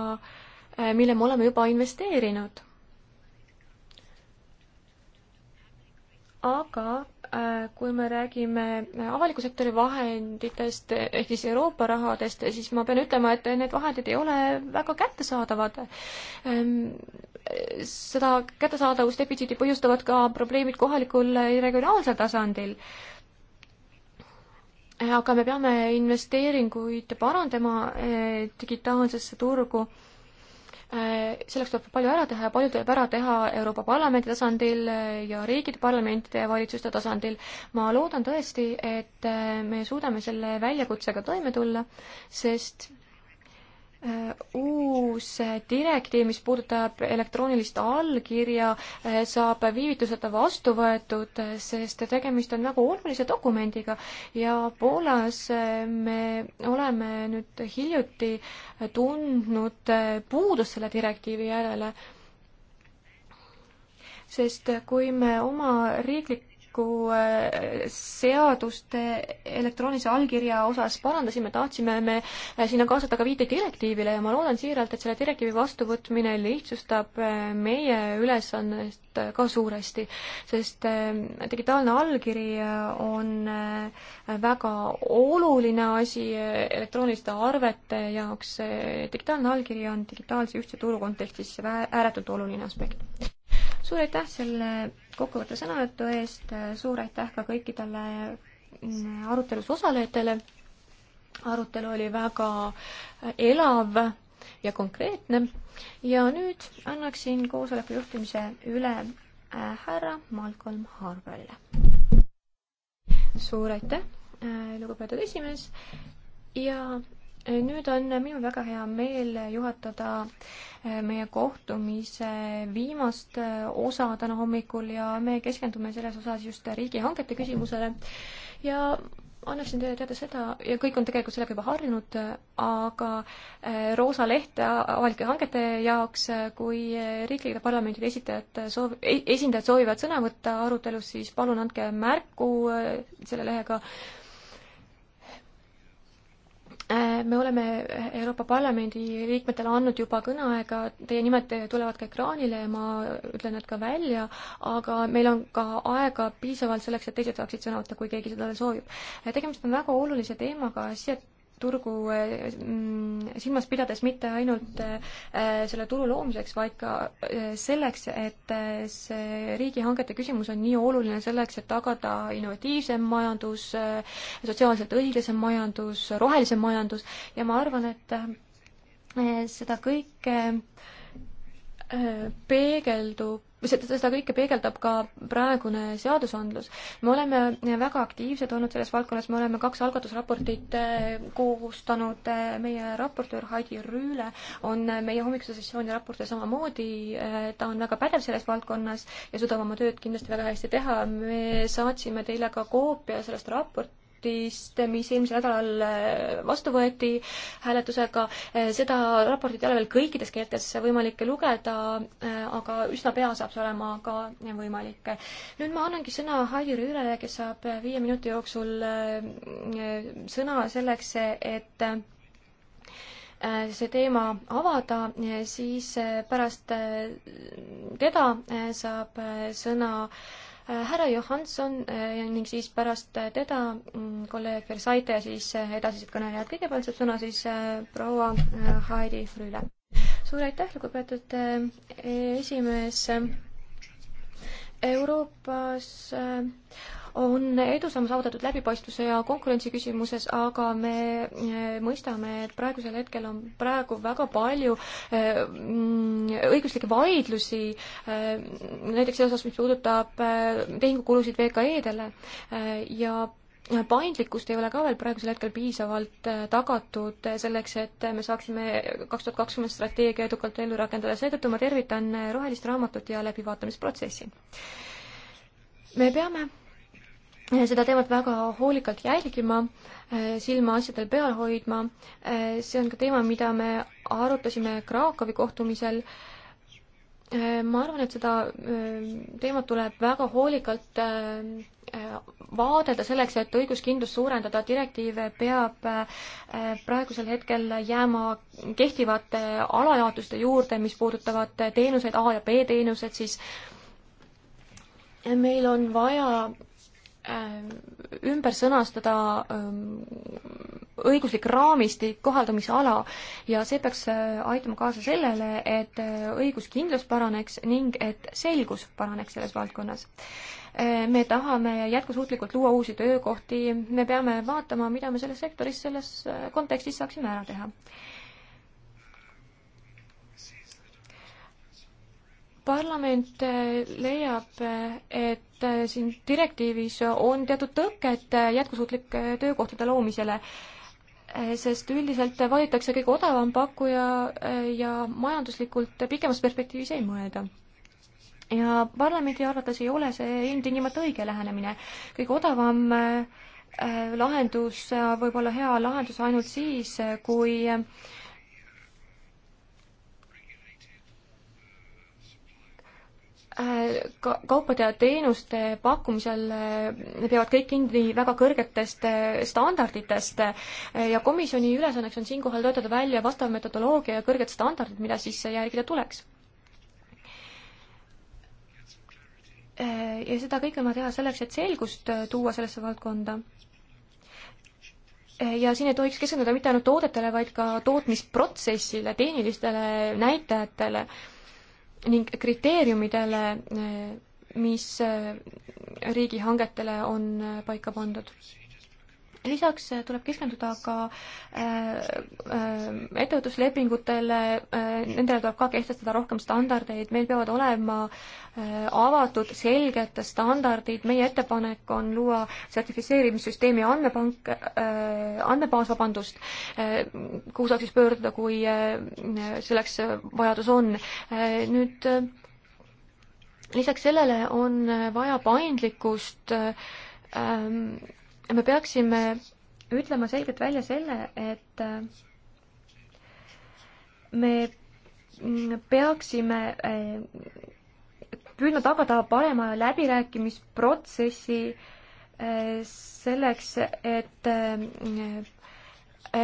mille me oleme juba investeerinud. aga Äh, kui me räägime äh, avaliku sektori vahenditest ehk siis Euroopa rahadest, siis ma pean ütlema, et need vahendid ei ole väga kättesaadavad. Ähm, seda kättesaadavusdefitsiiti põhjustavad ka probleemid kohalikul ja regionaalsel tasandil. aga me peame investeeringuid parandama äh, digitaalsesse turgu Äh, selleks tuleb palju ära teha ja palju tuleb ära teha Euroopa Parlamendi tasandil ja riikide parlamentide ja valitsuste tasandil. ma loodan tõesti, et äh, me suudame selle väljakutsega toime tulla, sest Äh, uus direktiiv, mis puudutab elektroonilist allkirja, äh, saab viivituseta vastu võetud, äh, sest tegemist on väga olulise dokumendiga ja Poolas me oleme nüüd hiljuti tundnud puudust selle direktiivi järele sest kui me oma riiklik kodanikuseaduste äh, elektroonilise allkirja osas parandasime, tahtsime me äh, sinna kaasata ka viite direktiivile ja ma loodan siiralt, et selle direktiivi vastuvõtmine lihtsustab äh, meie ülesannet ka suuresti, sest digitaalne allkiri on väga oluline asi elektrooniliste arvete jaoks. digitaalne allkiri on digitaalse ühtse turu kontekstis ääretult oluline aspekt suur aitäh selle kokkuvõtte sõnavõtu eest, suur aitäh ka kõikidele mm, arutelus osalejatele. arutelu oli väga elav ja konkreetne ja nüüd annaksin koosoleku juhtimise üle äh, härra Malcolm Harvelle. suur aitäh, äh, lugupeetud esimees ja nüüd on minul väga hea meel juhatada eh, meie kohtumise viimast eh, osa täna hommikul ja me keskendume selles osas just riigihangete küsimusele ja annaksin teile teada seda ja kõik on tegelikult sellega juba harjunud, aga eh, roosa leht avalike hangete jaoks, kui riiklike parlamendide esitajad soov, e-, esindajad soovivad sõna võtta arutelus, siis palun andke märku selle lehega Äh, me oleme Euroopa Parlamendi liikmetele andnud juba kõneaega, teie nimed tulevad ka ekraanile ja ma ütlen nad ka välja, aga meil on ka aega piisavalt selleks, et teised saaksid sõna võtta, kui keegi seda veel soovib. Äh, tegemist on väga olulise teemaga, asjad turgu eh, mm, silmas pidades mitte ainult eh, selle turu loomiseks, vaid ka eh, selleks, et see riigihangete küsimus on nii oluline selleks, et tagada innovatiivsem majandus, sotsiaalselt õiglasem majandus, rohelisem majandus ja ma arvan, et seda kõike peegeldub seda kõike peegeldab ka praegune seadusandlus. me oleme väga aktiivsed olnud selles valdkonnas, me oleme kaks algatusraportit eh, koostanud, eh, meie raportöör Heidi Rüüle on meie hommikuse sessiooni raportöör samamoodi, eh, ta on väga pädev selles valdkonnas ja suudab oma tööd kindlasti väga hästi teha, me saatsime teile ka koopia sellest raport-, raportist, mis eelmisel nädalal äh, vastu võeti hääletusega. Äh, seda raportit ei ole veel kõikides keeltes võimalik lugeda, äh, aga üsna pea saab see olema ka võimalik. nüüd ma annangi sõna Heidi Rüürele, kes saab viie minuti jooksul sõna selleks, et see teema avada, siis pärast teda saab sõna äh, Äh, härra Johanson äh, ning siis pärast äh, teda mm, kolleeg Versaite ja siis edasised kõnelejad. kõigepealt saab sõna siis proua Heidi Rüüle. suur aitäh, lugupeetud esimees. Euroopas äh, on edusamm saavutatud läbipaistvuse ja konkurentsi küsimuses, aga me eh, mõistame, et praegusel hetkel on praegu väga palju eh, mm, õiguslikke vaidlusi, eh, näiteks selles osas, mis puudutab tehingukulusid VKE-dele ja paindlikkust ei ole ka veel praegusel hetkel piisavalt tagatud selleks, et me saaksime kaks tuhat kakskümmend strateegia edukalt ellu rakendada, seetõttu ma tervitan rohelist raamatut ja läbivaatamisprotsessi. me peame seda teemat väga hoolikalt jälgima, äh, silma asjadel peal hoidma. Äh, see on ka teema, mida me arutasime Krakowi kohtumisel. Äh, ma arvan, et seda teemat tuleb väga hoolikalt vaadelda selleks, et õiguskindlust suurendada, direktiiv peab praegusel hetkel jääma kehtivate alajaotuste juurde, mis puudutavad teenuseid, A ja B teenused siis. meil on vaja Äh, ümber sõnastada ähm, õiguslik raamistik, kohaldamisala ja see peaks äh, aitama kaasa sellele, et äh, õiguskindlus paraneks ning et selgus paraneks selles valdkonnas. me tahame jätkusuutlikult luua uusi töökohti, me peame vaatama, mida me selles sektoris, selles kontekstis saaksime ära teha parlament äh, leiab, äh, et äh, siin direktiivis on teatud tõkked jätkusuutlike töökohtade loomisele, sest üldiselt valitakse kõige odavam pakkuja ja majanduslikult pikemas perspektiivis ei mõelda ja parlamendi arvates ei ole see ilmtingimata õige lähenemine. kõige odavam lahendus võib olla hea lahendus ainult siis, kui Äh, ka-, kaupade ja teenuste pakkumisel äh, peavad kõik kinni väga kõrgetest äh, standarditest ja komisjoni ülesanneks on siinkohal töötada välja vastav metodoloogia ja kõrged standardid, mida siis järgida tuleks. ja seda kõike on vaja teha selleks, et selgust tuua sellesse valdkonda ja siin ei tohiks keskenduda mitte ainult toodetele, vaid ka tootmisprotsessile, tehnilistele näitajatele äh,, ning kriteeriumidele, eh, mis eh, riigihangetele on eh, paika pandud lisaks äh, tuleb keskenduda ka äh, äh, ettevõtluslepingutele, nendele tuleb ka kehtestada rohkem standardeid, meil peavad olema avatud selged standardid, meie ettepanek on luua sertifitseerimissüsteemi andmepank, andmebaas, vabandust, kuhu saab siis pöörduda, kui selleks vajadus on. nüüd lisaks sellele on vaja paindlikkust ähm, me peaksime ütlema selgelt välja selle, et äh, me peaksime äh, püüdma tagada parema läbirääkimisprotsessi äh, selleks, et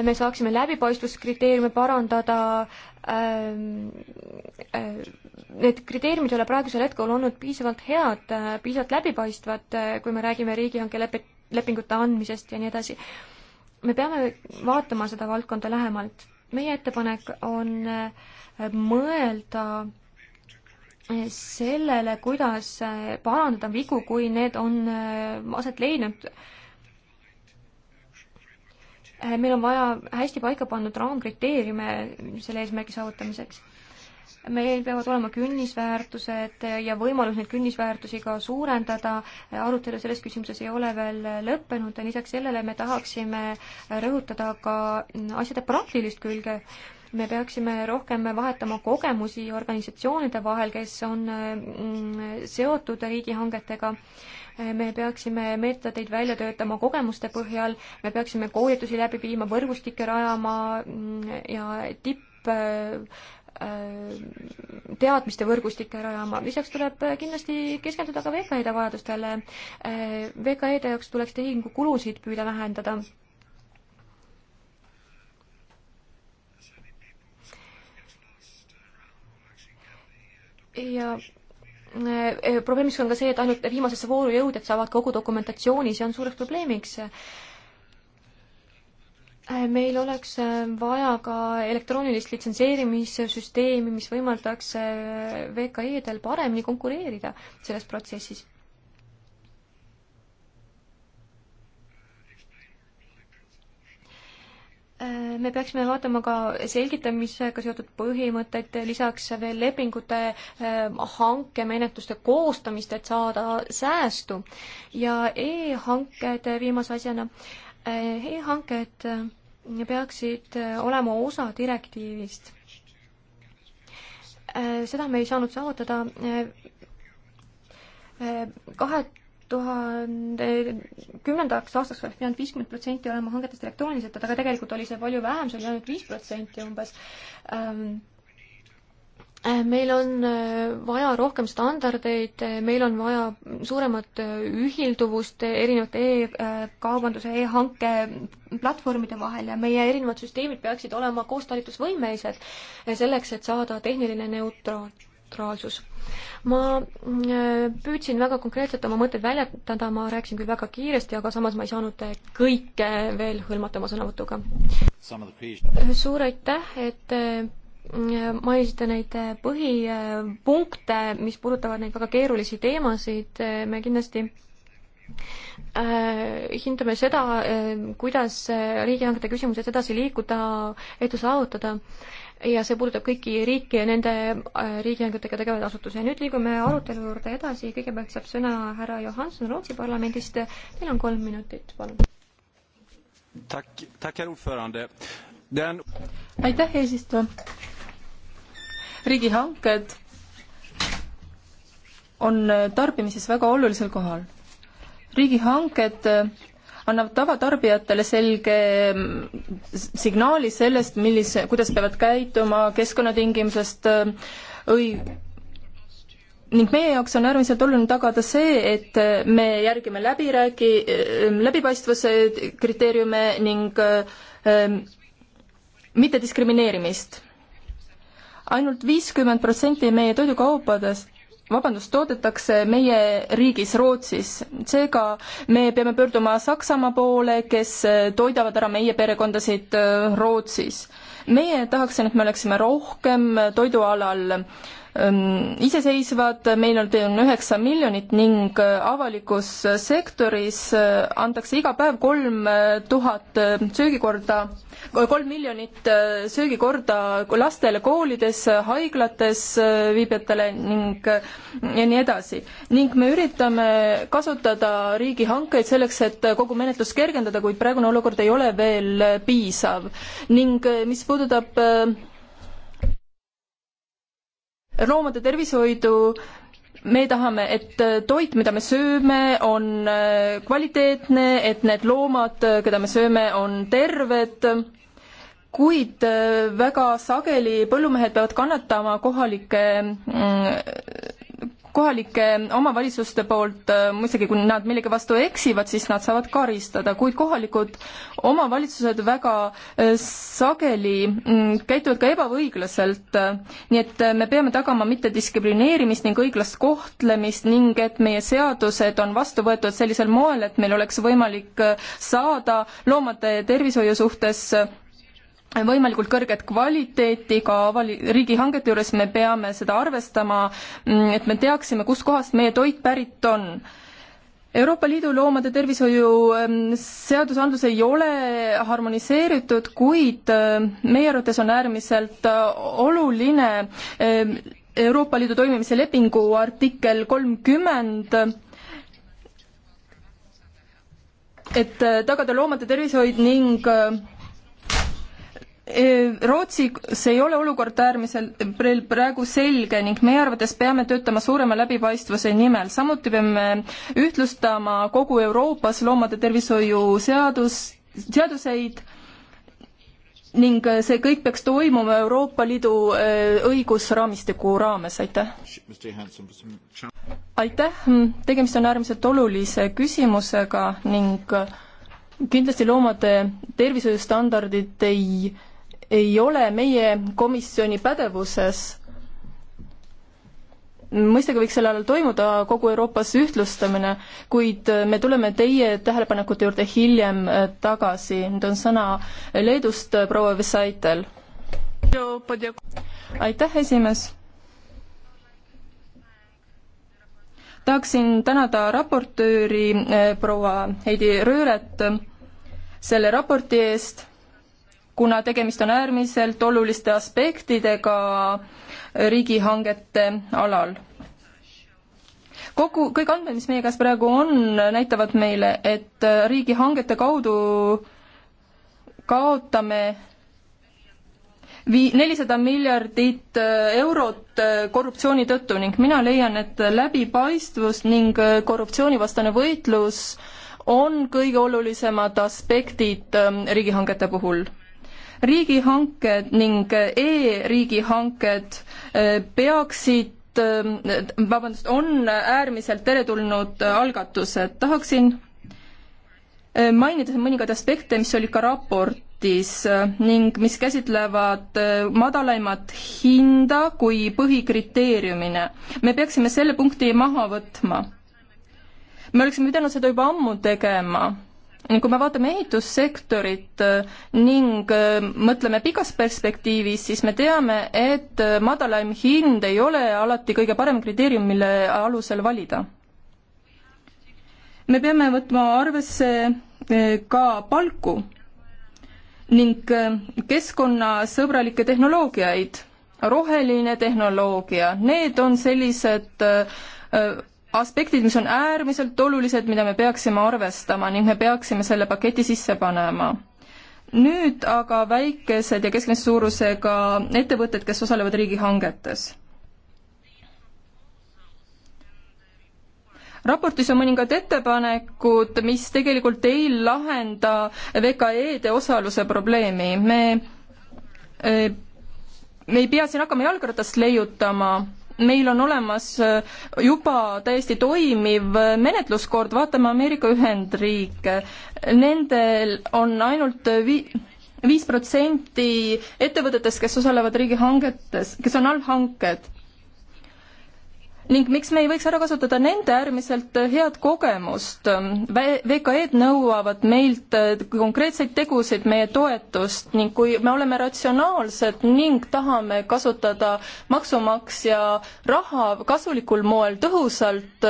me saaksime läbipaistvuskriteeriume parandada, need kriteeriumid ei ole praegusel hetkel olnud piisavalt head, piisavalt läbipaistvad, kui me räägime riigihanke lepet-, lepingute andmisest ja nii edasi. me peame vaatama seda valdkonda lähemalt. meie ettepanek on äh, mõelda äh, sellele, kuidas äh, parandada vigu, kui need on aset leidnud. meil on vaja hästi paika pandud raamkriteeriume selle eesmärgi saavutamiseks meil peavad olema künnisväärtused ja võimalus neid künnisväärtusi ka suurendada, arutelu selles küsimuses ei ole veel lõppenud ja lisaks sellele me tahaksime rõhutada ka asjade praktilist külge. me peaksime rohkem vahetama kogemusi organisatsioonide vahel, kes on mm, seotud riigihangetega me peaksime meetodeid välja töötama kogemuste põhjal, me peaksime koolitusi läbi viima, võrgustikke rajama mm, ja tipp Äh, teadmiste võrgustikke rajama, lisaks tuleb kindlasti keskenduda ka VKE-de vajadustele. Äh, VKE-de jaoks tuleks tehingu kulusid püüda vähendada. ja äh, probleemiks on ka see, et ainult viimasesse vooru jõudjad saavad kogu dokumentatsiooni, see on suureks probleemiks Äh, meil oleks äh, vaja ka elektroonilist litsenseerimissüsteemi, mis võimaldaks äh, VKE-del paremini konkureerida selles protsessis. me peaksime vaatama ka selgitamisega seotud põhimõtteid, lisaks veel lepingute hankemenetluste koostamist, et saada säästu ja e-hanked viimase asjana e. e-hanked peaksid äh, olema osa direktiivist. Äh, seda me ei saanud saavutada äh, kahe tuhande kümnendaks aastaks oleks pidanud viiskümmend protsenti olema hangetest elektrooniliselt, aga tegelikult oli see palju vähem, see oli ainult viis protsenti umbes ähm, Äh, meil on äh, vaja rohkem standardeid, äh, meil on vaja suuremat ühilduvust erinevate e-kaubanduse e, e-hanke platvormide vahel ja meie erinevad süsteemid peaksid olema koostalitusvõimelised selleks, et saada tehniline neutraalsus. ma püüdsin väga konkreetselt oma mõtteid väljendada, ma rääkisin küll väga kiiresti, aga samas ma ei saanud kõike veel hõlmata oma sõnavõtuga. suur aitäh, et mainisite neid äh, põhipunkte, äh, mis puudutavad neid väga keerulisi teemasid, äh, me kindlasti hindame seda, kuidas riigihangete küsimuses edasi liikuda, edu saavutada ja see puudutab kõiki riike ja nende riigihangetega tegelevaid asutusi. nüüd liigume arutelu juurde edasi, kõigepealt saab sõna härra Johanson Rootsi parlamendist, teil on kolm minutit, palun. aitäh, eesistuja riigihanked on tarbimises väga olulisel kohal. riigihanked annavad tavatarbijatele selge signaali sellest, millise, kuidas peavad käituma keskkonnatingimusest äh, õi-, ning meie jaoks on äärmiselt oluline tagada see, et me järgime läbiräägi, äh, läbipaistvuse kriteeriume ning äh, mittediskrimineerimist ainult viiskümmend protsenti meie toidukaupadest vabandust, toodetakse meie riigis Rootsis, seega me peame pöörduma Saksamaa poole, kes toidavad ära meie perekondasid äh, Rootsis. meie tahaksime, et me oleksime rohkem toidualal äh, iseseisvad, meil on üheksa miljonit ning äh, avalikus sektoris äh, antakse iga päev kolm äh, tuhat söögikorda, kolm miljonit söögikorda lastele koolides, haiglates viibijatele ning ja nii edasi. ning me üritame kasutada riigihankeid selleks, et kogu menetlust kergendada, kuid praegune olukord ei ole veel piisav. ning mis puudutab loomade tervishoidu me tahame, et toit, mida me sööme, on äh, kvaliteetne, et need loomad, äh, keda me sööme, on terved, kuid äh, väga sageli põllumehed peavad kannatama kohalike mm, kohalike omavalitsuste poolt, muidugi äh, kui nad millegi vastu eksivad, siis nad saavad karistada, kuid kohalikud omavalitsused väga äh, sageli mm, käituvad ka ebaõiglaselt. Äh, nii et me peame tagama mittediskrimineerimist ning õiglast kohtlemist ning et meie seadused on vastu võetud sellisel moel, et meil oleks võimalik saada loomade tervishoiu suhtes võimalikult kõrget kvaliteeti ka avali-, riigihangete juures me peame seda arvestama, mm, et me teaksime, kuskohast meie toit pärit on Euroopa Liidu loomade tervishoiu mm, seadusandlus ei ole harmoniseeritud, kuid mm, meie arvates on äärmiselt äh, oluline Euroopa Liidu toimimise lepingu artikkel kolmkümmend, et äh, tagada loomade tervishoid ning äh, Rootsis ei ole olukord äärmiselt praegu selge ning meie arvates peame töötama suurema läbipaistvuse nimel. samuti peame ühtlustama kogu Euroopas loomade tervishoiu seadus, seaduseid ning äh, see kõik peaks toimuma Euroopa Liidu äh, õigusraamistiku raames, aitäh. aitäh, tegemist on äärmiselt olulise küsimusega ning kindlasti loomade tervishoiustandardid ei ei ole meie komisjoni pädevuses. mõistagi võiks selle all toimuda kogu Euroopas ühtlustamine, kuid me tuleme teie tähelepanekute juurde hiljem äh, tagasi. nüüd on sõna Leedust proua Vesaitel. aitäh, esimees tahaksin tänada raportööri äh, proua Heidi Rööret selle raporti eest kuna tegemist on äärmiselt oluliste aspektidega riigihangete alal. kogu, kõik andmed, mis meie käes praegu on, näitavad meile, et riigihangete kaudu kaotame vii-, nelisada miljardit äh, eurot äh, korruptsiooni tõttu ning mina leian, et läbipaistvus ning äh, korruptsioonivastane võitlus on kõige olulisemad aspektid ähm, riigihangete puhul riigihanked ning e-riigihanked äh, peaksid äh, vabandust, on äärmiselt teretulnud algatused. tahaksin äh, mainida mõningaid aspekte, mis olid ka raportis ning mis käsitlevad madalaimat hinda kui põhikriteeriumina. me peaksime selle punkti maha võtma. me oleksime pidanud seda juba ammu tegema kui me vaatame ehitussektorit eh, ning eh, mõtleme pikas perspektiivis, siis me teame, et eh, madalaim hind ei ole alati kõige parem kriteerium, mille alusel valida. me peame võtma arvesse ka palku ning keskkonnasõbralikke tehnoloogiaid, roheline tehnoloogia, need on sellised aspektid, mis on äärmiselt olulised, mida me peaksime arvestama ning me peaksime selle paketi sisse panema. nüüd aga väikesed ja keskmise suurusega ettevõtted, kes osalevad riigihangetes. raportis on mõningad ettepanekud, mis tegelikult ei lahenda VKE-de osaluse probleemi. me, me ei pea siin hakkama jalgratast leiutama meil on olemas äh, juba täiesti toimiv äh, menetluskord, vaatame Ameerika Ühendriike. Nendel on ainult äh, vi-, viis protsenti ettevõtetest, kes osalevad riigihangetes, kes on allhanked ning miks me ei võiks ära kasutada nende äärmiselt head kogemust. VKE-d nõuavad meilt äh, konkreetseid tegusid, meie toetust ning kui me oleme ratsionaalsed ning tahame kasutada maksumaksja raha kasulikul moel tõhusalt,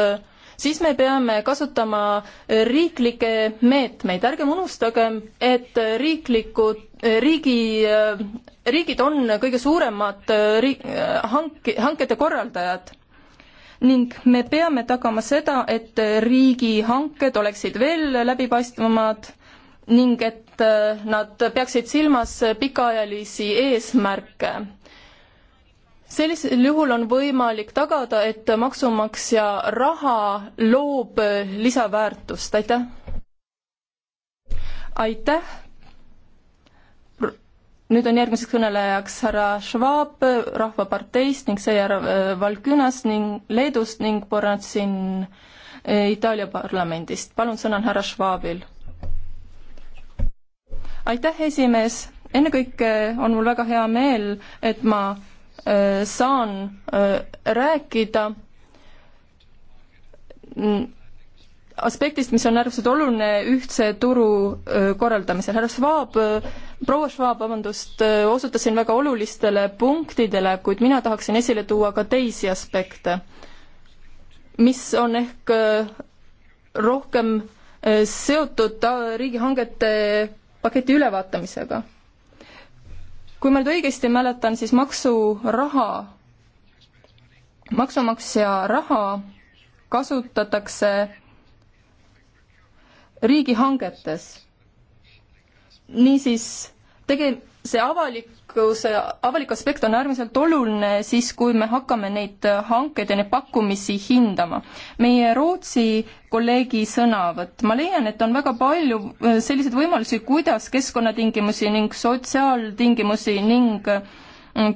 siis me peame kasutama riiklikke meetmeid, ärgem unustagem, et riiklikud, riigi, riigid on kõige suuremad riik, hanke, hankede korraldajad ning me peame tagama seda, et riigihanked oleksid veel läbipaistvamad ning et äh, nad peaksid silmas pikaajalisi eesmärke. sellisel juhul on võimalik tagada, et maksumaksja raha loob lisaväärtust, aitäh! aitäh! nüüd on järgmiseks kõnelejaks härra Švaab Rahvaparteist ning seejärel äh, Valkünas ning Leedust ning Bornatsin äh, Itaalia parlamendist. palun, sõna on härra Švaabil. aitäh, esimees! ennekõike äh, on mul väga hea meel, et ma saan rääkida mm, aspektist, mis on äärmiselt oluline ühtse turu korraldamisel. härra Švaab proua Schwab, vabandust, äh, osutasin väga olulistele punktidele, kuid mina tahaksin esile tuua ka teisi aspekte, mis on ehk äh, rohkem äh, seotud riigihangete paketi ülevaatamisega. kui ma nüüd õigesti mäletan, siis maksuraha, maksumaksja raha kasutatakse riigihangetes niisiis, tege-, see avalikkuse, avalik aspekt on äärmiselt oluline siis, kui me hakkame neid äh, hankeid ja neid pakkumisi hindama. meie Rootsi kolleegi sõnavõtt, ma leian, et on väga palju äh, selliseid võimalusi, kuidas keskkonnatingimusi ning sotsiaaltingimusi ning äh,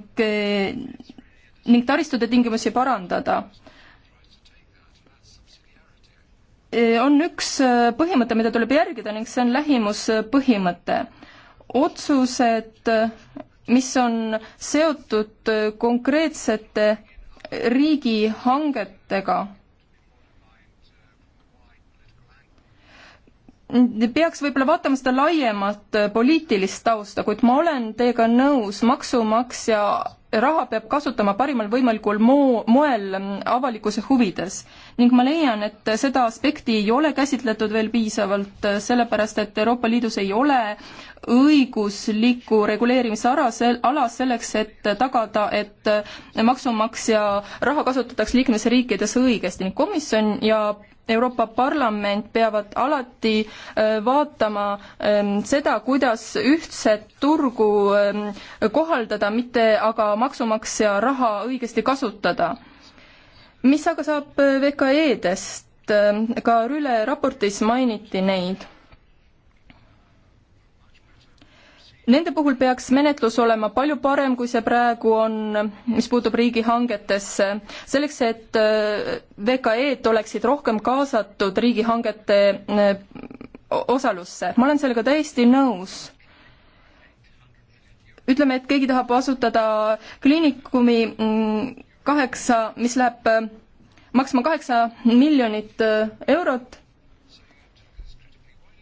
ning taristute tingimusi parandada Äh, on üks äh, põhimõte, mida tuleb järgida ning see on lähimuspõhimõte. otsused, äh, mis on seotud konkreetsete riigihangetega, peaks võib-olla vaatama seda laiemat poliitilist tausta, kuid ma olen teiega nõus, maksumaksja raha peab kasutama parimal võimalikul moo-, moel mm, avalikkuse huvides. ning ma leian, et seda aspekti ei ole käsitletud veel piisavalt, sellepärast et Euroopa Liidus ei ole õiguslikku reguleerimisala sel-, ala selleks, et tagada, et maksumaksja raha kasutatakse liikmesriikides õigesti ning komisjon ja Euroopa Parlament peavad alati äh, vaatama ähm, seda, kuidas ühtset turgu ähm, kohaldada, mitte aga maksumaksja raha õigesti kasutada. mis aga saab äh, VKE-dest, äh, ka Rüle raportis mainiti neid Nende puhul peaks menetlus olema palju parem, kui see praegu on, mis puutub riigihangetesse, selleks et äh, VKE-d oleksid rohkem kaasatud riigihangete äh, osalusse. ma olen sellega täiesti nõus ütleme, et keegi tahab asutada kliinikumi mm, kaheksa, mis läheb äh, maksma kaheksa miljonit eurot,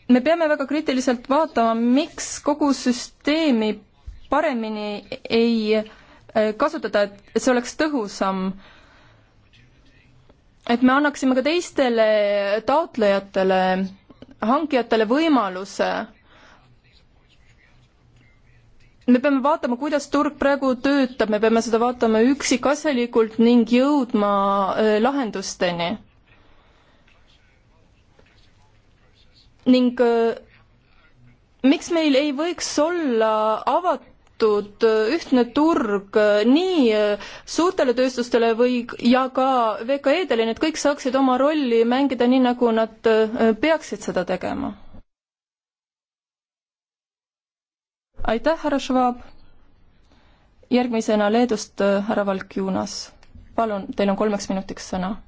me peame väga kriitiliselt vaatama, miks kogu süsteemi paremini ei äh, kasutada, et see oleks tõhusam. et me annaksime ka teistele taotlejatele, hankijatele võimaluse. me peame vaatama, kuidas turg praegu töötab, me peame seda vaatama üksikasjalikult ning jõudma äh, lahendusteni ning äh, miks meil ei võiks olla avatud avatud äh, ühtne turg äh, nii suurtele tööstustele või, ja ka VKE-dele, nii et kõik saaksid oma rolli mängida nii, nagu nad peaksid seda tegema. aitäh, härra Švab. järgmisena Leedust härra Valk-Juunas. palun, teil on kolmeks minutiks sõna.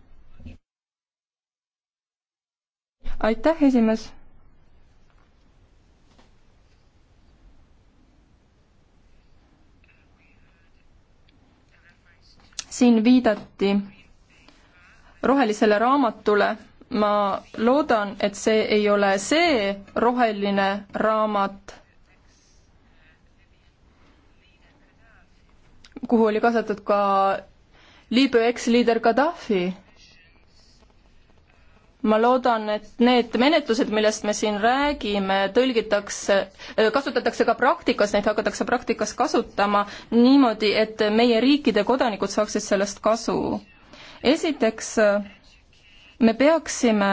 aitäh, esimees siin viidati rohelisele raamatule, ma loodan, et see ei ole see roheline raamat, kuhu oli kaasatud ka Liibüa eksliider Gaddafi ma loodan, et need menetlused, millest me siin räägime, tõlgitakse, äh, kasutatakse ka praktikas, neid hakatakse praktikas kasutama niimoodi, et meie riikide kodanikud saaksid sellest kasu. esiteks, äh, me peaksime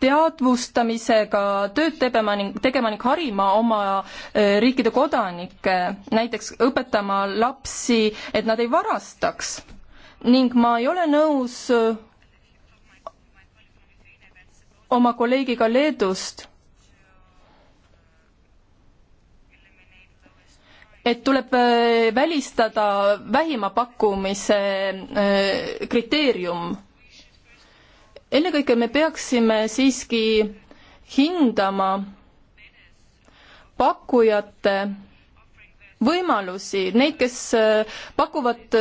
teadvustamisega tööd tegema ning, tegema ning harima oma äh, riikide kodanikke, näiteks õpetama lapsi, et nad ei varastaks ning ma ei ole nõus äh, oma kolleegiga Leedust, et tuleb äh, välistada vähima pakkumise äh, kriteerium. ennekõike me peaksime siiski hindama pakkujate võimalusi, neid, kes pakuvad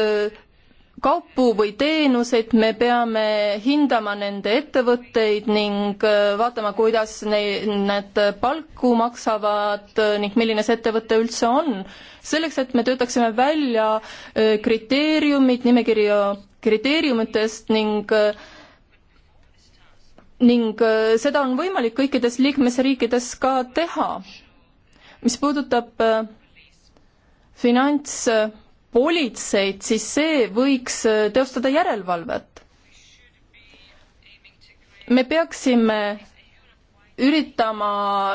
kaupu või teenuseid, me peame hindama nende ettevõtteid ning äh, vaatama, kuidas nei-, need palku maksavad äh, ning milline see ettevõte üldse on. selleks, et me töötaksime välja äh, kriteeriumid, nimekirja kriteeriumitest ning ning seda on võimalik kõikides liikmesriikides ka teha. mis puudutab finants politseid, siis see võiks äh, teostada järelevalvet. me peaksime üritama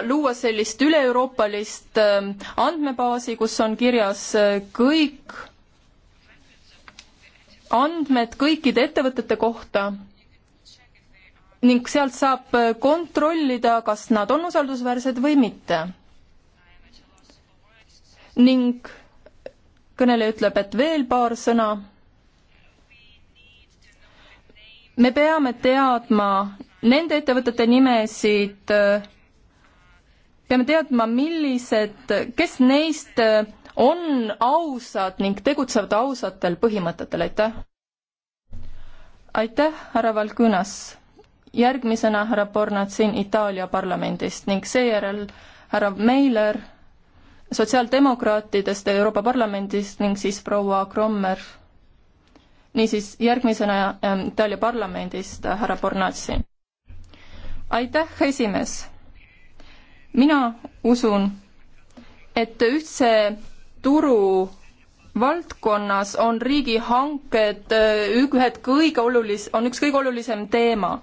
luua sellist üle-euroopalist äh, andmebaasi, kus on kirjas äh, kõik andmed kõikide ettevõtete kohta ning sealt saab kontrollida, kas nad on usaldusväärsed või mitte. ning kõneleja ütleb, et veel paar sõna. me peame teadma nende ettevõtete nimesid, peame teadma, millised, kes neist on ausad ning tegutsevad ausatel põhimõtetel, aitäh! aitäh, härra Valkunas! järgmisena härra Bornatsin Itaalia parlamendist ning seejärel härra Meiler sotsiaaldemokraatidest Euroopa Parlamendist ning siis proua Krommer. niisiis, järgmisena ähm, Itaalia parlamendist äh, härra Bornazzi. aitäh, esimees! mina usun, et ühtse turu valdkonnas on riigihanked äh, ühed kõige olulis-, on üks kõige olulisem teema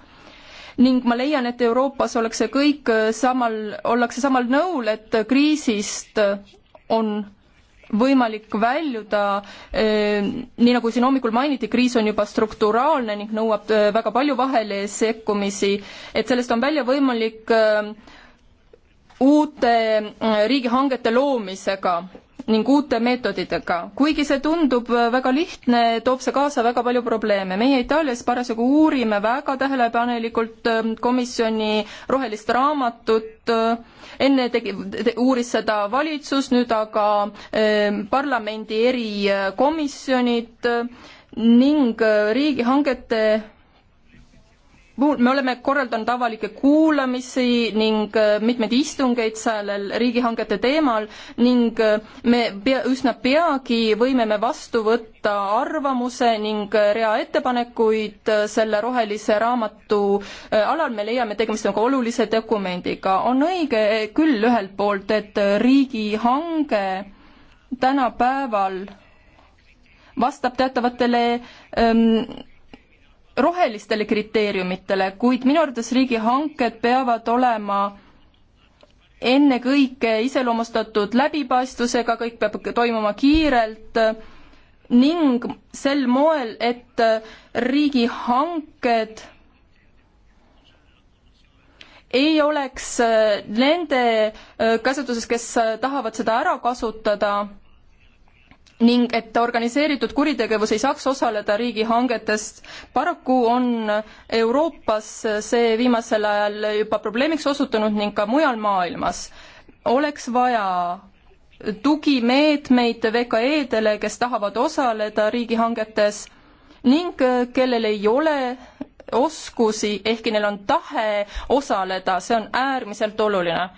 ning ma leian, et Euroopas ollakse kõik äh, samal, ollakse samal nõul, et kriisist äh, on võimalik väljuda, äh, nii nagu siin hommikul mainiti, kriis on juba strukturaalne ning nõuab väga palju vahele sekkumisi, et sellest on välja võimalik uute riigihangete loomisega ning uute meetoditega. kuigi see tundub äh, väga lihtne, toob see kaasa väga palju probleeme. meie Itaalias parasjagu uurime väga tähelepanelikult äh, komisjoni rohelist raamatut, äh, enne tegi te,, uuris seda valitsus, nüüd aga eh, parlamendi erikomisjonid ning riigihangete me oleme korraldanud avalikke kuulamisi ning äh, mitmeid istungeid sellel riigihangete teemal ning äh, me pea, üsna peagi võime me vastu võtta arvamuse ning äh, rea ettepanekuid selle rohelise raamatu alal, me leiame, tegemist on ka olulise dokumendiga. on õige küll ühelt poolt, et riigihange tänapäeval vastab teatavatele ähm, rohelistele kriteeriumitele, kuid minu arvates riigihanked peavad olema ennekõike iseloomustatud läbipaistvusega, kõik peab toimuma kiirelt ning sel moel, et riigihanked ei oleks nende käsutuses, kes tahavad seda ära kasutada ning et organiseeritud kuritegevus ei saaks osaleda riigihangetest. paraku on Euroopas see viimasel ajal juba probleemiks osutunud ning ka mujal maailmas. oleks vaja tugimeetmeid VKE-dele, kes tahavad osaleda riigihangetes ning kellel ei ole oskusi, ehkki neil on tahe osaleda, see on äärmiselt oluline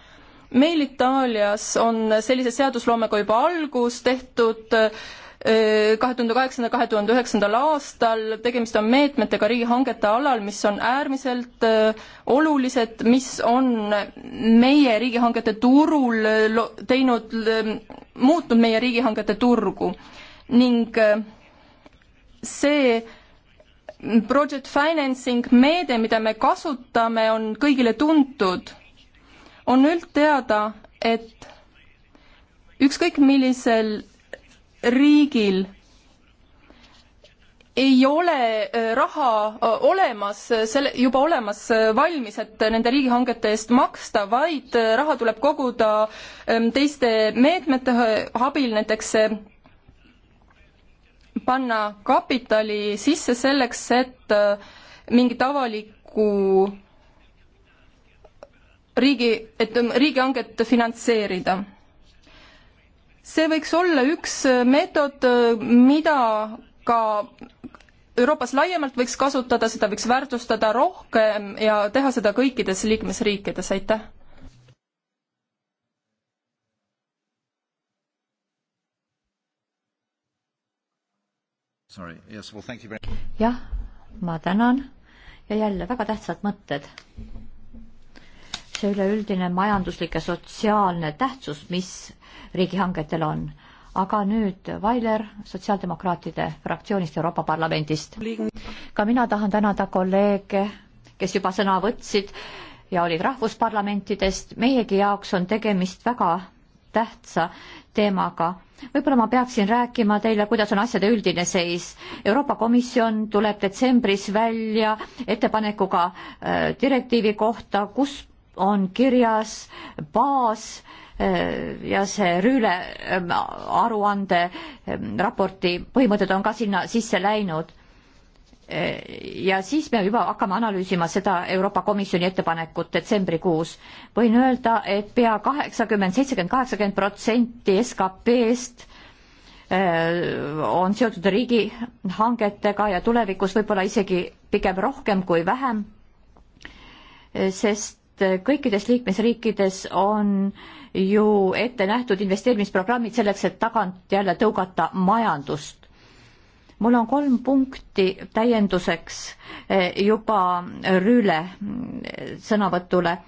meil Itaalias on sellise seadusloomega juba algus tehtud äh, kahe tuhande kaheksanda, kahe tuhande üheksandal aastal, tegemist on meetmetega riigihangete alal, mis on äärmiselt äh, olulised, mis on meie riigihangete turul äh, teinud, muutnud meie riigihangete turgu. ning see project financing meede, mida me kasutame, on kõigile tuntud on üldteada, et ükskõik millisel riigil ei ole äh, raha äh, olemas, äh, selle, juba olemas valmis, et nende riigihangete eest maksta, vaid raha tuleb koguda ähm, teiste meetmete abil, näiteks panna kapitali sisse selleks, et mingit avalikku riigi, et riigihanget finantseerida. see võiks olla üks äh, meetod, äh, mida ka Euroopas laiemalt võiks kasutada, seda võiks väärtustada rohkem ja teha seda kõikides liikmesriikides, aitäh! jah, ma tänan ja jälle väga tähtsad mõtted see üleüldine majanduslik ja sotsiaalne tähtsus, mis riigihangetel on. aga nüüd Vailer Sotsiaaldemokraatide fraktsioonist Euroopa Parlamendist. ka mina tahan tänada kolleege, kes juba sõna võtsid ja olid rahvusparlamentidest, meiegi jaoks on tegemist väga tähtsa teemaga. võib-olla ma peaksin rääkima teile, kuidas on asjade üldine seis. Euroopa Komisjon tuleb detsembris välja ettepanekuga äh, direktiivi kohta, kus on kirjas baas eh, ja see Rüüle eh, aruande eh, raporti põhimõtted on ka sinna sisse läinud. ja siis me juba hakkame analüüsima seda Euroopa Komisjoni ettepanekut detsembrikuus. võin öelda, et pea kaheksakümmend, seitsekümmend, kaheksakümmend protsenti SKP-st on seotud riigihangetega ja tulevikus võib-olla isegi pigem rohkem kui vähem, sest et kõikides liikmesriikides on ju ette nähtud investeerimisprogrammid selleks, et tagant jälle tõugata majandust. mul on kolm punkti täienduseks eh, juba Rüüle mm, sõnavõtule.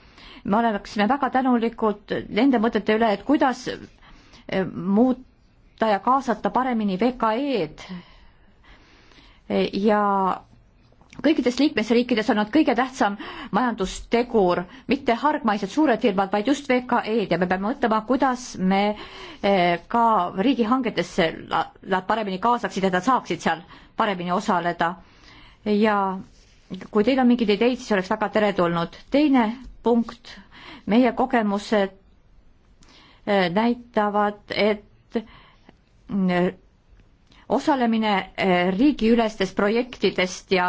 me oleksime väga tänulikud nende mõtete üle, et kuidas eh, muuta ja kaasata paremini VKE-d eh, ja kõikides liikmesriikides on nad kõige tähtsam majandustegur, mitte hargmaised suured firmad, vaid just VKE-d ja me peame mõtlema, kuidas me eh, ka riigihangetesse nad paremini kaasaksid, et nad saaksid seal paremini osaleda. ja kui teil on mingeid ideid, siis oleks väga teretulnud. teine punkt, meie kogemused eh, näitavad, et mm, osalemine eh, riigiülestes projektidest ja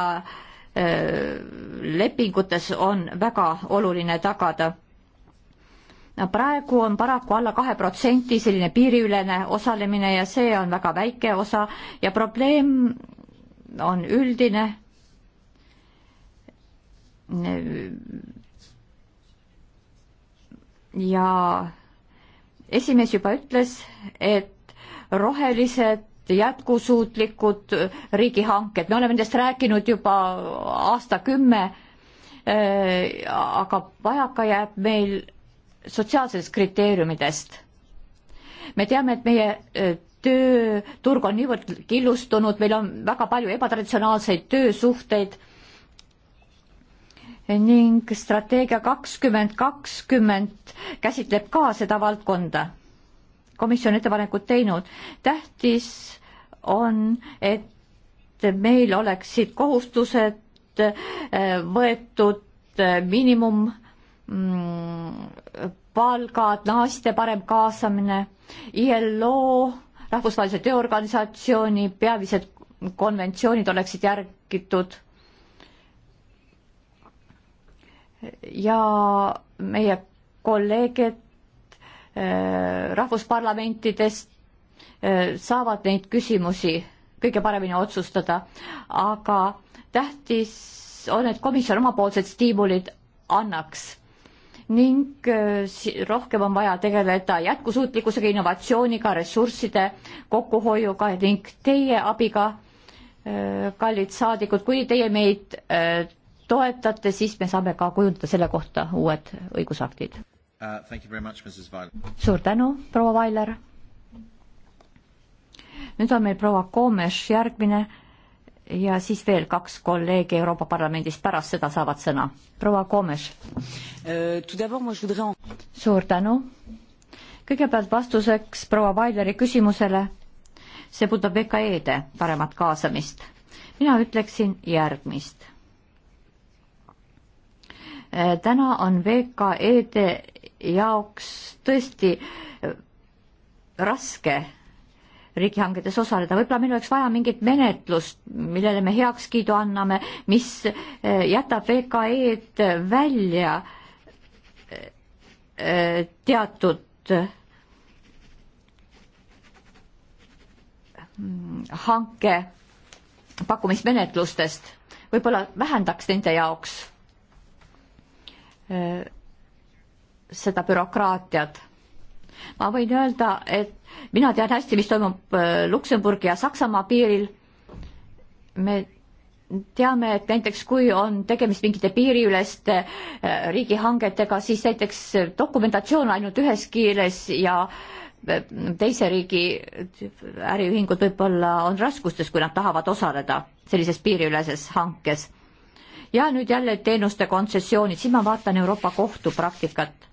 eh, lepingutes on väga oluline tagada. praegu on paraku alla kahe protsenti selline piiriülene osalemine ja see on väga väike osa ja probleem on üldine ja esimees juba ütles, et rohelised jätkusuutlikud riigihanked, me oleme nendest rääkinud juba aastakümme, äh, aga vajaka jääb meil sotsiaalsest kriteeriumidest. me teame, et meie äh, tööturg on niivõrd killustunud, meil on väga palju ebatraditsionaalseid töösuhteid ning strateegia kakskümmend kakskümmend käsitleb ka seda valdkonda komisjon ettepanekud teinud. tähtis on, et meil oleksid kohustused äh, võetud äh, miinimum mm, palgad, naiste parem kaasamine, ILO, Rahvusvahelise Tööorganisatsiooni peamised konventsioonid oleksid järgitud. ja meie kolleegid Äh, rahvusparlamentidest äh, saavad neid küsimusi kõige paremini otsustada, aga tähtis on, et komisjon omapoolsed stiimulid annaks ning äh, rohkem on vaja tegeleda jätkusuutlikkusega, innovatsiooniga, ressursside kokkuhoiuga ning teie abiga, kallid saadikud, kui teie meid toetate, siis me saame ka kujundada selle kohta uued õigusaktid Uh, suur tänu, proua Vailer. nüüd on meil proua Koomes järgmine ja siis veel kaks kolleegi Euroopa Parlamendist pärast seda saavad sõna. proua Koomes. Euh, suur tänu. kõigepealt vastuseks proua Vaileri küsimusele. see puudutab VKE-de paremat kaasamist. mina ütleksin järgmist. Äh, täna on VKE-de jaoks tõesti eh, raske riigihangetes osaleda, võib-olla meil oleks vaja mingit menetlust, millele me heakskiidu anname, mis eh, jätab VKE-d välja eh, teatud mm, hanke pakkumismenetlustest, võib-olla vähendaks nende jaoks seda bürokraatiat. ma võin öelda, et mina tean hästi, mis toimub äh, Luksemburgi ja Saksamaa piiril. me teame, et näiteks kui on tegemist mingite piiriüleste äh, riigihangetega, siis näiteks dokumentatsioon ainult ühes keeles ja äh, teise riigi äriühingud võib-olla on raskustes, kui nad tahavad osaleda sellises piiriüleses hankes. ja nüüd jälle teenuste kontsessioonid, siin ma vaatan Euroopa Kohtu praktikat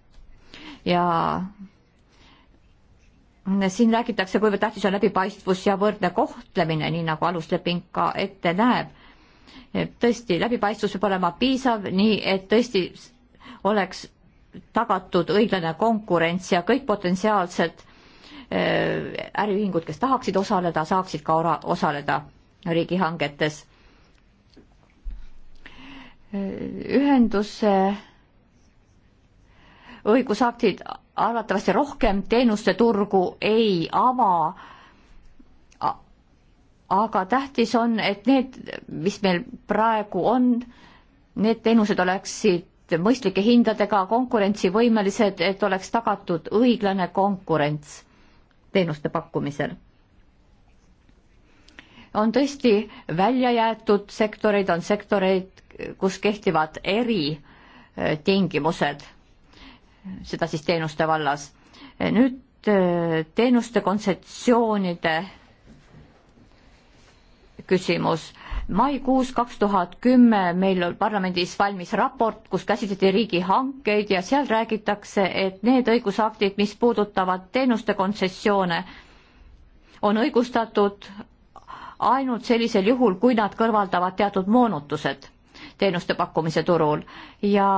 ja siin räägitakse, kuivõrd tähtis on läbipaistvus ja võrdne kohtlemine, nii nagu alusleping ka ette näeb. tõesti, läbipaistvus peab olema piisav, nii et tõesti oleks tagatud õiglane konkurents ja kõik potentsiaalsed äh, äriühingud, kes tahaksid osaleda, saaksid ka ora-, osaleda riigihangetes. ühenduse õigusaktid arvatavasti rohkem teenuste turgu ei ava. aga tähtis on, et need, mis meil praegu on, need teenused oleksid mõistlike hindadega konkurentsivõimelised, et oleks tagatud õiglane konkurents teenuste pakkumisel on tõesti välja jäetud sektoreid, on sektoreid, kus kehtivad eritingimused eh, seda siis teenuste vallas. nüüd eh, teenuste kontsessioonide küsimus. maikuus kaks tuhat kümme meil on parlamendis valmis raport, kus käsitleti riigihankeid ja seal räägitakse, et need õigusaktid, mis puudutavad teenuste kontsessioone, on õigustatud ainult sellisel juhul, kui nad kõrvaldavad teatud moonutused teenuste pakkumise turul ja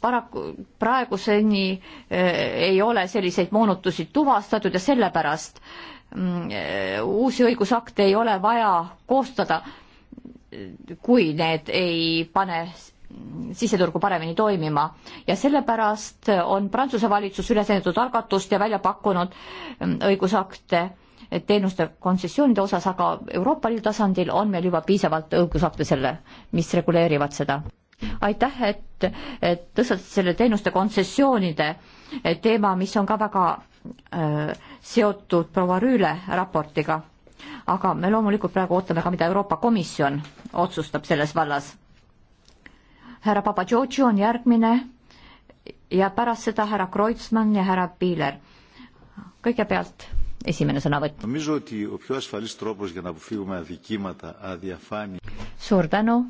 paraku praeguseni eh, ei ole selliseid moonutusi tuvastatud ja sellepärast mm, uusi õigusakte ei ole vaja koostada, kui need ei pane siseturgu paremini toimima ja sellepärast on Prantsuse valitsus üles näidatud algatust ja välja pakkunud mm, õigusakte teenuste kontsessioonide osas, aga Euroopa Liidu tasandil on meil juba piisavalt õigusakte selle, mis reguleerivad seda aitäh, et, et tõstatasite selle teenuste kontsessioonide teema, mis on ka väga äh, seotud proua Rüüle raportiga. aga me loomulikult praegu ootame ka, mida Euroopa Komisjon otsustab selles vallas. härra Papadžotši on järgmine ja pärast seda härra Kreutzmann ja härra Piiler. kõigepealt esimene sõnavõtt. suur tänu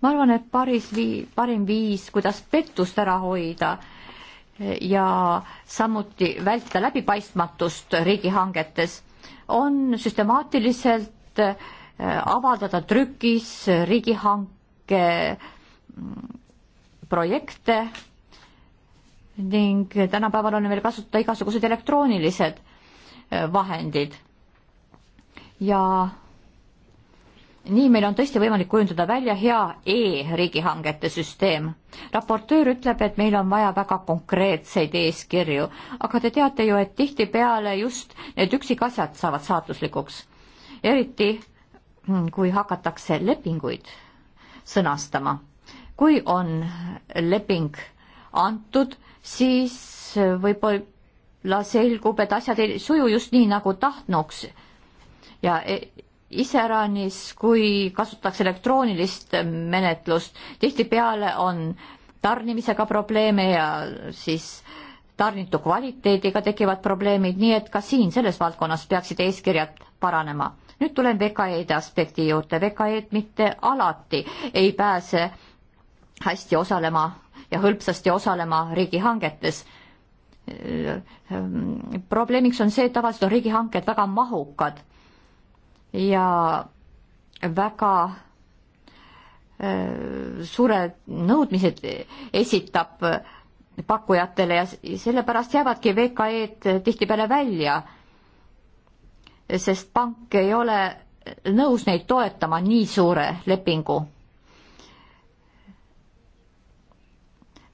ma arvan, et paris vii-, parim viis, kuidas pettust ära hoida ja samuti vältida läbipaistmatust riigihangetes, on süstemaatiliselt äh, avaldada trükis riigihanke mm, projekte ning tänapäeval on veel kasutada igasugused elektroonilised äh, vahendid ja nii meil on tõesti võimalik kujundada välja hea e-riigihangete süsteem. raportöör ütleb, et meil on vaja väga konkreetseid eeskirju, aga te teate ju, et tihtipeale just need üksikasjad saavad saatuslikuks. eriti mm, kui hakatakse lepinguid sõnastama. kui on leping antud, siis võib-olla selgub, et asjad ei suju just nii, nagu tahtnuks ja e- iseäranis, kui kasutatakse elektroonilist menetlust. tihtipeale on tarnimisega probleeme ja siis tarnitu kvaliteediga tekivad probleemid, nii et ka siin selles valdkonnas peaksid eeskirjad paranema. nüüd tulen VKE-de aspekti juurde. VKE-d mitte alati ei pääse hästi osalema ja hõlpsasti osalema riigihangetes probleemiks on see, et tavaliselt on riigihanked väga mahukad ja väga äh, suured nõudmised esitab pakkujatele ja sellepärast jäävadki VKE-d tihtipeale välja, sest pank ei ole nõus neid toetama nii suure lepingu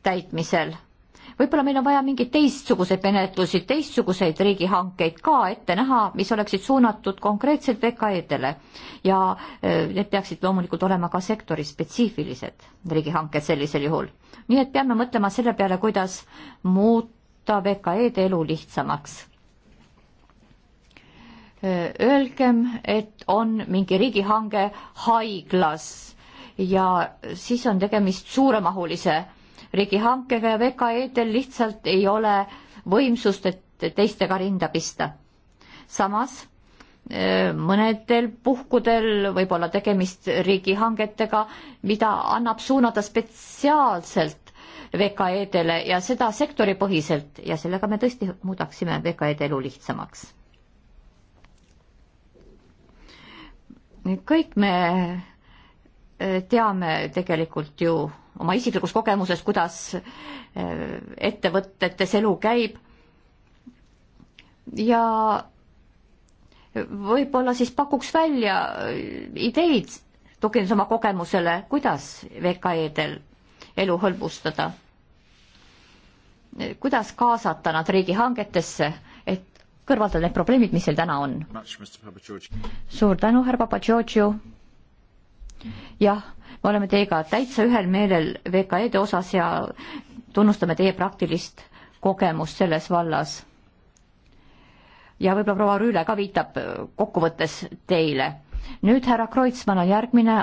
täitmisel võib-olla meil on vaja mingeid teistsuguseid menetlusi, teistsuguseid riigihankeid ka ette näha, mis oleksid suunatud konkreetselt VKE-dele ja äh, need peaksid loomulikult olema ka sektori spetsiifilised riigihanked sellisel juhul. nii et peame mõtlema selle peale, kuidas muuta VKE-de elu lihtsamaks äh, öelgem, et on mingi riigihange haiglas ja siis on tegemist suuremahulise riigihankega ja VKE-del lihtsalt ei ole võimsust, et teistega rinda pista. samas äh, mõnedel puhkudel võib olla tegemist riigihangetega, mida annab suunada spetsiaalselt VKE-dele ja seda sektoripõhiselt ja sellega me tõesti muudaksime VKE-de elu lihtsamaks. kõik me teame tegelikult ju oma isiklikust kogemusest, kuidas eh, ettevõtetes elu käib. ja võib-olla siis pakuks välja eh, ideid, tuginedes oma kogemusele, kuidas VKE-del elu hõlbustada. Eh, kuidas kaasata nad riigihangetesse, et kõrvaldada need probleemid, mis seal täna on. suur tänu, härra Papadžodžiu jah, me oleme teiega täitsa ühel meelel VKE-de osas ja tunnustame teie praktilist kogemust selles vallas. ja võib-olla proua Rüüle ka viitab äh, kokkuvõttes teile. nüüd härra Kreutzmann on järgmine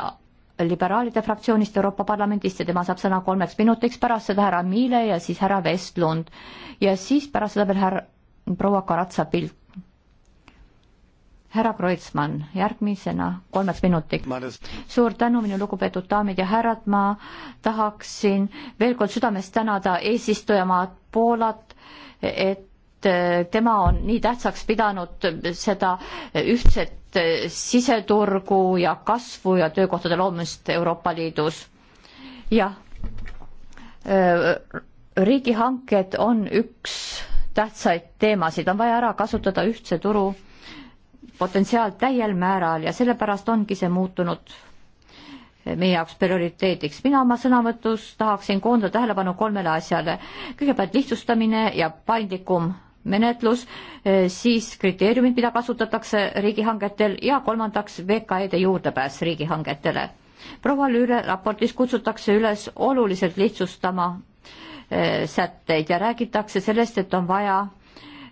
liberaalide fraktsioonist Euroopa Parlamendist ja tema saab sõna kolmeks minutiks, pärast seda härra Miile ja siis härra Vestlund ja siis pärast seda veel härra proua Karatsa Pilt härra Kreutzmann, järgmisena kolmeks minutiks. suur tänu, minu lugupeetud daamid ja härrad, ma tahaksin veel kord südamest tänada eesistujamaad Poolat, et äh, tema on nii tähtsaks pidanud seda ühtset äh, siseturgu ja kasvu ja töökohtade loomist Euroopa Liidus. jah, äh, riigihanked on üks tähtsaid teemasid, on vaja ära kasutada ühtse turu potentsiaal täiel määral ja sellepärast ongi see muutunud meie jaoks prioriteediks. mina oma sõnavõtus tahaksin koondada tähelepanu kolmele asjale. kõigepealt lihtsustamine ja paindlikum menetlus, eh, siis kriteeriumid, mida kasutatakse riigihangetel ja kolmandaks VKE-de juurdepääs riigihangetele. proua Lüüle raportis kutsutakse üles oluliselt lihtsustama eh, sätteid ja räägitakse sellest, et on vaja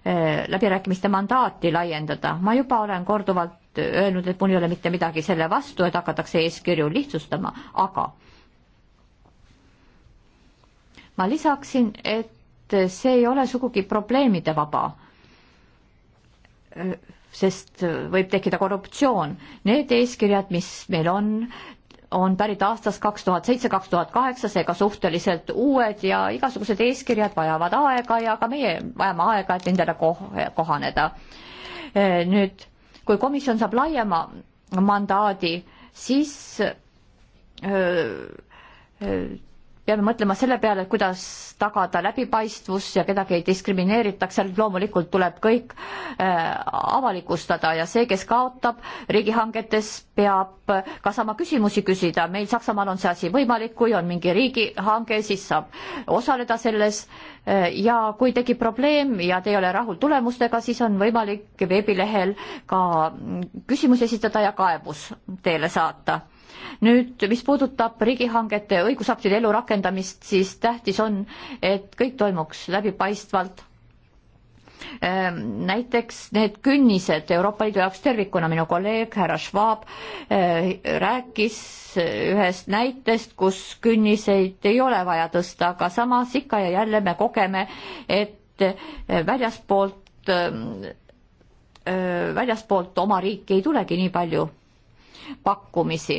Äh, läbirääkimiste mandaati laiendada. ma juba olen korduvalt öelnud, et mul ei ole mitte midagi selle vastu, et hakatakse eeskirju lihtsustama, aga ma lisaksin, et see ei ole sugugi probleemide vaba, äh, sest võib tekkida korruptsioon. Need eeskirjad, mis meil on, on pärit aastast kaks tuhat seitse, kaks tuhat kaheksa, seega suhteliselt uued ja igasugused eeskirjad vajavad aega ja ka meie vajame aega, et nendele kohaneda. Eh, nüüd, kui komisjon saab laiema mandaadi, siis öö, eh, öö, eh, peame mõtlema selle peale, kuidas tagada läbipaistvus ja kedagi ei diskrimineeritaks, seal loomulikult tuleb kõik äh, avalikustada ja see, kes kaotab riigihangetes, peab ka sama küsimusi küsida, meil Saksamaal on see asi võimalik, kui on mingi riigihange, siis saab osaleda selles äh, ja kui tekib probleem ja te ei ole rahul tulemustega, siis on võimalik veebilehel ka küsimusi esitada ja kaebus teele saata nüüd, mis puudutab riigihangete õigusaktide elurakendamist, siis tähtis on, et kõik toimuks läbipaistvalt. Ehm, näiteks need künnised Euroopa Liidu jaoks tervikuna, minu kolleeg härra Schwab eh, rääkis eh, ühest näitest, kus künniseid ei ole vaja tõsta, aga samas ikka ja jälle me kogeme, et eh, väljaspoolt ehm, väljaspoolt oma riiki ei tulegi nii palju pakkumisi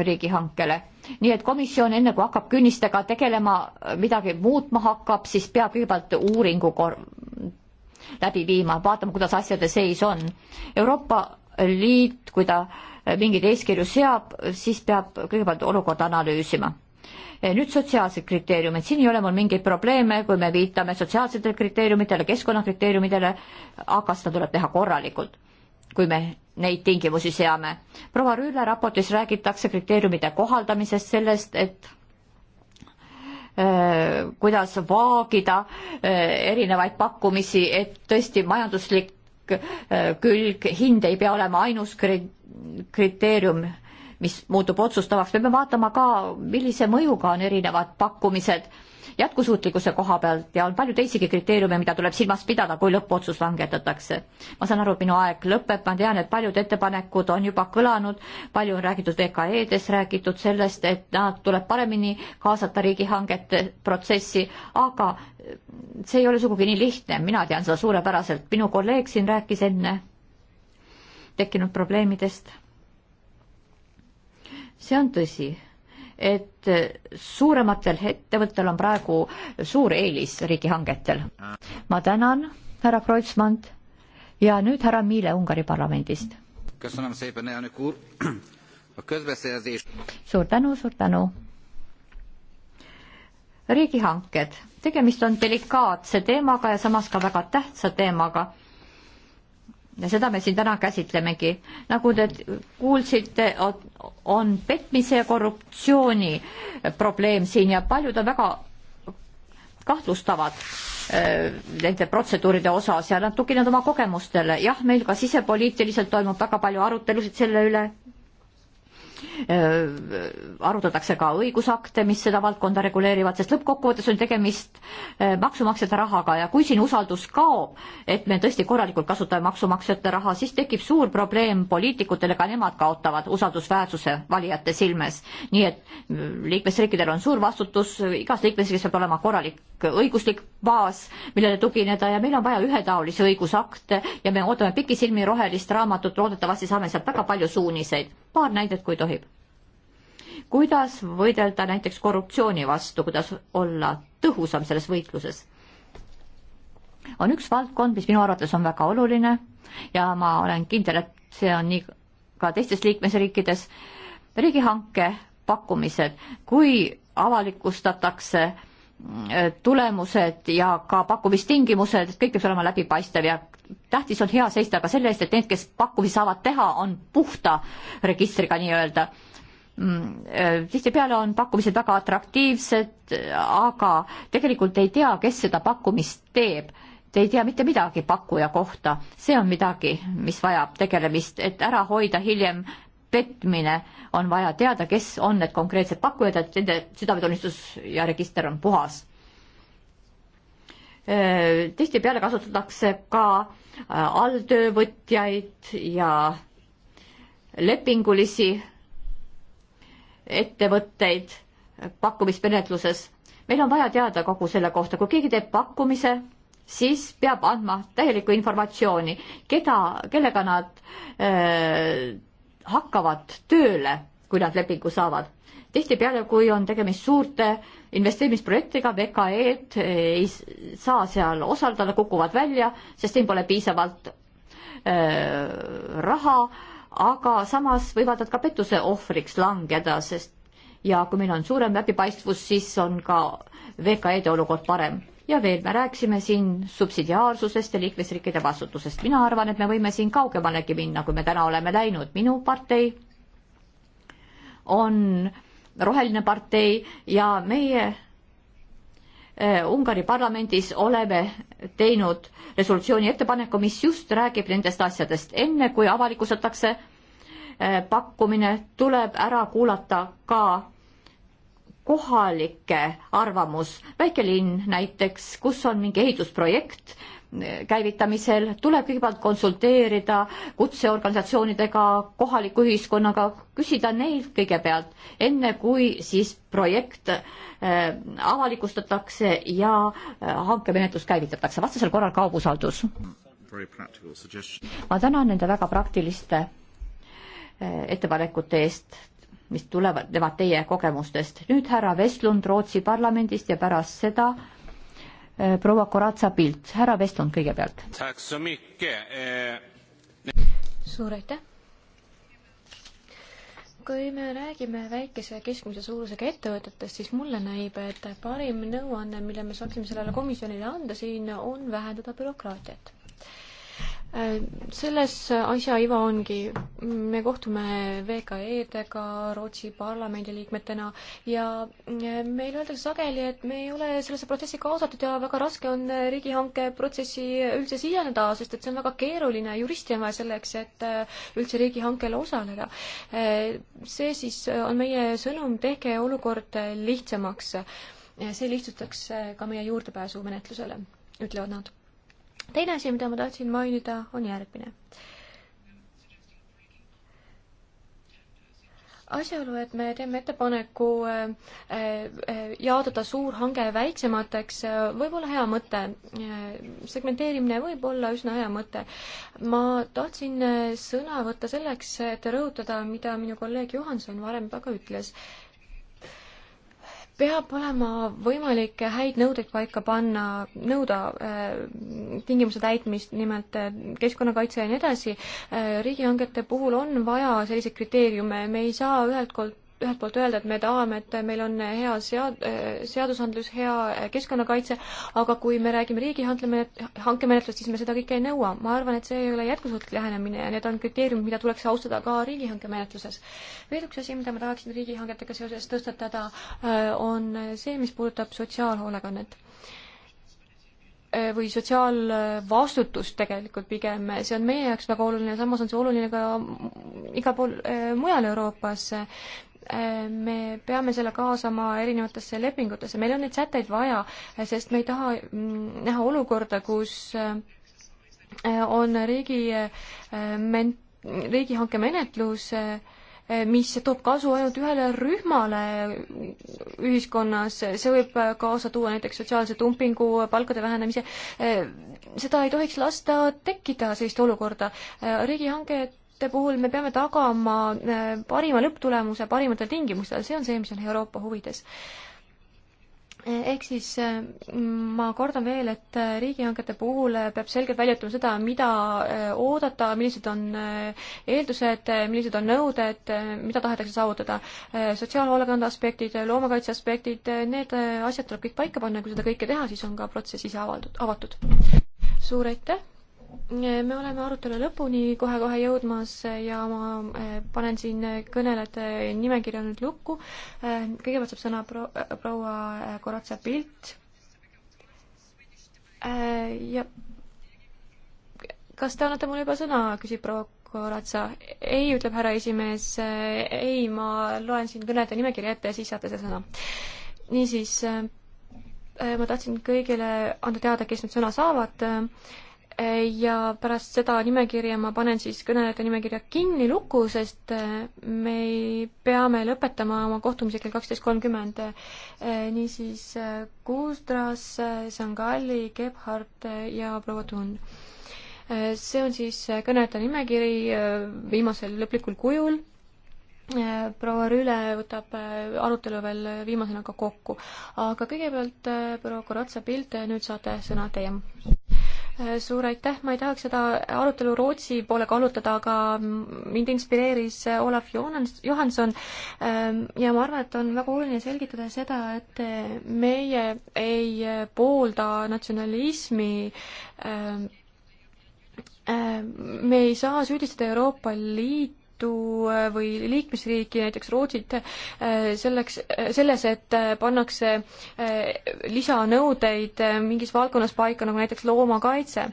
riigihankele. nii et komisjon, enne kui hakkab künnistega tegelema, midagi muutma hakkab, siis peab kõigepealt uuringu kor-, läbi viima, vaatama, kuidas asjade seis on. Euroopa Liit, kui ta mingeid eeskirju seab, siis peab kõigepealt olukorda analüüsima. nüüd sotsiaalsed kriteeriumid, siin ei ole mul mingeid probleeme, kui me viitame sotsiaalsetele kriteeriumitele, keskkonnakriteeriumidele, aga seda tuleb teha korralikult. kui me neid tingimusi seame. proua Rüüle raportis räägitakse kriteeriumide kohaldamisest, sellest, et äh, kuidas vaagida äh, erinevaid pakkumisi, et tõesti majanduslik äh, külg, hind ei pea olema ainus kri-, kriteerium, mis muutub otsustavaks, me peame vaatama ka, millise mõjuga on erinevad pakkumised jätkusuutlikkuse koha pealt ja on palju teisigi kriteeriume, mida tuleb silmas pidada, kui lõppotsus langetatakse. ma saan aru, et minu aeg lõpeb, ma tean, et paljud ettepanekud on juba kõlanud, palju on räägitud VKE-des, räägitud sellest, et nad tuleb paremini kaasata riigihangete protsessi, aga see ei ole sugugi nii lihtne, mina tean seda suurepäraselt, minu kolleeg siin rääkis enne tekkinud probleemidest. see on tõsi et suurematel ettevõttel on praegu suur eelis riigihangetel. ma tänan, härra Kreutzmann ja nüüd härra Miile Ungari parlamendist. suur tänu, suur tänu. riigihanked, tegemist on delikaatse teemaga ja samas ka väga tähtsa teemaga ja seda me siin täna käsitlemegi. nagu te kuulsite, on petmise ja korruptsiooni probleem siin ja paljud on väga kahtlustavad äh, nende protseduuride osas ja nad tuginevad oma kogemustele. jah, meil ka sisepoliitiliselt toimub väga palju arutelusid selle üle Äh, arutatakse ka õigusakte, mis seda valdkonda reguleerivad, sest lõppkokkuvõttes on tegemist äh, maksumaksjate rahaga ja kui siin usaldus kaob, et me tõesti korralikult kasutame maksumaksjate raha, siis tekib suur probleem poliitikutele, ka nemad kaotavad usaldusväärsuse valijate silmes. nii et mm, liikmesriikidel on suur vastutus, igas liikmesriigis peab olema korralik õiguslik baas, millele tugineda ja meil on vaja ühetaolisi õigusakte ja me ootame pikisilmi rohelist raamatut, loodetavasti saame sealt väga palju suuniseid. paar näidet, kui tohib tohib. kuidas võidelda näiteks korruptsiooni vastu, kuidas olla tõhusam selles võitluses? on üks valdkond, mis minu arvates on väga oluline ja ma olen kindel, et see on nii ka teistes liikmesriikides, riigihanke pakkumised, kui avalikustatakse mm, tulemused ja ka pakkumistingimused, kõik peab olema läbipaistev ja tähtis on hea seista ka selle eest, et need, kes pakkumisi saavad teha, on puhta registriga nii-öelda. Mm, äh, tihtipeale on pakkumised väga atraktiivsed, aga tegelikult ei tea, kes seda pakkumist teeb te ei tea mitte midagi pakkuja kohta, see on midagi, mis vajab tegelemist, et ära hoida hiljem petmine, on vaja teada, kes on need konkreetsed pakkujad, et nende südametunnistus ja register on puhas. Äh, tihtipeale kasutatakse ka äh, alltöövõtjaid ja lepingulisi ettevõtteid pakkumismenetluses. meil on vaja teada kogu selle kohta, kui keegi teeb pakkumise, siis peab andma täielikku informatsiooni, keda, kellega nad äh, hakkavad tööle, kui nad lepingu saavad tihtipeale, kui on tegemist suurte investeerimisprojektidega, VKE-d ei saa seal osaldada, kukuvad välja, sest neil pole piisavalt äh, raha, aga samas võivad nad ka pettuse ohvriks langeda, sest ja kui meil on suurem läbipaistvus, siis on ka VKE-de olukord parem. ja veel, me rääkisime siin subsidiaarsusest ja liikmesriikide vastutusest. mina arvan, et me võime siin kaugemalegi minna, kui me täna oleme läinud. minu partei on äh, Roheline partei ja meie eh, Ungari parlamendis oleme teinud resolutsiooni ettepaneku, mis just räägib nendest asjadest. enne kui avalikustatakse eh, pakkumine, tuleb ära kuulata ka kohalike arvamus. väike linn näiteks, kus on mingi ehitusprojekt, käivitamisel tuleb kõigepealt konsulteerida kutseorganisatsioonidega, kohaliku ühiskonnaga, küsida neilt kõigepealt, enne kui siis projekt äh, avalikustatakse ja äh, hankemenetlus käivitatakse, vastasel korral kaob usaldus. ma tänan nende väga praktiliste äh, ettepanekute eest mis tulevad, nevad teie kogemustest. nüüd härra Vestlund Rootsi parlamendist ja pärast seda Eh, proua Koratsa Pilt, härra Vestlund kõigepealt. Eh, suur aitäh! kui me räägime väikese ja keskmise suurusega ettevõtetest, siis mulle näib, et parim nõuanne, mille me saaksime sellele komisjonile anda siin, on vähendada bürokraatiat Äh, selles asja iva ongi, me kohtume VKE-dega, Rootsi parlamendi liikmetena ja äh, meile öeldakse sageli, et me ei ole sellesse protsessi kaasatud ja väga raske on riigihanke protsessi üldse siseneda, sest et see on väga keeruline, juristi on vaja selleks, et äh, üldse riigihankele osaleda. see siis on meie sõnum, tehke olukord lihtsamaks. see lihtsustaks ka meie juurdepääsu menetlusele, ütlevad nad teine asi, mida ma tahtsin mainida, on järgmine. asjaolu, et me teeme ettepaneku äh, äh, jaotada suur hange väiksemateks, äh, võib olla hea mõte. segmenteerimine võib olla üsna hea mõte. ma tahtsin sõna võtta selleks, et rõhutada, mida minu kolleeg Johanson varem väga ütles peab olema võimalik häid nõudeid paika panna, nõuda äh, tingimuste täitmist, nimelt äh, keskkonnakaitse ja nii edasi. Äh, riigihangete puhul on vaja selliseid kriteeriume, me ei saa ühelt poolt ühelt poolt öelda, et me tahame, et meil on hea sead-, seadusandlus, hea keskkonnakaitse, aga kui me räägime riigihanklemenet-, hankemenetlust, siis me seda kõike ei nõua. ma arvan, et see ei ole jätkusuutlik lähenemine ja need on kriteeriumid, mida tuleks austada ka riigihankemenetluses. veel üks asi, mida ma tahaksin riigihangetega seoses tõstatada, äh, on see, mis puudutab sotsiaalhoolekannet äh, või sotsiaalvastutust tegelikult pigem, see on meie jaoks väga oluline, samas on see oluline ka igal pool äh, mujal Euroopas. Äh, me peame selle kaasama erinevatesse lepingutesse, meil on neid sätteid vaja, äh, sest me ei taha mm, näha olukorda, kus äh, on riigi men-, riigihanke menetlus, mis toob kasu ainult ühele rühmale ühiskonnas, see võib kaasa tuua näiteks sotsiaalse dumpingu, palkade vähenemise, seda ei tohiks lasta tekkida, sellist olukorda. riigihanked toodete puhul me peame tagama äh, parima lõpptulemuse parimatel tingimustel, see on see, mis on Euroopa huvides äh, ehk siis äh, ma kordan veel, et riigihangete puhul peab selgelt välja ütlema seda, mida oodata, millised on eeldused, millised on nõuded, mida tahetakse saavutada. sotsiaalhoolekande aspektid, loomakaitse aspektid, need asjad tuleb kõik paika panna ja kui seda kõike teha, siis on ka protsess ise avaldud, avatud. suur aitäh! me oleme arutelu lõpuni kohe-kohe jõudmas ja ma eh, panen siin kõnelejate nimekirja nüüd lukku. Eh, kõigepealt saab sõna eh, proua Koratsa Pilt. ja kas te annate mulle juba sõna, küsib proua Koratsa. ei, ütleb härra esimees, ei, ma loen siin kõnelejate nimekirja ette ja siis saate see sõna. niisiis, ma tahtsin kõigile anda teada, kes nüüd sõna saavad ja pärast seda nimekirja ma panen siis kõnelejate nimekirja kinni luku, sest äh, me peame lõpetama oma kohtumise kell kaksteist kolmkümmend. Äh, niisiis äh, Kuustras, Sangalli, Gebhard ja proua Tun. see on siis kõnelejate nimekiri viimasel lõplikul kujul proua Rüle võtab arutelu veel viimasena ka kokku, aga kõigepealt proua Koratsa-Pilt, nüüd saate sõna teie. Äh, suur aitäh, ma ei tahaks seda arutelu Rootsi poole kallutada, aga mind inspireeris äh, Olav Johanson ähm, ja ma arvan, et on väga oluline selgitada seda, et äh, meie ei poolda natsionalismi ähm, me ei saa süüdistada Euroopa Liitu Liitu äh, või liikmesriiki, näiteks Rootsit, äh, selleks, äh, selles, et pannakse lisanõudeid mingis valdkonnas paika, nagu näiteks loomakaitse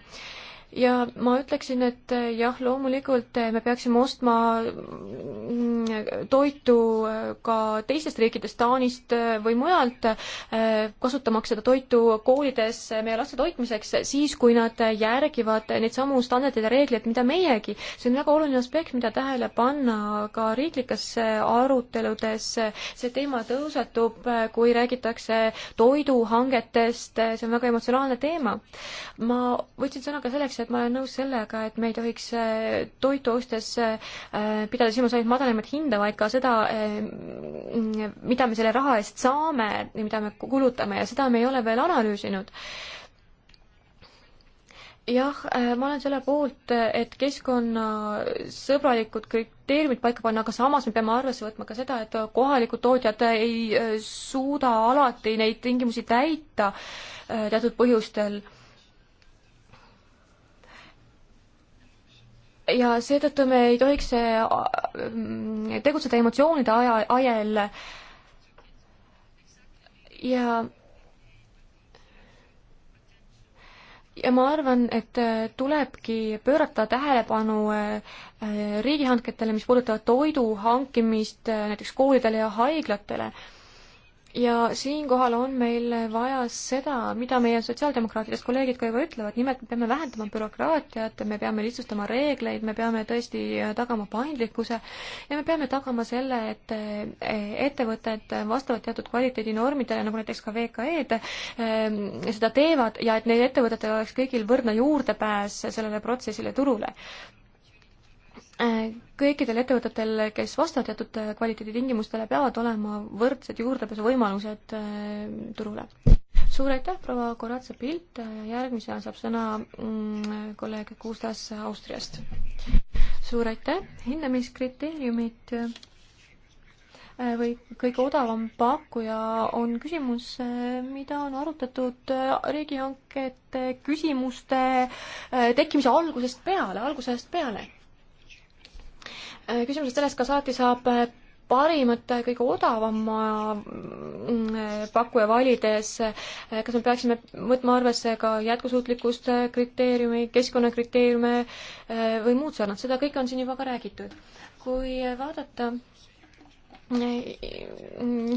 ja ma ütleksin, et eh, jah, loomulikult eh, me peaksime ostma mm, toitu eh, ka teistest riikidest, Taanist või mujalt, kasutamaks seda toitu koolides meie laste toitmiseks, siis kui nad järgivad neid samu standardeid ja reegleid, mida meiegi. see on väga oluline aspekt, mida tähele panna ka riiklikes aruteludes. see teema tõusetub, kui räägitakse toiduhangetest, see on väga emotsionaalne teema. ma võtsin sõna ka selleks, lõpetuseks, et ma olen nõus sellega, et me ei tohiks äh, toitu ostes äh, pidada silmas ainult madalamat hinda, vaid ka seda, äh, mida me selle raha eest saame, mida me kulutame ja seda me ei ole veel analüüsinud jah, ma olen selle poolt, et keskkonnasõbralikud kriteeriumid paika panna, aga samas me peame arvesse võtma ka seda, et kohalikud tootjad ei suuda alati neid tingimusi täita teatud põhjustel ja seetõttu me ei tohiks mm, tegutseda emotsioonide aja, ajel. ja ja ma arvan, et äh, tulebki pöörata tähelepanu äh, riigihanketele, mis puudutavad toidu hankimist äh, näiteks koolidele ja haiglatele ja siinkohal on meil vaja seda, mida meie sotsiaaldemokraatidest kolleegid ka juba ütlevad, nimelt me peame vähendama bürokraatiat, me peame lihtsustama reegleid, me peame tõesti äh, tagama paindlikkuse ja me peame tagama selle, et äh, ettevõtted vastavalt teatud kvaliteedinormidele, nagu näiteks ka VKE-d, ähm, seda teevad ja et neil ettevõtetel oleks kõigil võrdne juurdepääs sellele protsessile turule kõikidel ettevõtetel, kes vastavad teatud kvaliteeditingimustele, peavad olema võrdsed juurdepääsuvõimalused äh, turule. suur aitäh, proua Koratsa Pilt, järgmisena saab sõna mm, kolleeg Kuustas Austriast. suur aitäh, hindamiskriteeriumid äh, või kõige odavam pakkuja on küsimus, äh, mida on arutatud riigihankete küsimuste tekkimise algusest peale, algusest peale Äh, küsimus on selles, kas alati saab äh, parimat, äh, kõige odavama mm, pakkuja valides, kas me peaksime võtma arvesse ka jätkusuutlikkust kriteeriumi, keskkonnakriteeriume või muud sarnast, seda kõike on siin juba ka räägitud. kui vaadata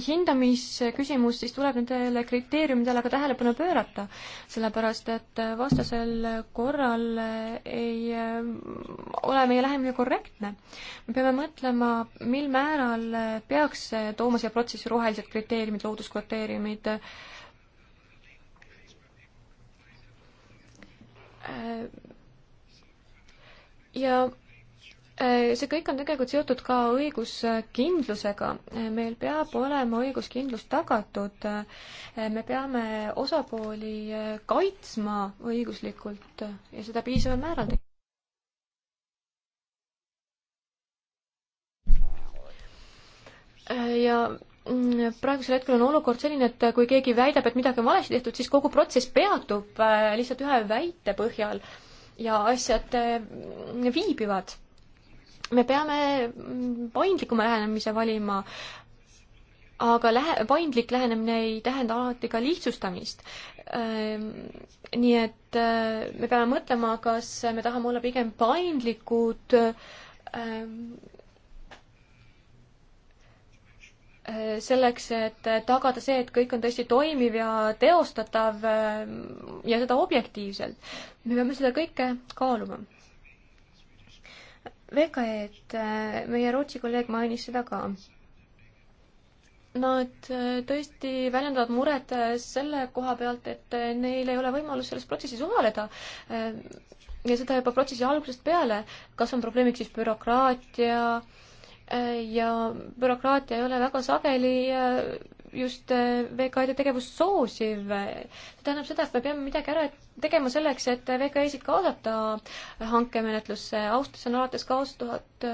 hindamisküsimus, siis tuleb nendele kriteeriumidele ka tähelepanu pöörata, sellepärast et vastasel korral ei äh, ole meie lähenemine korrektne. me peame mõtlema, mil määral peaks tooma siia protsessi rohelised kriteeriumid, looduskriteeriumid, äh, ja Äh, see kõik on tegelikult seotud ka õiguskindlusega. Äh, meil peab olema õiguskindlus tagatud. Äh, me peame osapooli kaitsma õiguslikult ja seda piisaval määral. ja mm, praegusel hetkel on olukord selline, et kui keegi väidab, et midagi on valesti tehtud, siis kogu protsess peatub lihtsalt ühe väite põhjal ja asjad viibivad me peame paindlikuma lähenemise valima, aga lähe-, paindlik lähenemine ei tähenda alati ka lihtsustamist. Ehm, nii et ehm, me peame mõtlema, kas me tahame olla pigem paindlikud ehm, selleks, et tagada see, et kõik on tõesti toimiv ja teostatav ja seda objektiivselt. me peame seda kõike kaaluma VKE-d, äh, meie Rootsi kolleeg mainis seda ka. Nad äh, tõesti väljendavad muret äh, selle koha pealt, et neil ei ole võimalus selles protsessis osaleda ja seda juba protsessi algusest peale, kas on probleemiks siis bürokraatia ja bürokraatia ei ole väga sageli just VKE-de tegevust soosiv. see tähendab seda, et me peame midagi ära tegema selleks, et VKE-sid kaasata hankemenetlusse. Austrias on alates kaks tuhat,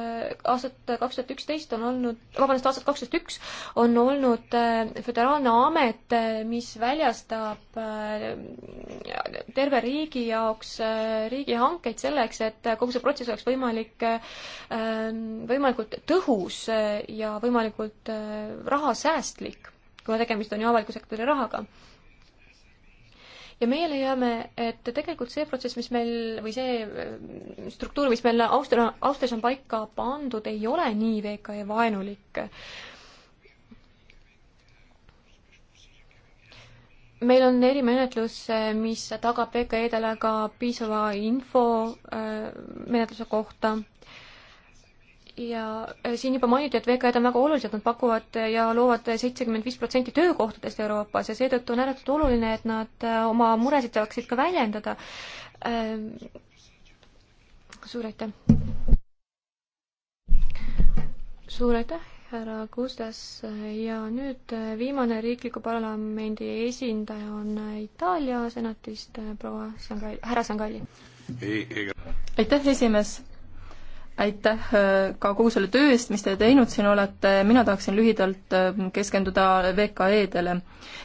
aastat kaks tuhat üksteist on olnud, vabandust, aastat kaks tuhat üks on olnud äh, föderaalne amet, äh, mis väljastab äh, terve riigi jaoks riigihankeid selleks, et kogu see protsess oleks võimalik, võimalikult tõhus ja võimalikult rahasäästlik, kuna tegemist on ju avaliku sektori rahaga ja meie leiame, et tegelikult see protsess, mis meil või see äh, struktuur, mis meil Austria, Austrias on paika pandud, ei ole nii VKE vaenulik. meil on erimenetlus, äh, mis tagab VKE-dele ka piisava info äh, menetluse kohta ja äh, siin juba mainiti, et VKE-d on väga olulised, nad pakuvad äh, ja loovad äh, seitsekümmend viis protsenti töökohtadest Euroopas ja seetõttu on ääretult oluline, et nad oma muresid saaksid ka väljendada. suur aitäh! suur aitäh, härra Kustas ja nüüd viimane riikliku parlamendi esindaja on Itaalia senatist proua Sangalli, härra Sangalli. aitäh, esimees aitäh äh, ka kogu selle töö eest, mis te teinud siin olete, mina tahaksin lühidalt äh, keskenduda VKE-dele,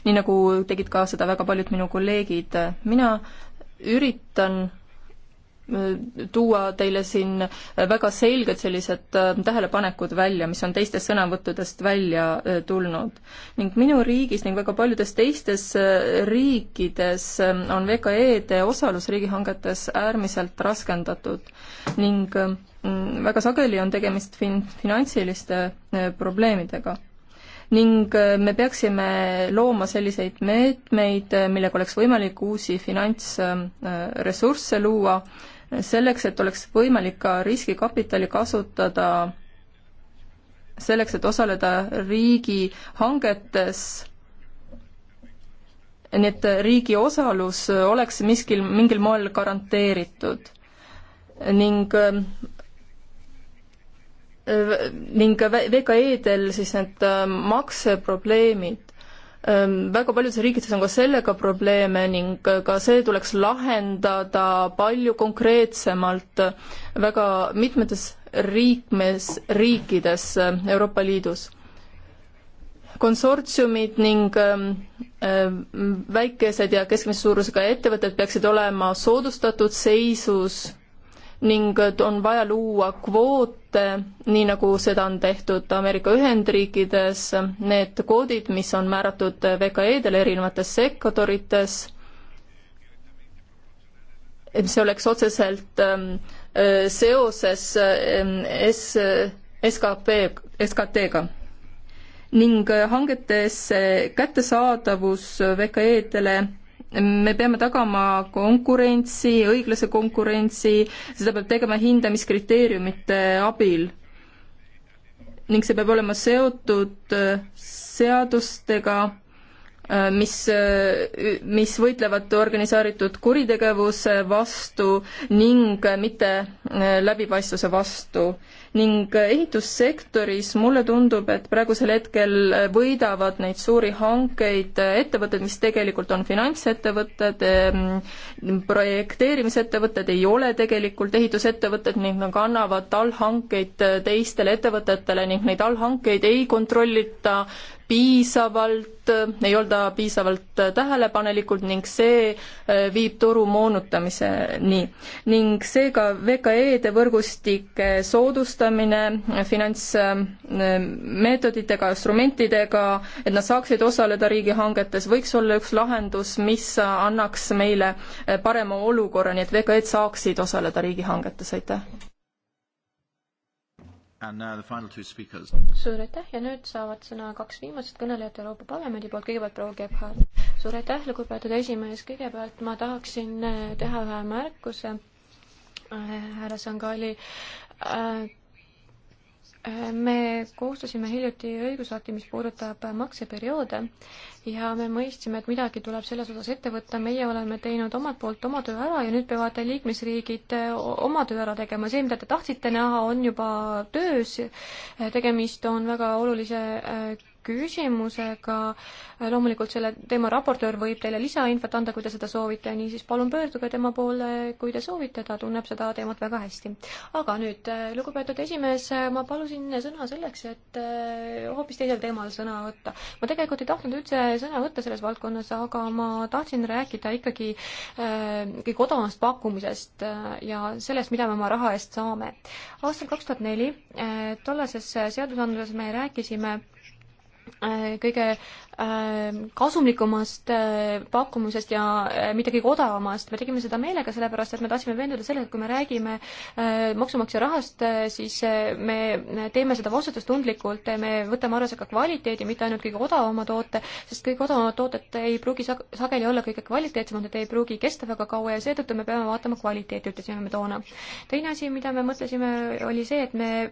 nii nagu tegid ka seda väga paljud minu kolleegid. mina üritan äh, tuua teile siin väga selged sellised tähelepanekud välja, mis on teistest sõnavõttudest välja tulnud. ning minu riigis ning väga paljudes teistes riikides on VKE-de osalus riigihangetes äärmiselt raskendatud ning Mm, väga sageli on tegemist fin-, finantsiliste äh, probleemidega. ning äh, me peaksime looma selliseid meetmeid, äh, millega oleks võimalik uusi finantsressursse ähm, luua, selleks, et oleks võimalik ka riskikapitali kasutada selleks, et osaleda riigihangetes, nii et riigi osalus oleks miskil, mingil moel garanteeritud ning ähm, ning VKE-del siis need äh, makseprobleemid. Ähm, väga paljudes riikides on ka sellega probleeme ning äh, ka see tuleks lahendada palju konkreetsemalt väga mitmetes riikmes, riikides äh, Euroopa Liidus. konsortsiumid ning ähm, väikesed ja keskmise suurusega ettevõtted peaksid olema soodustatud seisus ning on vaja luua kvoote, nii nagu seda on tehtud Ameerika Ühendriikides, need koodid, mis on määratud VKE-dele erinevates sektorites, et see oleks otseselt ähm, äh, seoses ähm, S, SKP, SKT-ga ning äh, hangetesse kättesaadavus VKE-dele me peame tagama konkurentsi, õiglase konkurentsi, seda peab tegema hindamiskriteeriumite abil. ning see peab olema seotud äh, seadustega, äh, mis, äh, mis võitlevad organiseeritud kuritegevuse vastu ning mitte läbipaistvuse vastu ning ehitussektoris mulle tundub, et praegusel hetkel võidavad neid suuri hankeid ettevõtted, mis tegelikult on finantsettevõtted, ehm, projekteerimisettevõtted ei ole tegelikult ehitusettevõtted ning nad annavad allhankeid teistele ettevõtetele ning neid allhankeid ei kontrollita piisavalt, ei olda piisavalt tähelepanelikud ning see eh, viib turu moonutamiseni. ning seega VKE-de võrgustike soodustamine eh, finantsmeetoditega, eh, instrumentidega, et nad saaksid osaleda riigihangetes, võiks olla üks lahendus, mis annaks meile parema olukorra, nii et VKE-d saaksid osaleda riigihangetes, aitäh! suur aitäh ja nüüd saavad sõna kaks viimast kõnelejat Euroopa Parlamendi poolt, kõigepealt proua Gebhard. suur aitäh, lugupeetud esimees, kõigepealt ma tahaksin äh, teha ühe märkuse äh, härra Sangali äh, me koostasime hiljuti õigusakti, mis puudutab makseperioode ja me mõistsime, et midagi tuleb selles osas ette võtta, meie oleme teinud omalt poolt oma töö ära ja nüüd peavad liikmesriigid oma töö ära tegema, see, mida te tahtsite näha, on juba töös, tegemist on väga olulise äh, küsimusega. loomulikult selle teema raportöör võib teile lisainfot anda, kui te seda soovite, niisiis palun pöörduge tema poole, kui te soovite, ta tunneb seda teemat väga hästi. aga nüüd, lugupeetud esimees, ma palusin sõna selleks, et eh, hoopis teisel teemal sõna võtta. ma tegelikult ei tahtnud üldse sõna võtta selles valdkonnas, aga ma tahtsin rääkida ikkagi äh, eh, kodanast pakkumisest eh, ja sellest, mida me oma raha eest saame. aastal kaks tuhat neli tollases seadusandluses me rääkisime kõige Ähm, kasumlikumast äh, pakkumusest ja äh, mitte kõige odavamast, me tegime seda meelega, sellepärast et me tahtsime veenduda selles, et kui me räägime äh, maksumaksja rahast, siis me teeme seda vastutustundlikult, me võtame arvesse ka kvaliteedi, mitte ainult kõige odavama toote, sest kõige odavamad tooted ei pruugi sag-, sageli olla kõige kvaliteetsemad, need ei pruugi kesta väga kaua ja seetõttu me peame vaatama kvaliteeti, ütlesime me toona. teine asi, mida me mõtlesime, oli see, et me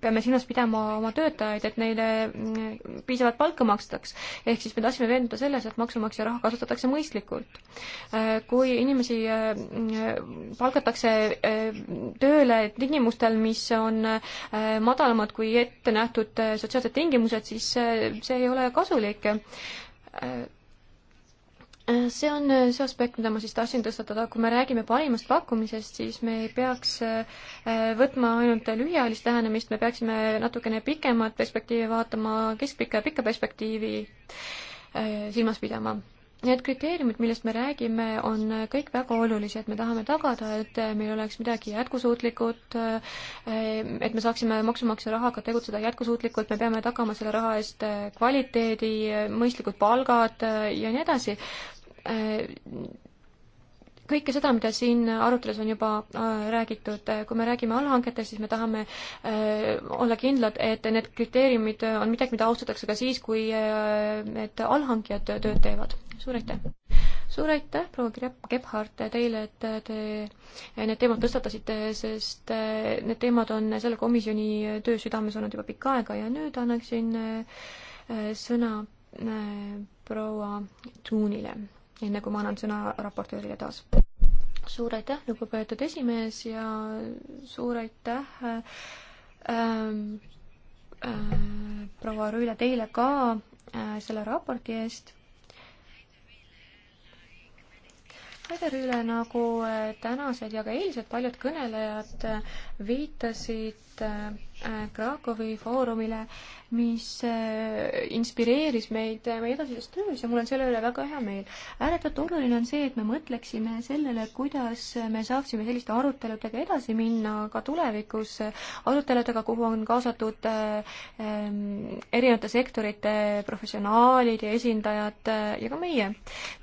peame silmas pidama oma töötajaid, et neile mm, piisavat palka palka makstaks. ehk siis me tahtsime veenduda selles, et maksumaksja raha kasutatakse mõistlikult. Äh, kui inimesi äh, palgatakse äh, tööle tingimustel, mis on madalamad kui ette nähtud sotsiaalsed tingimused, siis see ei ole kasulik Äh, see on äh, see aspekt, mida ma siis tahtsin tõstatada, kui me räägime parimast pakkumisest, siis me ei peaks äh, võtma ainult lühiajalist lähenemist, me peaksime natukene pikemat perspektiivi vaatama, keskpikka ja pikka perspektiivi silmas pidama. Need kriteeriumid, millest me räägime, on kõik väga olulised, me tahame tagada, et meil oleks midagi jätkusuutlikut, et me saaksime maksumaksja rahaga tegutseda jätkusuutlikult, me peame tagama selle raha eest kvaliteedi, mõistlikud palgad ja nii edasi Äh, kõike seda, mida siin arutelus on juba äh, räägitud, kui me räägime allhanketest, siis me tahame äh, olla kindlad, et need kriteeriumid on midagi, mida austatakse ka siis, kui need allhankijad tööd teevad. suur aitäh! suur aitäh, proua Gebhardt, teile, et te need teemad tõstatasite, sest need teemad on selle komisjoni töö südames olnud juba pikka aega ja nüüd annaksin sõna proua Tuunile enne kui ma annan sõna raportöörile taas. suur aitäh, lugupeetud esimees ja suur aitäh ähm, äh, proua Rüüle teile ka äh, selle raporti eest Raider Üle, nagu äh, tänased ja ka eilsed paljud kõnelejad äh, viitasid äh, Krakowi foorumile, mis äh, inspireeris meid äh, meie edasises töös ja mul on selle üle väga hea meel. ääretult oluline on see, et me mõtleksime sellele, kuidas me saaksime selliste aruteludega edasi minna ka tulevikus, aruteludega, kuhu on kaasatud äh, ähm, erinevate sektorite professionaalid ja esindajad ja ka meie.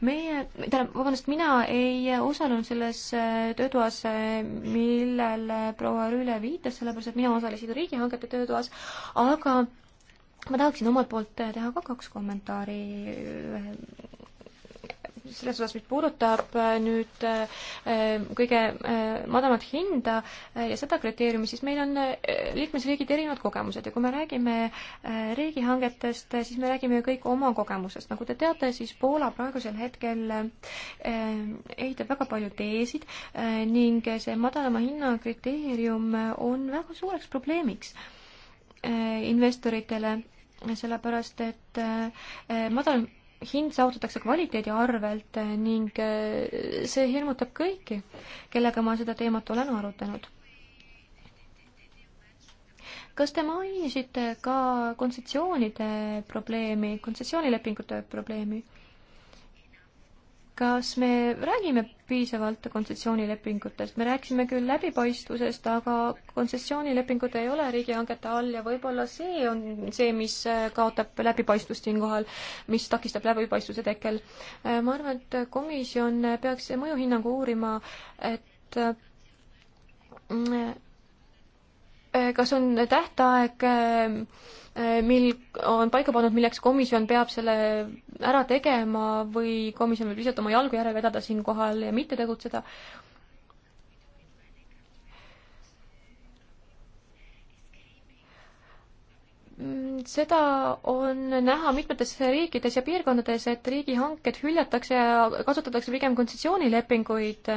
meie, tähendab, vabandust, mina ei osalenud selles töötoas, millele proua Rüüle viitas, sellepärast et mina osalesin Riigikogus, riigihangete töötoas, aga ma tahaksin omalt poolt teha ka kaks kommentaari ühe selles osas, mis puudutab äh, nüüd äh, kõige äh, madalat hinda ja seda kriteeriumi, siis meil on liikmesriigid erinevad kogemused ja kui me räägime riigihangetest, siis me räägime ju kõik oma kogemusest. nagu te teate, siis Poola praegusel hetkel ehitab väga palju teesid ning see madalama hinna kriteerium on väga suureks probleemiks investoritele, sellepärast et madal hind saavutatakse kvaliteedi arvelt eh, ning eh, see hirmutab kõiki, kellega ma seda teemat olen arutanud. kas te mainisite ka kontsessioonide probleemi, kontsessioonilepingute probleemi? kas me räägime piisavalt kontsessioonilepingutest, me rääkisime küll läbipaistvusest, aga kontsessioonilepingud ei ole riigihangete all ja võib-olla see on see, mis äh, kaotab läbipaistvust siinkohal, mis takistab läbipaistvuse tekkel. Äh, ma arvan, et komisjon peaks mõjuhinnangu uurima, et äh, Eh, kas on tähtaeg, eh, eh, mil on paika pannud, milleks komisjon peab selle ära tegema või komisjon võib lihtsalt oma jalgu järele vedada siinkohal ja mitte tegutseda? Mm, seda on näha mitmetes riikides ja piirkondades, et riigihanked hüljatakse ja kasutatakse pigem kontsessioonilepinguid.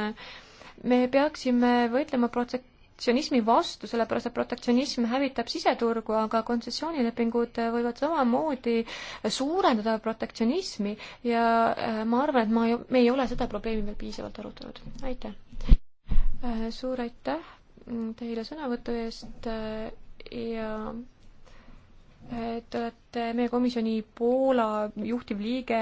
me peaksime võitlema protse-, protektsionismi vastu, sellepärast et protektsionism hävitab siseturgu, aga kontsessioonilepingud võivad samamoodi suurendada protektsionismi ja äh, ma arvan, et ma ei, me ei ole seda probleemi veel piisavalt arutanud. aitäh! Äh, suur aitäh teile sõnavõtu eest äh, ja Te olete meie komisjoni Poola juhtivliige.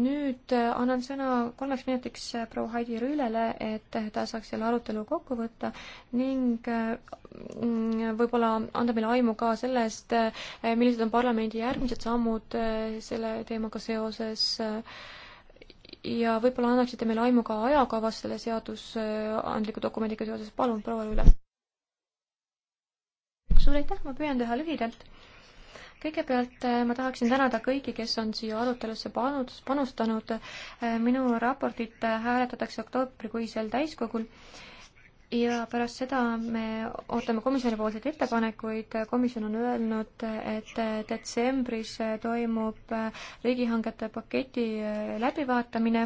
nüüd annan sõna kolmeks minutiks proua Heidi Rüülele, et ta saaks selle arutelu kokku võtta ning mm, võib-olla anda meile aimu ka sellest, millised on parlamendi järgmised sammud eh, selle teemaga seoses ja võib-olla annaksite meile aimu ka ajakavast selle seadusandliku dokumendiga seoses. palun, proua Rüüle suur aitäh, ma püüan teha lühidalt. kõigepealt äh, ma tahaksin tänada kõiki, kes on siia arutelusse panus, panustanud. Äh, minu raportit äh, hääletatakse oktoobrikuisel täiskogul ja pärast seda me ootame komisjonipoolseid ettepanekuid. komisjon on öelnud, et detsembris toimub riigihangete paketi läbivaatamine.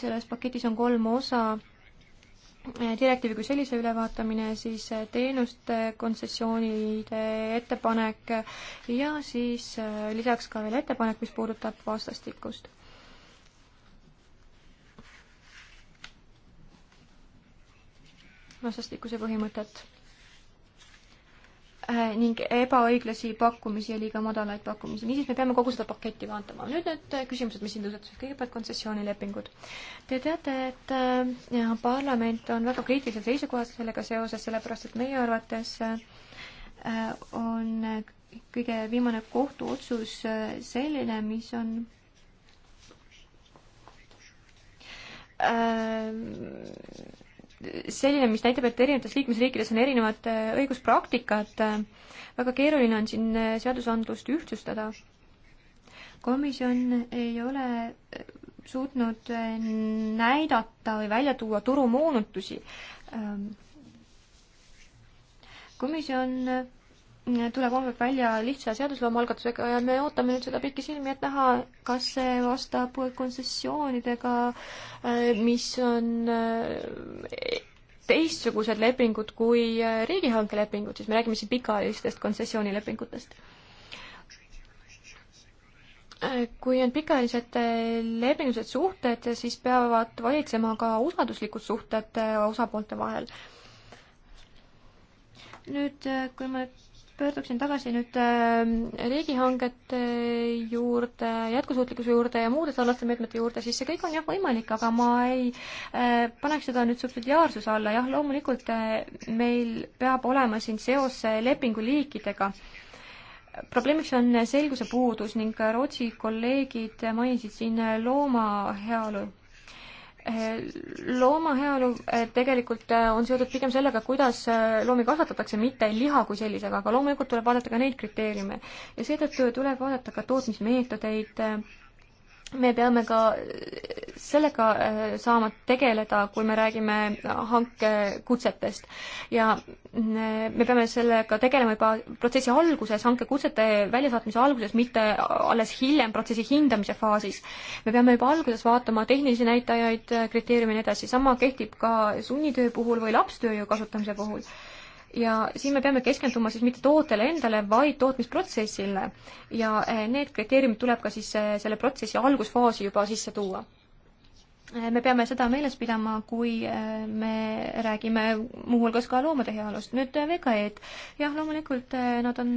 selles paketis on kolm osa direktiivi kui sellise ülevaatamine, siis äh, teenuste kontsessioonide ettepanek ja siis äh, lisaks ka veel ettepanek, mis puudutab vastastikust vastastikuse põhimõtet. Äh, ning ebaõiglasi pakkumisi ja liiga madalaid pakkumisi. niisiis, me peame kogu seda paketti vaatama. nüüd need äh, küsimused, mis siin tõusetusid. kõigepealt kontsessioonilepingud. Te teate, et ja, äh, parlament on väga kriitilisel seisukohas sellega seoses, sellepärast et meie arvates on kõige viimane kohtuotsus selline, mis on äh, selline, mis näitab, et erinevates liikmesriikides on erinevad äh, õiguspraktikad. Äh, väga keeruline on siin äh, seadusandlust ühtsustada. komisjon ei ole suutnud näidata või välja tuua turumoonutusi. Ähm, komisjon tuleb homme välja lihtsa seadusloomealgatusega ja me ootame nüüd seda pikisilmi, et näha, kas see vastab kontsessioonidega, äh, mis on äh, teistsugused lepingud kui äh, riigihanke lepingud, siis me räägime siin pikaajalistest kontsessioonilepingutest. kui on pikaajalised lepingulised suhted, siis peavad valitsema ka usalduslikud suhted osapoolte vahel. nüüd, kui me pöörduksin tagasi nüüd äh, riigihangete juurde, jätkusuutlikkuse juurde ja muude sarnaste meetmete juurde, siis see kõik on jah võimalik, aga ma ei äh, paneks seda nüüd subsidiaarsuse alla, jah, loomulikult äh, meil peab olema siin seos lepinguliikidega probleemiks on selguse puudus ning Rootsi kolleegid mainisid siin looma heaolu looma heaolu eh, tegelikult eh, on seotud pigem sellega, kuidas eh, loomi kasvatatakse, mitte liha kui sellisega, aga loomulikult tuleb vaadata ka neid kriteeriume. ja seetõttu tuleb vaadata ka tootmismeetodeid, me peame ka sellega äh, saama tegeleda, kui me räägime hankekutsetest. ja äh, me peame sellega tegelema juba protsessi alguses, hankekutsete väljasaatmise alguses, mitte alles hiljem protsessi hindamise faasis. me peame juba alguses vaatama tehnilisi näitajaid, äh, kriteeriume ja nii edasi, sama kehtib ka sunnitöö puhul või lapstööjõu kasutamise puhul ja siin me peame keskenduma siis mitte tootele endale, vaid tootmisprotsessile. ja eh, need kriteeriumid tuleb ka siis eh, selle protsessi algusfaasi juba sisse tuua. Eh, me peame seda meeles pidama, kui me räägime muuhulgas ka loomade heaolust. nüüd VKE-d, jah, loomulikult nad on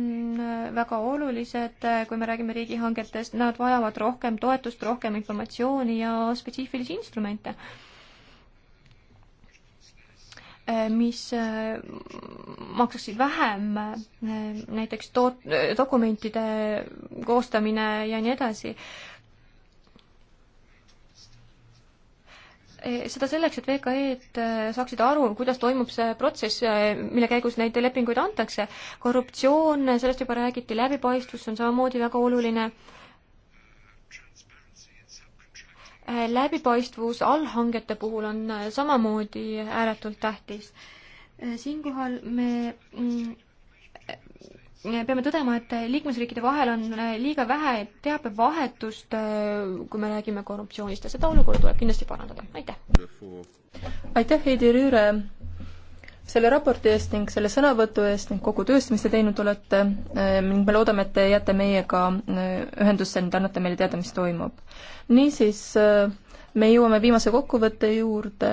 väga olulised, kui me räägime riigihangetest, nad vajavad rohkem toetust, rohkem informatsiooni ja spetsiifilisi instrumente mis äh, maksaksid vähem, äh, näiteks toot-, dokumentide koostamine ja nii edasi. E, seda selleks, et VKE-d äh, saaksid aru, kuidas toimub see protsess, mille käigus neid lepinguid antakse. korruptsioon, sellest juba räägiti, läbipaistvus on samamoodi väga oluline Äh, läbipaistvus allhangete puhul on äh, samamoodi ääretult tähtis. Äh, siinkohal me mm, peame tõdema, et liikmesriikide vahel on liiga vähe teabevahetust, kui me räägime korruptsioonist ja seda olukorda tuleb kindlasti parandada, aitäh! aitäh, Heidi Rüüre selle raporti eest ning selle sõnavõtu eest ning kogu tööst, mis te teinud olete äh, ning me loodame, et te jääte meiega äh, ühendusse ning annate meile teada, mis toimub. niisiis, äh, me jõuame viimase kokkuvõtte juurde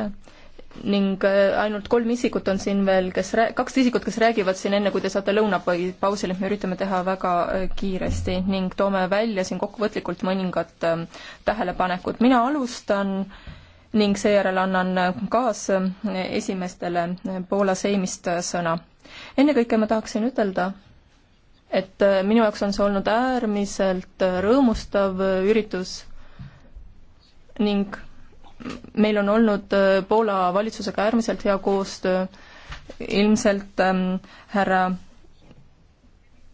ning ainult kolm isikut on siin veel, kes rää-, kaks isikut, kes räägivad siin enne, kui te saate lõunapausile, et me üritame teha väga kiiresti ning toome välja siin kokkuvõtlikult mõningad tähelepanekud. mina alustan äh, ning seejärel annan kaasesimestele Poola seimist sõna. ennekõike ma tahaksin ütelda, et minu jaoks on see olnud äärmiselt rõõmustav üritus ning meil on olnud Poola valitsusega äärmiselt hea koostöö, ilmselt ähm, härra,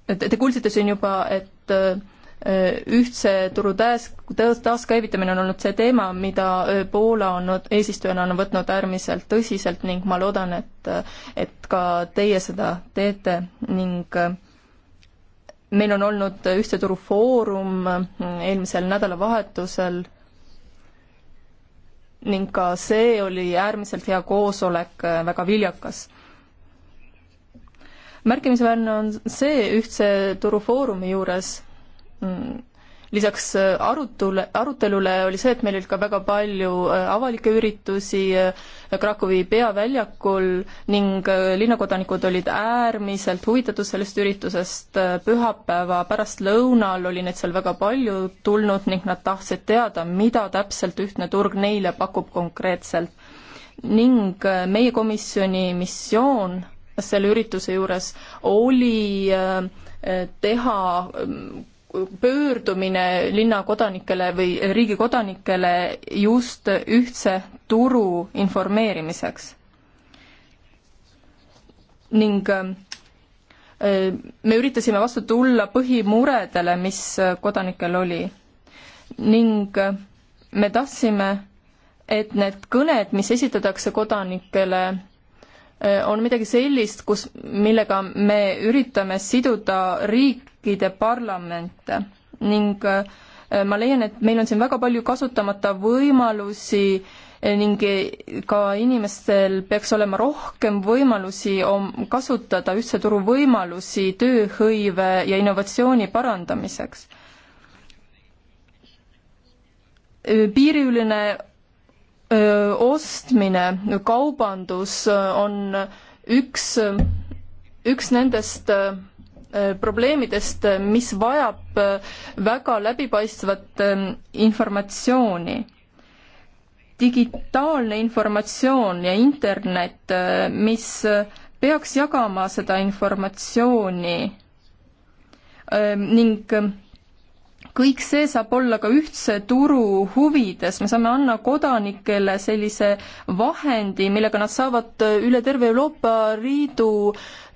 te, te kuulsite siin juba, et äh, Äh, ühtse turu taas, taaskäivitamine on olnud see teema, mida äh, Poola on eesistujana on võtnud äärmiselt tõsiselt ning ma loodan, et, et ka teie seda teete ning äh, meil on olnud Ühtse Turu Foorum eelmisel nädalavahetusel ning ka see oli äärmiselt hea koosolek, väga viljakas märkimisväärne on see Ühtse Turu Foorumi juures, Mm. lisaks äh, arutule, arutelule oli see, et meil oli ka väga palju äh, avalikke üritusi äh, Krakowi peaväljakul ning linnakodanikud olid äärmiselt huvitatud sellest üritusest. pühapäeva pärastlõunal oli neid seal väga palju tulnud ning nad tahtsid teada, mida täpselt ühtne turg neile pakub konkreetselt. ning meie komisjoni missioon selle ürituse juures oli teha mm, pöördumine linna kodanikele või riigi kodanikele just ühtse turu informeerimiseks. ning me üritasime vastu tulla põhimuredele, mis kodanikel oli. ning me tahtsime, et need kõned, mis esitatakse kodanikele, Äh, on midagi sellist, kus, millega me üritame siduda riikide parlamente ning äh, ma leian, et meil on siin väga palju kasutamata võimalusi äh, ning ka inimestel peaks olema rohkem võimalusi kasutada ühtse turu võimalusi tööhõive ja innovatsiooni parandamiseks. piiriüline ostmine, kaubandus on üks, üks nendest probleemidest, mis vajab väga läbipaistvat informatsiooni. digitaalne informatsioon ja internet, mis peaks jagama seda informatsiooni ning kõik see saab olla ka ühtse turu huvides, me saame anda kodanikele sellise vahendi, millega nad saavad äh, üle terve Euroopa Liidu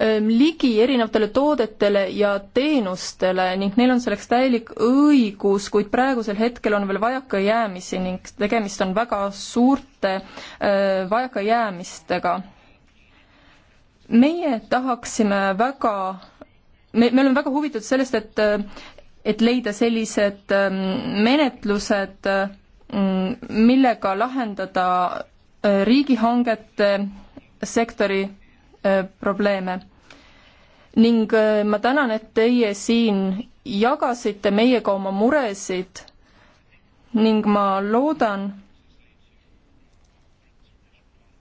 ähm, ligi erinevatele toodetele ja teenustele ning neil on selleks täielik õigus, kuid praegusel hetkel on veel vajakajäämisi ning tegemist on väga suurte äh, vajakajäämistega. meie tahaksime väga me, me oleme väga huvitatud sellest, et äh, et leida sellised ähm, menetlused, mm, millega lahendada äh, riigihangete sektori äh, probleeme. ning äh, ma tänan, et teie siin jagasite meiega oma muresid ning ma loodan,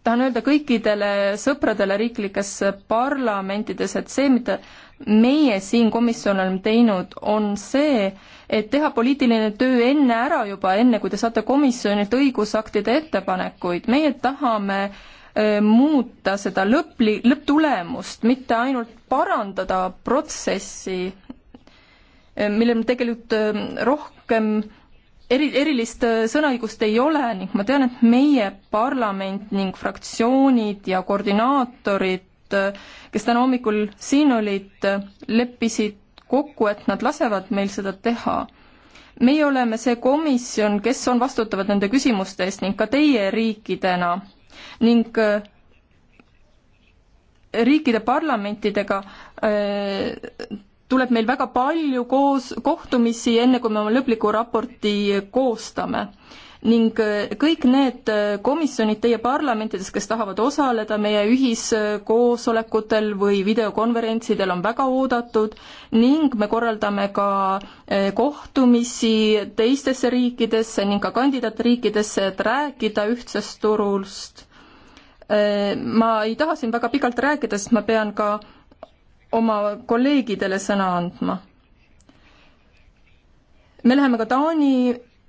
tahan öelda kõikidele sõpradele riiklikes parlamentides, et see, mida meie siin komisjon oleme teinud, on see, et teha poliitiline töö enne ära juba, enne kui te saate komisjonilt õigusaktide ettepanekuid, meie tahame äh, muuta seda lõpli, lõpptulemust, mitte ainult parandada protsessi, millel tegelikult rohkem eri, erilist sõnaõigust ei ole ning ma tean, et meie parlament ning fraktsioonid ja koordinaatorid Eh, kes täna hommikul siin olid, eh, leppisid kokku, et nad lasevad meil seda teha. meie oleme see komisjon, kes on vastutavad nende küsimuste eest ning ka teie riikidena ning eh, riikide parlamentidega tuleb meil väga palju koos, kohtumisi, enne kui me oma lõpliku raporti koostame ning äh, kõik need äh, komisjonid teie parlamentides, kes tahavad osaleda meie ühiskoosolekutel või videokonverentsidel, on väga oodatud ning me korraldame ka äh, kohtumisi teistesse riikidesse ning ka kandidaatriikidesse, et rääkida ühtsest turust. Ma ei taha siin väga pikalt rääkida, sest ma pean ka oma kolleegidele sõna andma. me läheme ka Taani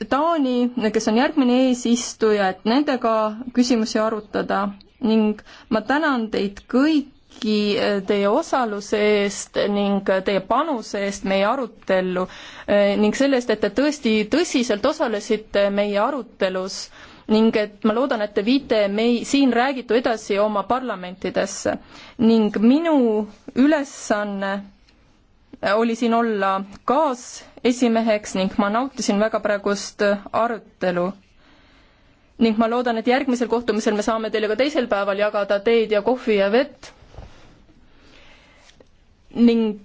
Taani, kes on järgmine eesistuja, et nendega küsimusi arutada ning ma tänan teid kõiki eh, teie osaluse eest ning eh, teie panuse eest meie arutellu eh, ning selle eest, et te tõesti tõsiselt osalesite meie arutelus ning et ma loodan, et te viite mei-, siin räägitu edasi oma parlamentidesse. ning minu ülesanne oli siin olla kaasesimeheks ning ma nautisin väga praegust arutelu. ning ma loodan, et järgmisel kohtumisel me saame teile ka teisel päeval jagada teed ja kohvi ja vett. ning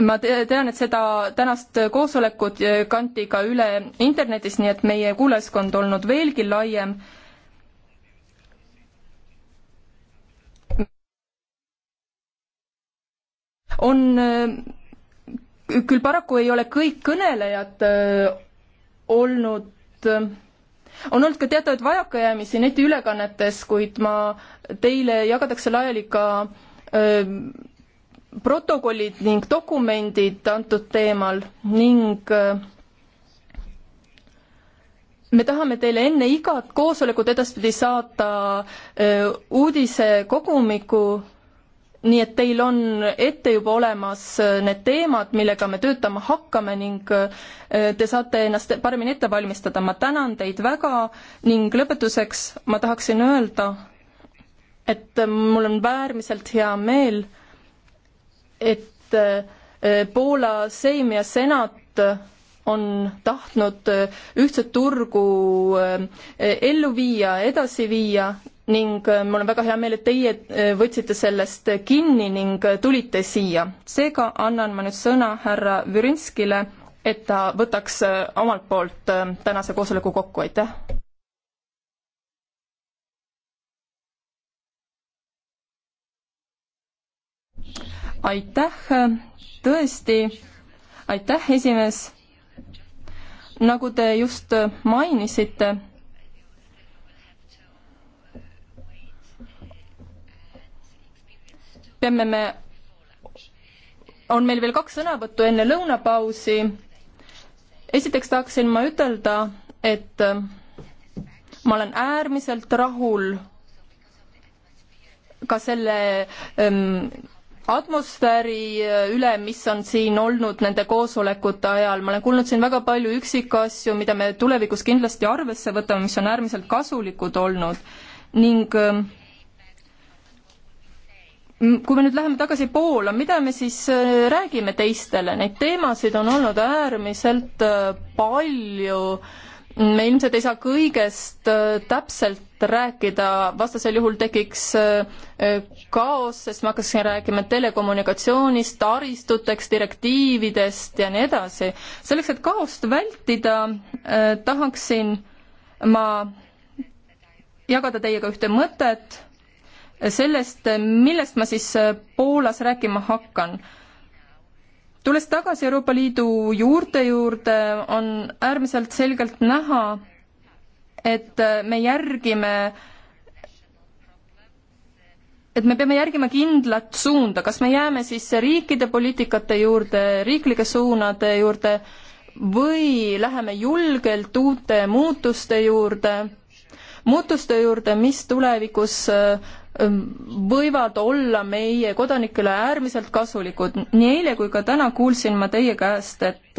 ma tean, et seda tänast koosolekut eh, kanti ka üle internetis, nii et meie kuulajaskond olnud veelgi laiem on, äh, küll paraku ei ole kõik kõnelejad äh, olnud äh, on olnud ka teatavaid vajakajäämisi netiülekannetes, kuid ma, teile jagatakse laiali ka öö, protokollid ning dokumendid antud teemal ning öö, me tahame teile enne igat koosolekut edaspidi saata öö, uudise kogumiku nii et teil on ette juba olemas äh, need teemad, millega me töötama hakkame ning äh, te saate ennast paremini ette valmistada. ma tänan teid väga ning lõpetuseks ma tahaksin öelda, et äh, mul on äärmiselt hea meel, et Poola Seim ja Senat on tahtnud ühtset turgu ellu viia, edasi viia ning äh, mul on väga hea meel, et teie äh, võtsite sellest kinni ning äh, tulite siia. seega annan ma nüüd sõna härra Vürinskile, et ta võtaks omalt poolt tänase koosoleku kokku, aitäh! aitäh, tõesti, aitäh, esimees! nagu te just mainisite peame me, on meil veel kaks sõnavõttu enne lõunapausi. esiteks tahaksin ma ütelda, et äh, ma olen äärmiselt rahul ka selle ähm, atmosfääri äh, üle, mis on siin olnud nende koosolekute ajal, ma olen kuulnud siin väga palju üksikasju, mida me tulevikus kindlasti arvesse võtame, mis on äärmiselt kasulikud olnud ning ähm, kui me nüüd läheme tagasi Poola, mida me siis äh, räägime teistele, neid teemasid on olnud äärmiselt äh, palju. me ilmselt ei saa kõigest äh, täpselt rääkida, vastasel juhul tekiks kaos, sest me hakkaksime rääkima telekommunikatsioonist, taristuteks, direktiividest ja nii edasi. selleks, et kaost vältida, tahaksin ma jagada teiega ühte mõtet sellest, millest ma siis äh, Poolas rääkima hakkan. tulles tagasi Euroopa Liidu juurte juurde, on äärmiselt selgelt näha, et äh, me järgime et me peame järgima kindlat suunda, kas me jääme siis riikide poliitikate juurde, riiklike suunade juurde või läheme julgelt uute muutuste juurde, muutuste juurde, mis tulevikus äh, võivad olla meie kodanikele äärmiselt kasulikud. nii eile kui ka täna kuulsin ma teie käest, et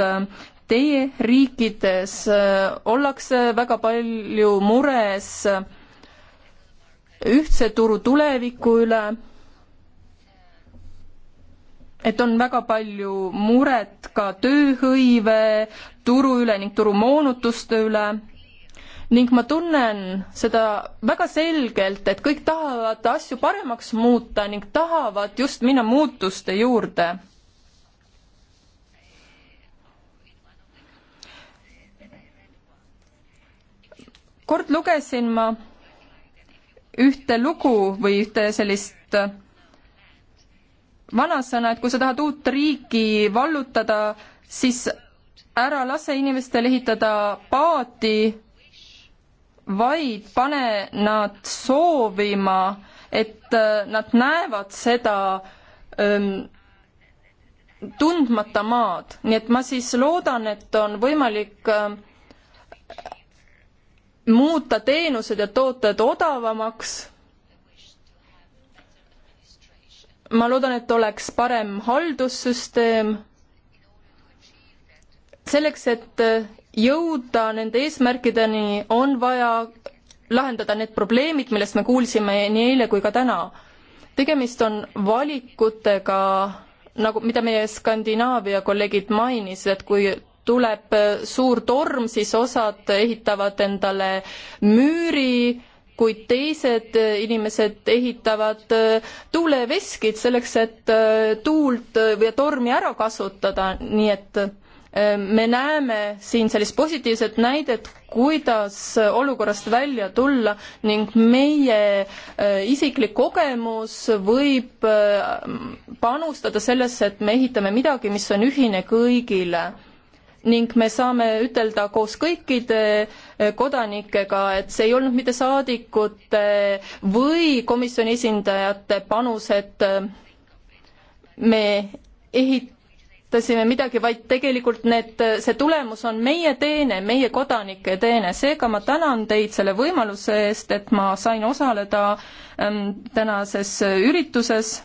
teie riikides ollakse väga palju mures ühtse turu tuleviku üle, et on väga palju muret ka tööhõive turu üle ning turumoonutuste üle ning ma tunnen seda väga selgelt, et kõik tahavad asju paremaks muuta ning tahavad just minna muutuste juurde. kord lugesin ma ühte lugu või ühte sellist vanasõna, et kui sa tahad uut riiki vallutada, siis ära lase inimestel ehitada paati vaid pane nad soovima, et äh, nad näevad seda ähm, tundmata maad, nii et ma siis loodan, et on võimalik äh, muuta teenused ja tooted odavamaks. ma loodan, et oleks parem haldussüsteem. selleks, et äh, jõuda nende eesmärkideni, on vaja lahendada need probleemid, millest me kuulsime nii eile kui ka täna. tegemist on valikutega, nagu, mida meie Skandinaavia kolleegid mainisid, et kui tuleb suur torm, siis osad ehitavad endale müüri, kuid teised inimesed ehitavad tuuleveskid selleks, et tuult või tormi ära kasutada, nii et Ehm, me näeme siin sellist positiivset näidet, kuidas olukorrast välja tulla ning meie eh, isiklik kogemus võib eh, panustada sellesse, et me ehitame midagi, mis on ühine kõigile. ning me saame ütelda koos kõikide eh, kodanikega, et see ei olnud mitte saadikute või komisjoni esindajate panus, et me ehit-, saavutasime midagi, vaid tegelikult need, see tulemus on meie teene, meie kodanike teene, seega ma tänan teid selle võimaluse eest, et ma sain osaleda ähm, tänases ürituses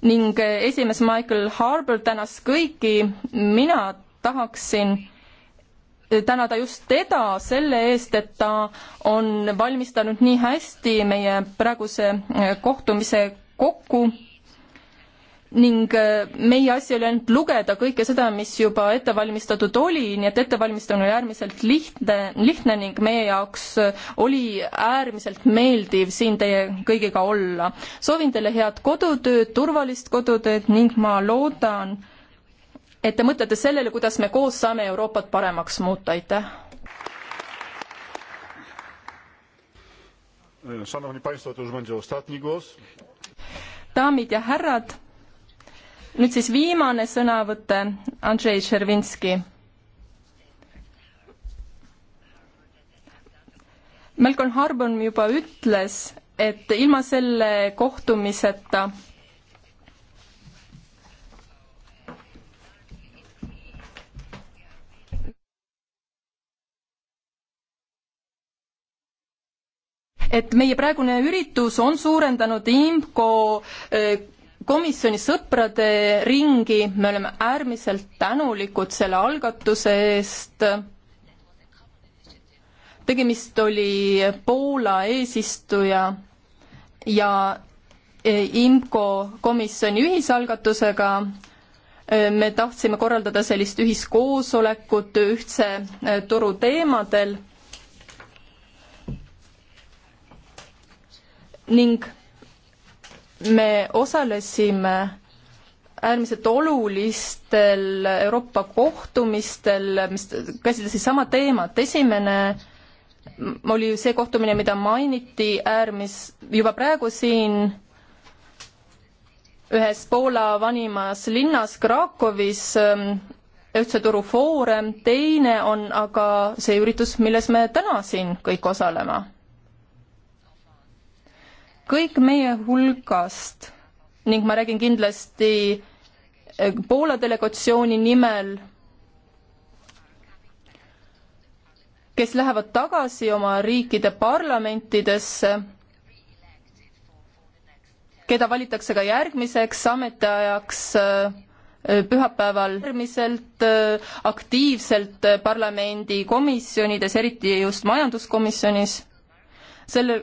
ning äh, esimees Michael Harbour tänas kõiki, mina tahaksin äh, tänada just teda selle eest, et ta on valmistanud nii hästi meie praeguse äh, kohtumise kokku ning äh, meie asi oli ainult lugeda kõike seda, mis juba ette valmistatud oli, nii et ettevalmistamine oli äärmiselt lihtne, lihtne ning meie jaoks äh, oli äärmiselt meeldiv siin teie kõigiga olla. soovin teile head kodutööd, turvalist kodutööd ning ma loodan, et te mõtlete sellele, kuidas me koos saame Euroopat paremaks muuta, aitäh! Szanowni Państwo, to już będzie ostatni głos. Daamid ja härrad, nüüd siis viimane sõnavõte, Andrei Tšervinski. Malcolm Harbon juba ütles, et ilma selle kohtumiseta et meie praegune üritus on suurendanud IMCO äh, komisjoni sõprade ringi, me oleme äärmiselt tänulikud selle algatuse eest, tegemist oli Poola eesistuja ja e, IMCO komisjoni ühisalgatusega, e, me tahtsime korraldada sellist ühiskoosolekut ühtse e, turu teemadel ning me osalesime äärmiselt olulistel Euroopa kohtumistel, mis käsitlesid sama teemat, esimene oli see kohtumine, mida mainiti äärmis, juba praegu siin ühes Poola vanimas linnas Krakowis ähm, ühtse turu foorum, teine on aga see üritus, milles me täna siin kõik osaleme kõik meie hulgast ning ma räägin kindlasti eh, Poola delegatsiooni nimel, kes lähevad tagasi oma riikide parlamentidesse, keda valitakse ka järgmiseks ametiajaks eh, pühapäeval äärmiselt eh, aktiivselt parlamendi komisjonides, eriti just majanduskomisjonis. selle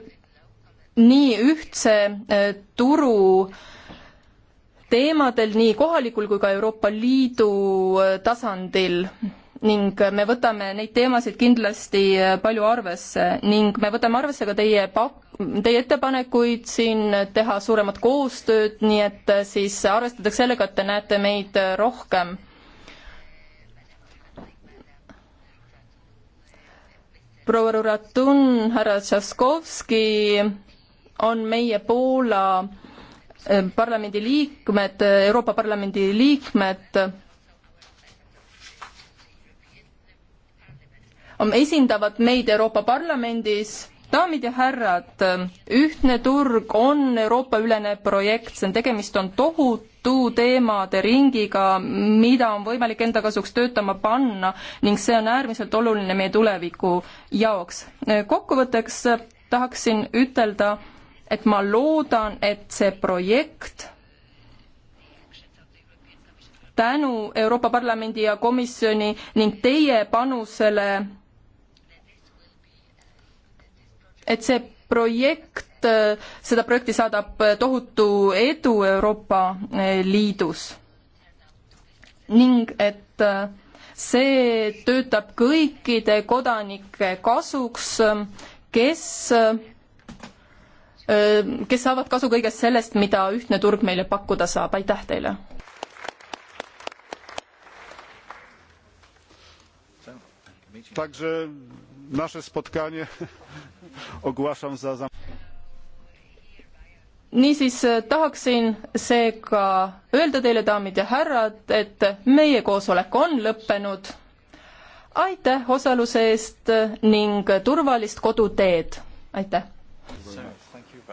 nii ühtse äh, turu teemadel nii kohalikul kui ka Euroopa Liidu äh, tasandil ning äh, me võtame neid teemasid kindlasti palju arvesse ning me võtame arvesse ka teie pak-, teie ettepanekuid siin teha suuremat koostööd, nii et siis arvestatakse sellega, et te näete meid rohkem proua Ruratun, härra Tšaskovski on meie Poola eh, parlamendi liikmed, eh, Euroopa Parlamendi liikmed esindavad meid Euroopa Parlamendis. daamid ja härrad, eh, ühtne turg on Euroopa-ülene projekt, see on, tegemist on tohutu teemade ringiga, mida on võimalik enda kasuks töötama panna ning see on äärmiselt oluline meie tuleviku jaoks. kokkuvõtteks tahaksin ütelda, et ma loodan, et see projekt tänu Euroopa Parlamendi ja komisjoni ning teie panusele, et see projekt, seda projekti saadab tohutu edu Euroopa eh, Liidus. ning et eh, see töötab kõikide kodanike kasuks, eh, kes kes saavad kasu kõigest sellest, mida ühtne turg meile pakkuda saab, aitäh teile! Także nasze spotkanie ogłaszam za zam- niisiis e, tahaksin seega öelda teile, daamid ja härrad, et meie koosolek on lõppenud. aitäh osaluse eest ning turvalist koduteed, aitäh!